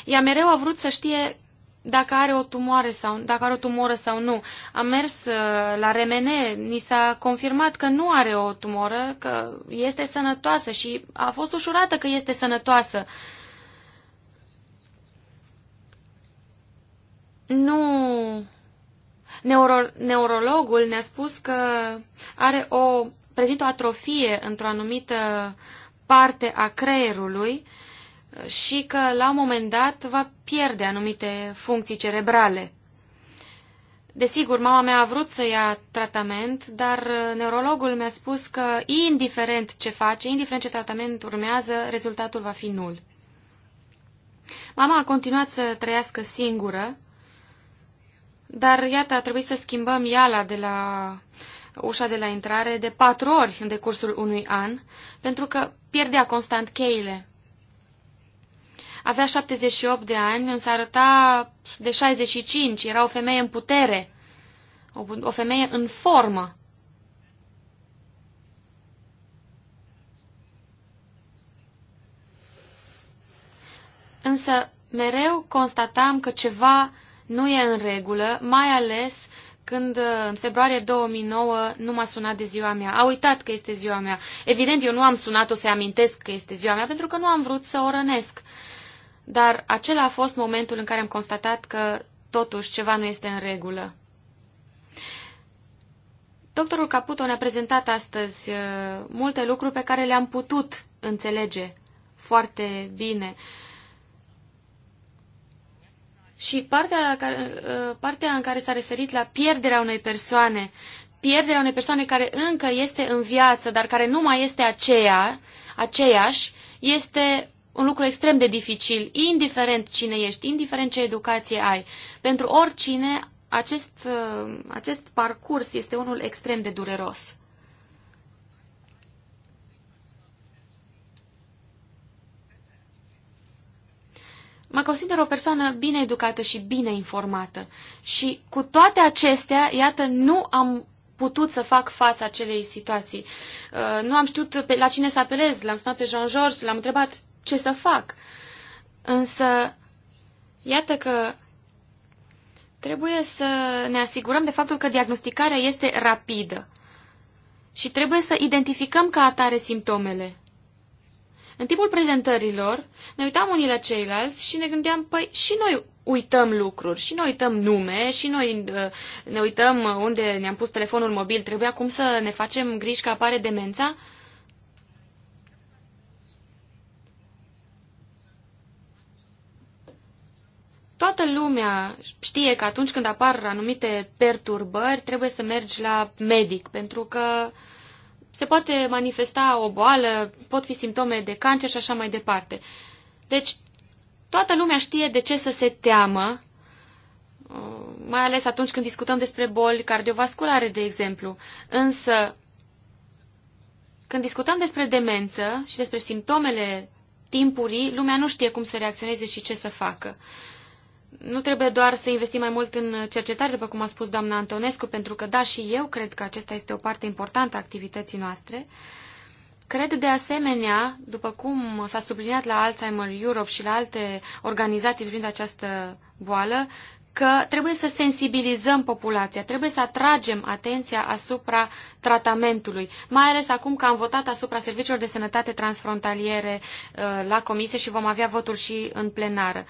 Speaker 4: ea mereu a vrut să știe dacă are o tumoare sau dacă are o tumoră sau nu. Am mers uh, la RMN, ni s-a confirmat că nu are o tumoră, că este sănătoasă și a fost ușurată că este sănătoasă. Nu. Neuro, neurologul ne-a spus că are o prezintă o atrofie într-o anumită parte a creierului uh, și că la un moment dat va pierde anumite funcții cerebrale. Desigur, mama mea a vrut să ia tratament, dar uh, neurologul mi-a spus că indiferent ce face, indiferent ce tratament urmează, rezultatul va fi nul. Mama a continuat să trăiască singură, dar iată, a trebuit să schimbăm iala de la ușa de la intrare de patru ori în decursul unui an, pentru că pierdea constant cheile. Avea 78 de ani, însă arăta de 65, era o femeie în putere, o, o femeie în formă. Însă mereu constatam că ceva nu e în regulă, mai ales când uh, în februarie 2009 nu m-a sunat de ziua mea. A uitat că este ziua mea. Evident, eu nu am sunat-o să amintesc că este ziua mea pentru că nu am vrut să o rănesc dar acela a fost momentul în care am constatat că totuși ceva nu este în regulă. Doctorul Caputo ne-a prezentat astăzi uh, multe lucruri pe care le-am putut înțelege foarte bine. Și partea, la care, uh, partea în care s-a referit la pierderea unei persoane, pierderea unei persoane care încă este în viață, dar care nu mai este aceea, aceeași, este un lucru extrem de dificil, indiferent cine ești, indiferent ce educație ai. Pentru oricine, acest, uh, acest parcurs este unul extrem de dureros. Mă consider o persoană bine educată și bine informată. Și cu toate acestea, iată, nu am putut să fac față acelei situații. Uh, nu am știut la cine să apelez. L-am sunat pe Jean-Georges, l-am întrebat ce să fac. Însă, iată că trebuie să ne asigurăm de faptul că diagnosticarea este rapidă și trebuie să identificăm ca atare simptomele. În timpul prezentărilor, ne uitam unii la ceilalți și ne gândeam, păi și noi uităm lucruri, și noi uităm nume, și noi uh, ne uităm unde ne-am pus telefonul mobil, trebuie acum să ne facem griji că apare demența. Toată lumea știe că atunci când apar anumite perturbări, trebuie să mergi la medic, pentru că se poate manifesta o boală, pot fi simptome de cancer și așa mai departe. Deci, toată lumea știe de ce să se teamă, mai ales atunci când discutăm despre boli cardiovasculare, de exemplu. Însă, când discutăm despre demență și despre simptomele timpurii, lumea nu știe cum să reacționeze și ce să facă nu trebuie doar să investim mai mult în cercetare, după cum a spus doamna Antonescu, pentru că da, și eu cred că acesta este o parte importantă a activității noastre. Cred de asemenea, după cum s-a subliniat la Alzheimer Europe și la alte organizații privind această boală, că trebuie să sensibilizăm populația, trebuie să atragem atenția asupra tratamentului, mai ales acum că am votat asupra serviciilor de sănătate transfrontaliere uh, la comisie și vom avea votul și în plenară.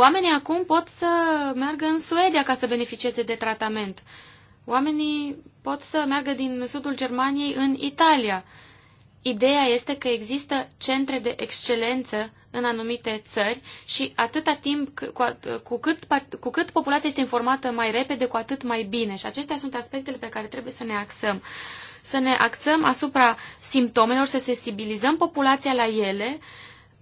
Speaker 4: Oamenii acum pot să meargă în Suedia ca să beneficieze de tratament. Oamenii pot să meargă din sudul Germaniei în Italia. Ideea este că există centre de excelență în anumite țări și atâta timp cu cât, cu cât populația este informată mai repede, cu atât mai bine. Și acestea sunt aspectele pe care trebuie să ne axăm. Să ne axăm asupra simptomelor, să sensibilizăm populația la ele,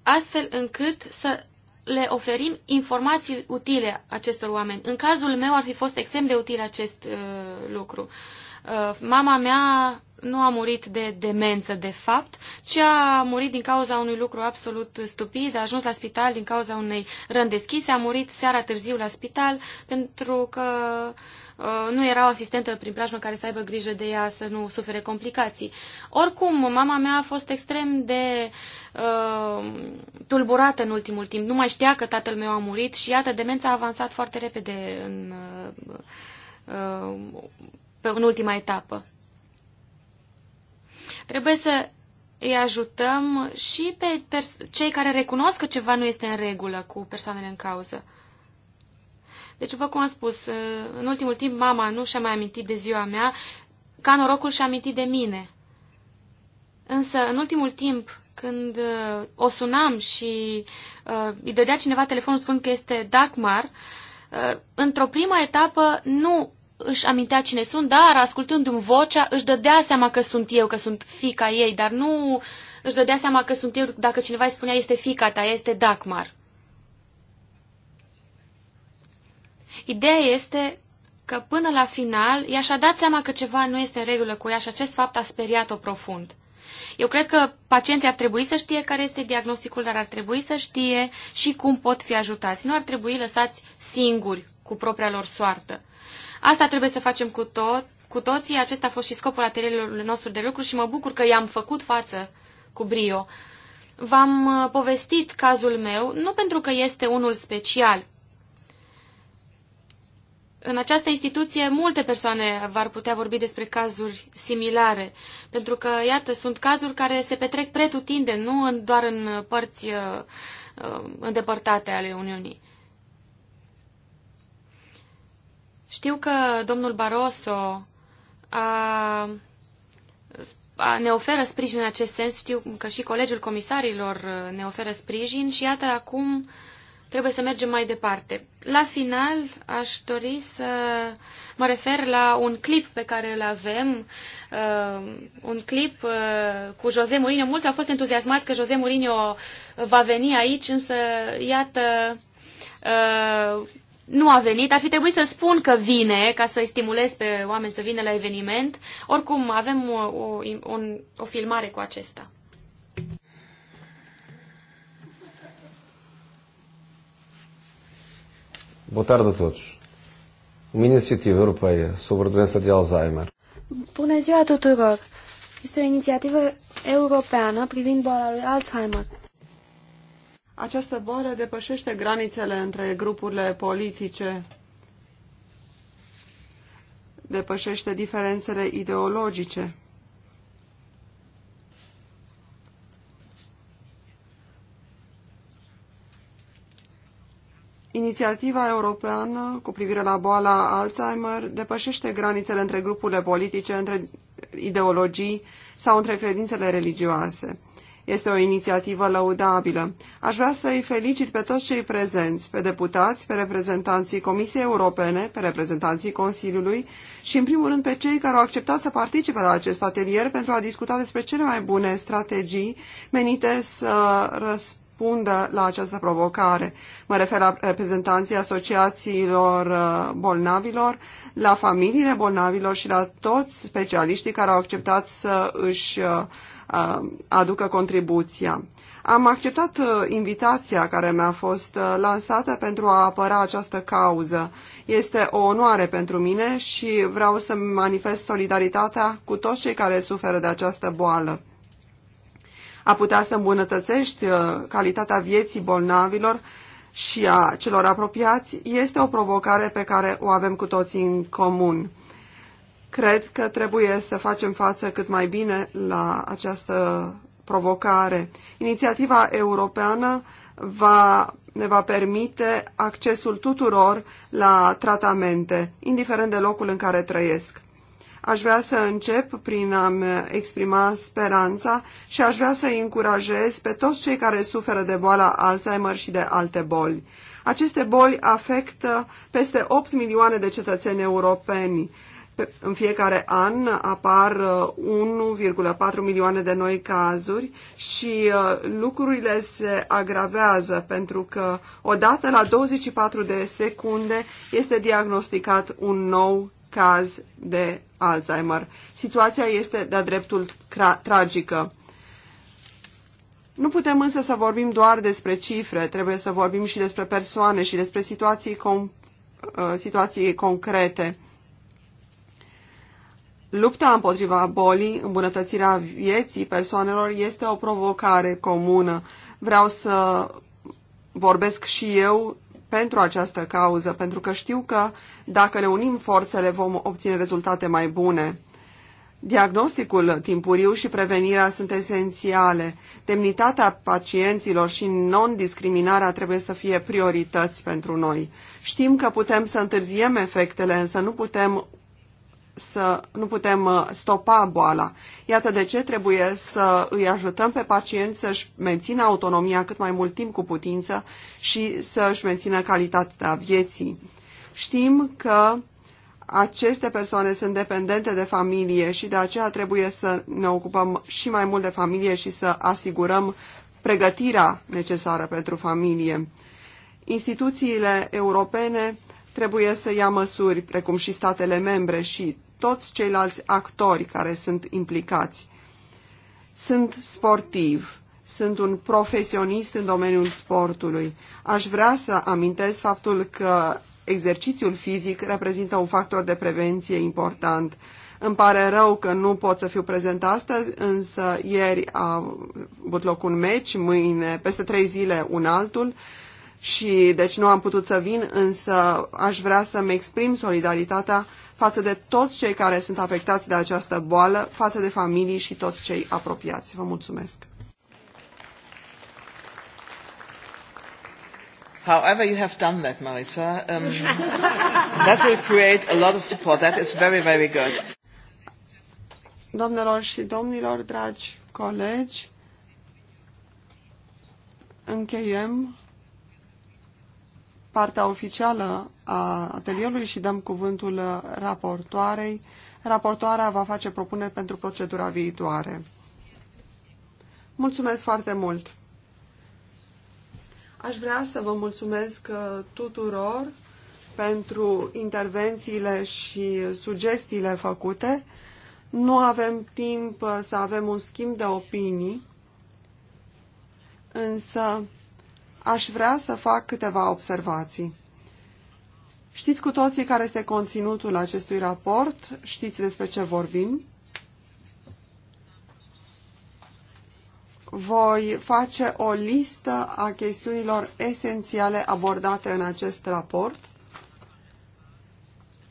Speaker 4: astfel încât să le oferim informații utile acestor oameni. În cazul meu ar fi fost extrem de util acest uh, lucru. Uh, mama mea nu a murit de demență, de fapt, ci a murit din cauza unui lucru absolut stupid, a ajuns la spital din cauza unei rând deschise, a murit seara târziu la spital pentru că uh, nu era o asistentă prin preajmă care să aibă grijă de ea să nu sufere complicații. Oricum, mama mea a fost extrem de uh, tulburată în ultimul timp. Nu mai știa că tatăl meu a murit și iată, demența a avansat foarte repede în, uh, uh, în ultima etapă. Trebuie să îi ajutăm și pe cei care recunosc că ceva nu este în regulă cu persoanele în cauză. Deci, după cum am spus, în ultimul timp mama nu și-a mai amintit de ziua mea, ca norocul și-a amintit de mine. Însă, în ultimul timp, când uh, o sunam și uh, îi dădea cineva telefonul spun că este Dagmar, uh, într-o primă etapă nu își amintea cine sunt, dar ascultându-mi vocea își dădea seama că sunt eu, că sunt fica ei, dar nu își dădea seama că sunt eu dacă cineva îi spunea este fica ta, este Dagmar. Ideea este că până la final ea și-a dat seama că ceva nu este în regulă cu ea și acest fapt a speriat-o profund. Eu cred că pacienții ar trebui să știe care este diagnosticul, dar ar trebui să știe și cum pot fi ajutați. Nu ar trebui lăsați singuri cu propria lor soartă. Asta trebuie să facem cu, tot, cu toții. Acesta a fost și scopul atelierului nostru de lucru și mă bucur că i-am făcut față cu brio. V-am uh, povestit cazul meu, nu pentru că este unul special. În această instituție multe persoane v-ar putea vorbi despre cazuri similare, pentru că, iată, sunt cazuri care se petrec pretutinde, nu doar în uh, părți uh, îndepărtate ale Uniunii. Știu că domnul Barroso a, a, ne oferă sprijin în acest sens, știu că și colegiul comisarilor ne oferă sprijin și iată acum trebuie să mergem mai departe. La final aș dori să mă refer la un clip pe care îl avem, uh, un clip uh, cu Jose Mourinho. Mulți au fost entuziasmați că Jose Mourinho va veni aici, însă iată... Uh, nu a venit, ar fi trebuit să spun că vine, ca să-i stimulez pe oameni să vină la eveniment. Oricum, avem uh, o, o, o, o filmare cu acesta.
Speaker 3: Boa tarde a todos. Uma iniciativa europeia sobre a
Speaker 1: doença de Alzheimer.
Speaker 2: Bună ziua tuturor! Este o inițiativă europeană privind boala lui Alzheimer.
Speaker 1: Această boală depășește granițele între grupurile politice, depășește diferențele ideologice. Inițiativa europeană cu privire la boala Alzheimer depășește granițele între grupurile politice, între ideologii sau între credințele religioase. Este o inițiativă lăudabilă. Aș vrea să-i felicit pe toți cei prezenți, pe deputați, pe reprezentanții Comisiei Europene, pe reprezentanții Consiliului și, în primul rând, pe cei care au acceptat să participe la acest atelier pentru a discuta despre cele mai bune strategii menite să răspundă pundă la această provocare. Mă refer la reprezentanții asociațiilor uh, bolnavilor, la familiile bolnavilor și la toți specialiștii care au acceptat să își uh, Uh, aducă contribuția. Am acceptat uh, invitația care mi-a fost uh, lansată pentru a apăra această cauză. Este o onoare pentru mine și vreau să manifest solidaritatea cu toți cei care suferă de această boală. A putea să îmbunătățești calitatea vieții bolnavilor și a celor apropiați este o provocare pe care o avem cu toții în comun. Cred că trebuie să facem față cât mai bine la această provocare. Inițiativa europeană va, ne va permite accesul tuturor la tratamente, indiferent de locul în care trăiesc. Aș vrea să încep prin a-mi exprima speranța și aș vrea să încurajez pe toți cei care suferă de boala Alzheimer și de alte boli. Aceste boli afectă peste 8 milioane de cetățeni europeni în fiecare an apar 1,4 uh, milioane de noi cazuri și uh, lucrurile se agravează pentru că odată la 24 de secunde este diagnosticat un nou caz de Alzheimer. Situația este de-a dreptul tra tragică. Nu putem însă să vorbim doar despre cifre, trebuie să vorbim și despre persoane și despre situații, com uh, situații concrete Lupta împotriva bolii, îmbunătățirea vieții persoanelor este o provocare comună. Vreau să vorbesc și eu pentru această cauză, pentru că știu că dacă ne unim forțele vom obține rezultate mai bune. Diagnosticul timpuriu și prevenirea sunt esențiale. Demnitatea pacienților și non-discriminarea trebuie să fie priorități pentru noi. Știm că putem să întârziem efectele, însă nu putem să nu putem uh, stopa boala. Iată de ce trebuie să îi ajutăm pe pacienți să-și mențină autonomia cât mai mult timp cu putință și să-și mențină calitatea vieții. Știm că aceste persoane sunt dependente de familie și de aceea trebuie să ne ocupăm și mai mult de familie și să asigurăm pregătirea necesară pentru familie. Instituțiile europene trebuie să ia măsuri, precum și statele membre și toți ceilalți actori care sunt implicați. Sunt sportiv, sunt un profesionist în domeniul sportului. Aș vrea să amintesc faptul că exercițiul fizic reprezintă un factor de prevenție important. Îmi pare rău că nu pot să fiu prezent astăzi, însă ieri a avut loc un meci, mâine, peste trei zile, un altul și deci nu am putut să vin, însă aș vrea să-mi exprim solidaritatea față de toți cei care sunt afectați de această boală, față de familii și toți cei apropiați. Vă mulțumesc! However you have done that, Marisa, um, that will create a lot of support. That is very, very good. Domnilor și domnilor, dragi colegi, încheiem partea oficială a atelierului și dăm cuvântul raportoarei. Raportoarea va face propuneri pentru procedura viitoare. Mulțumesc foarte mult! Aș vrea să vă mulțumesc uh, tuturor pentru intervențiile și sugestiile făcute. Nu avem timp uh, să avem un schimb de opinii, însă aș vrea să fac câteva observații. Știți cu toții care este conținutul acestui raport, știți despre ce vorbim. Voi face o listă a chestiunilor esențiale abordate în acest raport.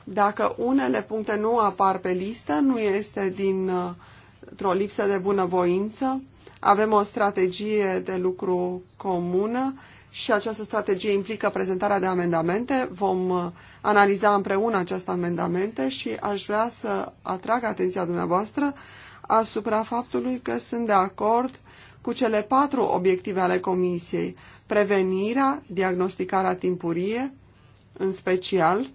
Speaker 1: Dacă unele puncte nu apar pe listă, nu este dintr-o lipsă de bunăvoință, avem o strategie de lucru comună și această strategie implică prezentarea de amendamente. Vom uh, analiza împreună aceste amendamente și aș vrea să atrag atenția dumneavoastră asupra faptului că sunt de acord cu cele patru obiective ale Comisiei. Prevenirea, diagnosticarea timpurie, în special,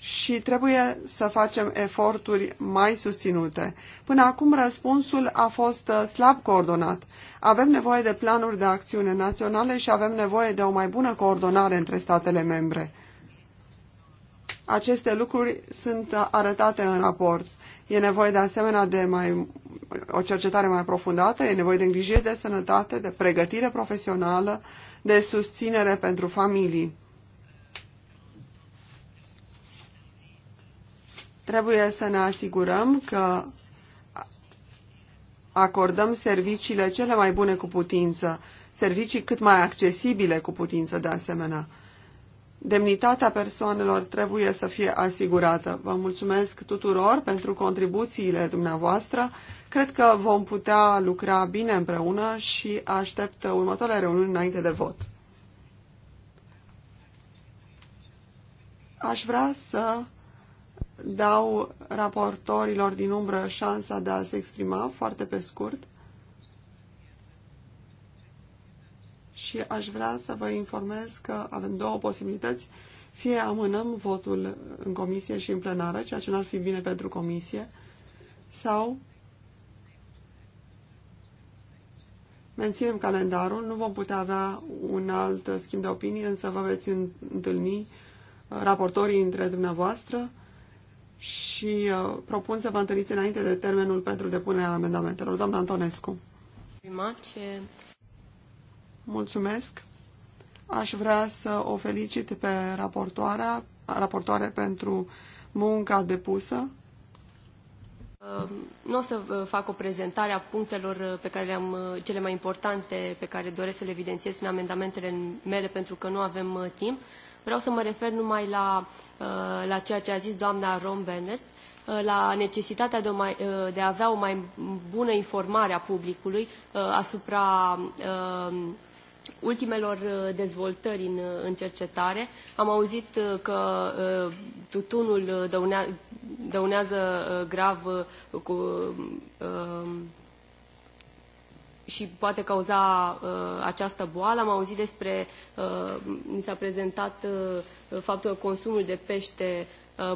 Speaker 1: și trebuie să facem eforturi mai susținute. Până acum răspunsul a fost uh, slab coordonat. Avem nevoie de planuri de acțiune naționale și avem nevoie de o mai bună coordonare între statele membre. Aceste lucruri sunt uh, arătate în raport. E nevoie de asemenea de mai, o cercetare mai aprofundată, e nevoie de îngrijire de sănătate, de pregătire profesională, de susținere pentru familii. Trebuie să ne asigurăm că acordăm serviciile cele mai bune cu putință, servicii cât mai accesibile cu putință de asemenea. Demnitatea persoanelor trebuie să fie asigurată. Vă mulțumesc tuturor pentru contribuțiile dumneavoastră. Cred că vom putea lucra bine împreună și aștept următoarea reuniune înainte de vot. Aș vrea să dau raportorilor din umbră șansa de a se exprima foarte pe scurt și aș vrea să vă informez că avem două posibilități. Fie amânăm votul în comisie și în plenară, ceea ce n-ar fi bine pentru comisie, sau menținem calendarul, nu vom putea avea un alt schimb de opinie, însă vă veți întâlni raportorii între dumneavoastră și uh, propun să vă întâlniți înainte de termenul pentru depunerea amendamentelor. Doamna Antonescu. Mulțumesc. Aș vrea să o felicit pe raportoarea, raportoare pentru munca depusă.
Speaker 3: Uh, nu o să fac o prezentare a punctelor uh, pe care le-am, cele mai importante pe care doresc să le evidențiez prin amendamentele mele pentru că nu avem timp. Vreau să mă refer numai la, uh, la ceea ce a zis doamna Ron Bennett, uh, la necesitatea de, mai, uh, de a avea o mai bună informare a publicului asupra ultimelor dezvoltări în, în cercetare. Am auzit că tutunul dăunea, dăunează grav cu și poate cauza uh, această boală. Am auzit despre, uh, mi s-a prezentat uh, faptul că consumul de pește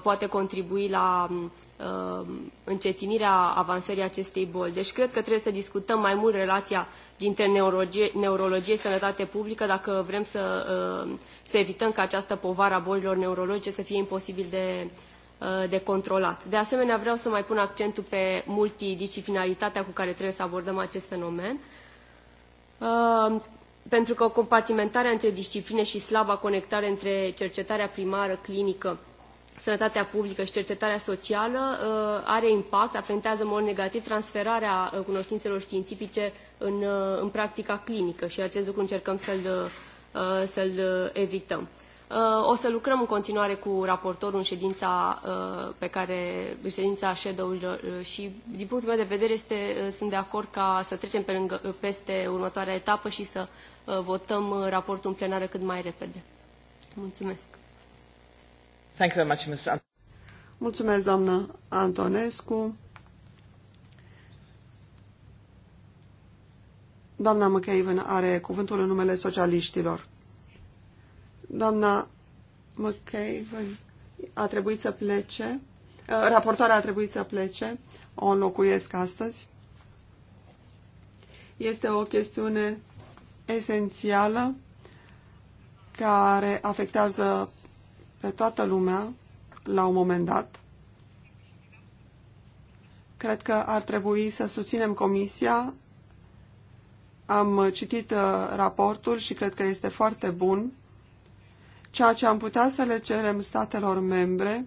Speaker 3: poate contribui la încetinirea avansării acestei boli. Deci cred că trebuie să discutăm mai mult relația dintre neurologie, neurologie și sănătate publică dacă vrem să, să evităm ca această povară a bolilor neurologice să fie imposibil de, Uh, de controlat. De asemenea, vreau să mai pun accentul pe multidisciplinaritatea cu care trebuie să abordăm acest fenomen, uh, pentru că o compartimentare între discipline și slaba conectare între cercetarea primară, clinică, sănătatea publică și cercetarea socială uh, are impact, afectează în mod negativ transferarea cunoștințelor științifice în, în practica clinică și acest lucru încercăm să-l să evităm. Uh, o să lucrăm în continuare cu raportorul în ședința uh, pe care, în ședința shadow uh, și din punctul meu de vedere este, sunt de acord ca să trecem pe lângă, peste următoarea etapă și să votăm raportul în plenară cât mai repede.
Speaker 1: Mulțumesc. Thank you very much, Ms. Mulțumesc, doamnă Antonescu. Doamna McAven are cuvântul în numele socialiștilor. Doamna McCaven a trebuit să plece. Uh, raportoarea a trebuit să plece. O înlocuiesc astăzi. Este o chestiune esențială care afectează pe toată lumea la un moment dat. Cred că ar trebui să susținem comisia. Am citit uh, raportul și cred că este foarte bun. Ceea ce am putea să le cerem statelor membre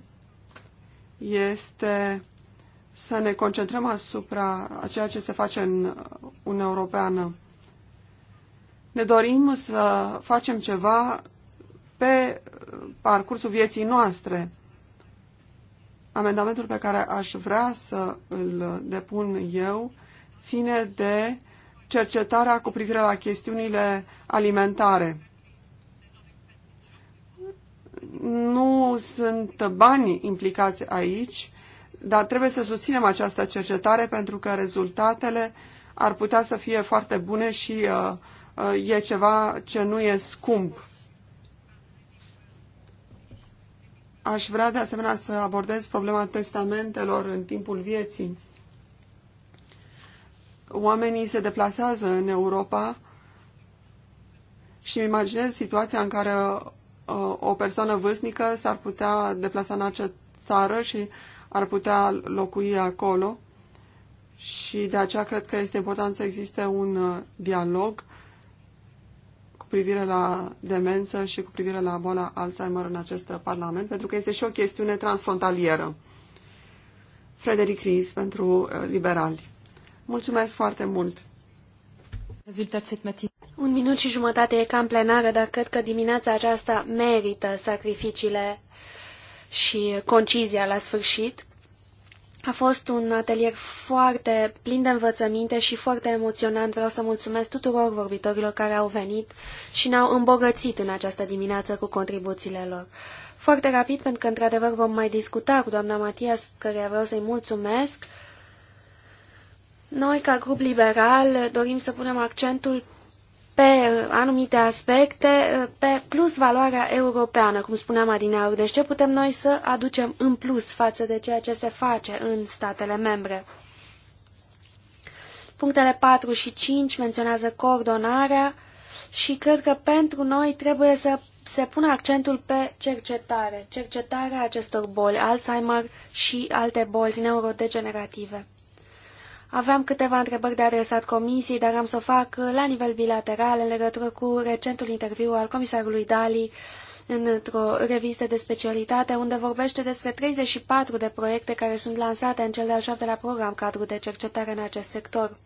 Speaker 1: este să ne concentrăm asupra a ceea ce se face în Uniunea Europeană. Ne dorim să facem ceva pe parcursul vieții noastre. Amendamentul pe care aș vrea să îl depun eu ține de cercetarea cu privire la chestiunile alimentare nu sunt bani implicați aici, dar trebuie să susținem această cercetare pentru că rezultatele ar putea să fie foarte bune și uh, uh, e ceva ce nu e scump. Aș vrea de asemenea să abordez problema testamentelor în timpul vieții. Oamenii se deplasează în Europa și îmi imaginez situația în care o persoană vârstnică s-ar putea deplasa în acea țară și ar putea locui acolo și de aceea cred că este important să existe un uh, dialog cu privire la demență și cu privire la boala Alzheimer în acest Parlament, pentru că este și o chestiune transfrontalieră. Frederic Ries pentru uh, Liberali. Mulțumesc foarte mult!
Speaker 2: Rezultat cette matinée. Un minut și jumătate e cam plenară, dar cred că dimineața aceasta merită sacrificiile și concizia la sfârșit. A fost un atelier foarte plin de învățăminte și foarte emoționant. Vreau să mulțumesc tuturor vorbitorilor care au venit și ne-au îmbogățit în această dimineață cu contribuțiile lor. Foarte rapid, pentru că într-adevăr vom mai discuta cu doamna Matias, care vreau să-i mulțumesc. Noi, ca grup liberal, dorim să punem accentul pe uh, anumite aspecte, uh, pe plus valoarea europeană, cum spuneam adineauri. Deci ce putem noi să aducem în plus față de ceea ce se face în statele membre? Punctele 4 și 5 menționează coordonarea și cred că pentru noi trebuie să se pună accentul pe cercetare, cercetarea acestor boli, Alzheimer și alte boli neurodegenerative. Aveam câteva întrebări de adresat comisiei, dar am să o fac la nivel bilateral în legătură cu recentul interviu al comisarului Dali într-o revistă de specialitate unde vorbește despre 34 de proiecte care sunt lansate în cel de-al șaptelea program cadru de cercetare în acest sector.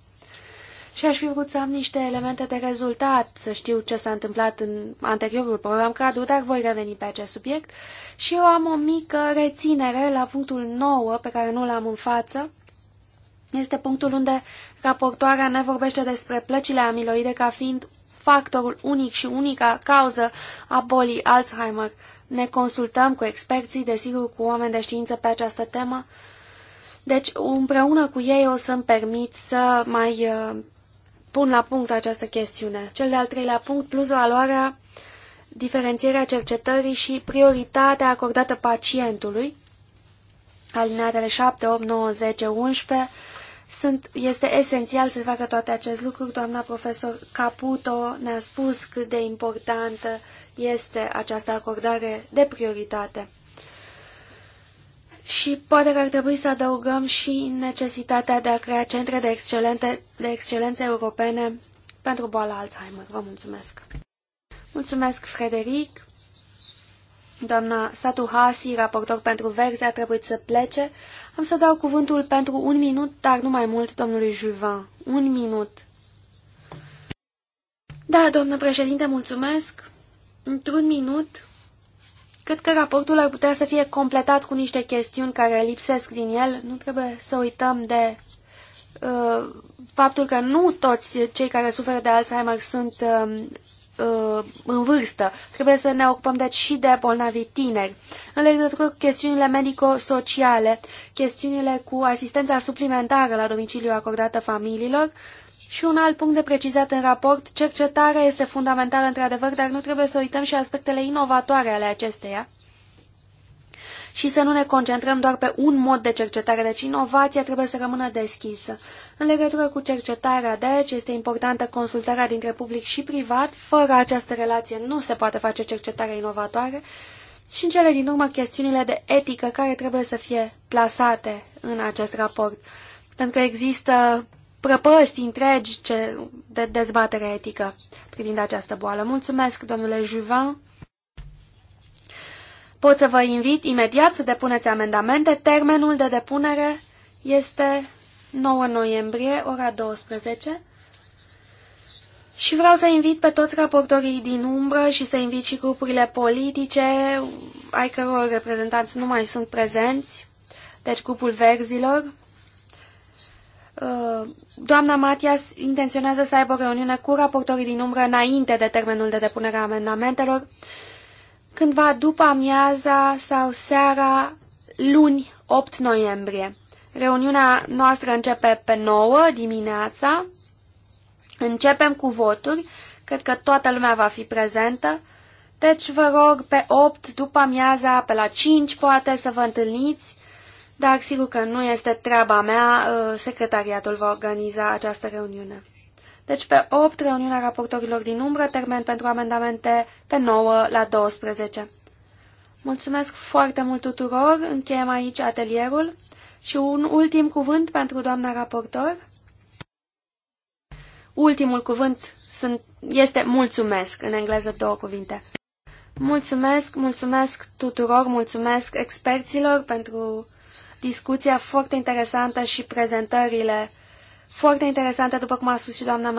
Speaker 2: Și aș fi vrut să am niște elemente de rezultat, să știu ce s-a întâmplat în anteriorul program cadru, dar voi reveni pe acest subiect. Și eu am o mică reținere la punctul 9, pe care nu l-am în față, este punctul unde raportoarea ne vorbește despre plăcile amiloide ca fiind factorul unic și unica cauză a bolii Alzheimer. Ne consultăm cu experții, desigur cu oameni de știință pe această temă, deci împreună cu ei o să-mi permit să mai uh, pun la punct această chestiune. Cel de-al treilea punct, plus valoarea, diferențierea cercetării și prioritatea acordată pacientului, alineatele 7, 8, 9, 10, 11, sunt, este esențial să facă toate acest lucru. Doamna profesor Caputo ne-a spus cât de importantă este această acordare de prioritate. Și poate că ar trebui să adăugăm și necesitatea de a crea centre de, excelente, de excelență europene pentru boala Alzheimer. Vă mulțumesc! Mulțumesc, Frederic! Doamna Satuhasi, raportor pentru Verzi, a trebuit să plece. Am să dau cuvântul pentru un minut, dar nu mai mult, domnului Juvin. Un minut. Da, domnă președinte, mulțumesc. Într-un minut, cred că raportul ar putea să fie completat cu niște chestiuni care lipsesc din el. Nu trebuie să uităm de uh, faptul că nu toți cei care suferă de Alzheimer sunt uh, uh, în vârstă. Trebuie să ne ocupăm deci și de bolnavii tineri. În legătură cu chestiunile medico-sociale, chestiunile cu asistența suplimentară la domiciliu acordată familiilor, și un alt punct de precizat în raport, cercetarea este fundamentală într-adevăr, dar nu trebuie să uităm și aspectele inovatoare ale acesteia și să nu ne concentrăm doar pe un mod de cercetare, deci inovația trebuie să rămână deschisă. În legătură cu cercetarea, deci, este importantă consultarea dintre public și privat. Fără această relație nu se poate face cercetare inovatoare și în cele din urmă chestiunile de etică care trebuie să fie plasate în acest raport. Pentru că există prăpăsti întregi de dezbatere etică privind această boală. Mulțumesc, domnule Juvin. Pot să vă invit imediat să depuneți amendamente. Termenul de depunere este 9 noiembrie, ora 12. Și vreau să invit pe toți raportorii din umbră și să invit și grupurile politice, ai căror reprezentanți nu mai sunt prezenți, deci grupul verzilor. Uh, doamna Matias intenționează să aibă o reuniune cu raportorii din umbră înainte de termenul de depunere a amendamentelor cândva după amiaza sau seara luni 8 noiembrie. Reuniunea noastră începe pe 9 dimineața. Începem cu voturi. Cred că toată lumea va fi prezentă. Deci vă rog pe 8 după amiaza, pe la 5 poate să vă întâlniți, dar sigur că nu este treaba mea, uh, secretariatul va organiza această reuniune. Deci pe 8, reuniunea raportorilor din umbră, termen pentru amendamente pe 9 la 12. Mulțumesc foarte mult tuturor, încheiem aici atelierul și un ultim cuvânt pentru doamna raportor. Ultimul cuvânt sunt, este mulțumesc, în engleză două cuvinte. Mulțumesc, mulțumesc tuturor, mulțumesc experților pentru discuția foarte interesantă și prezentările foarte interesante, după cum a spus și doamna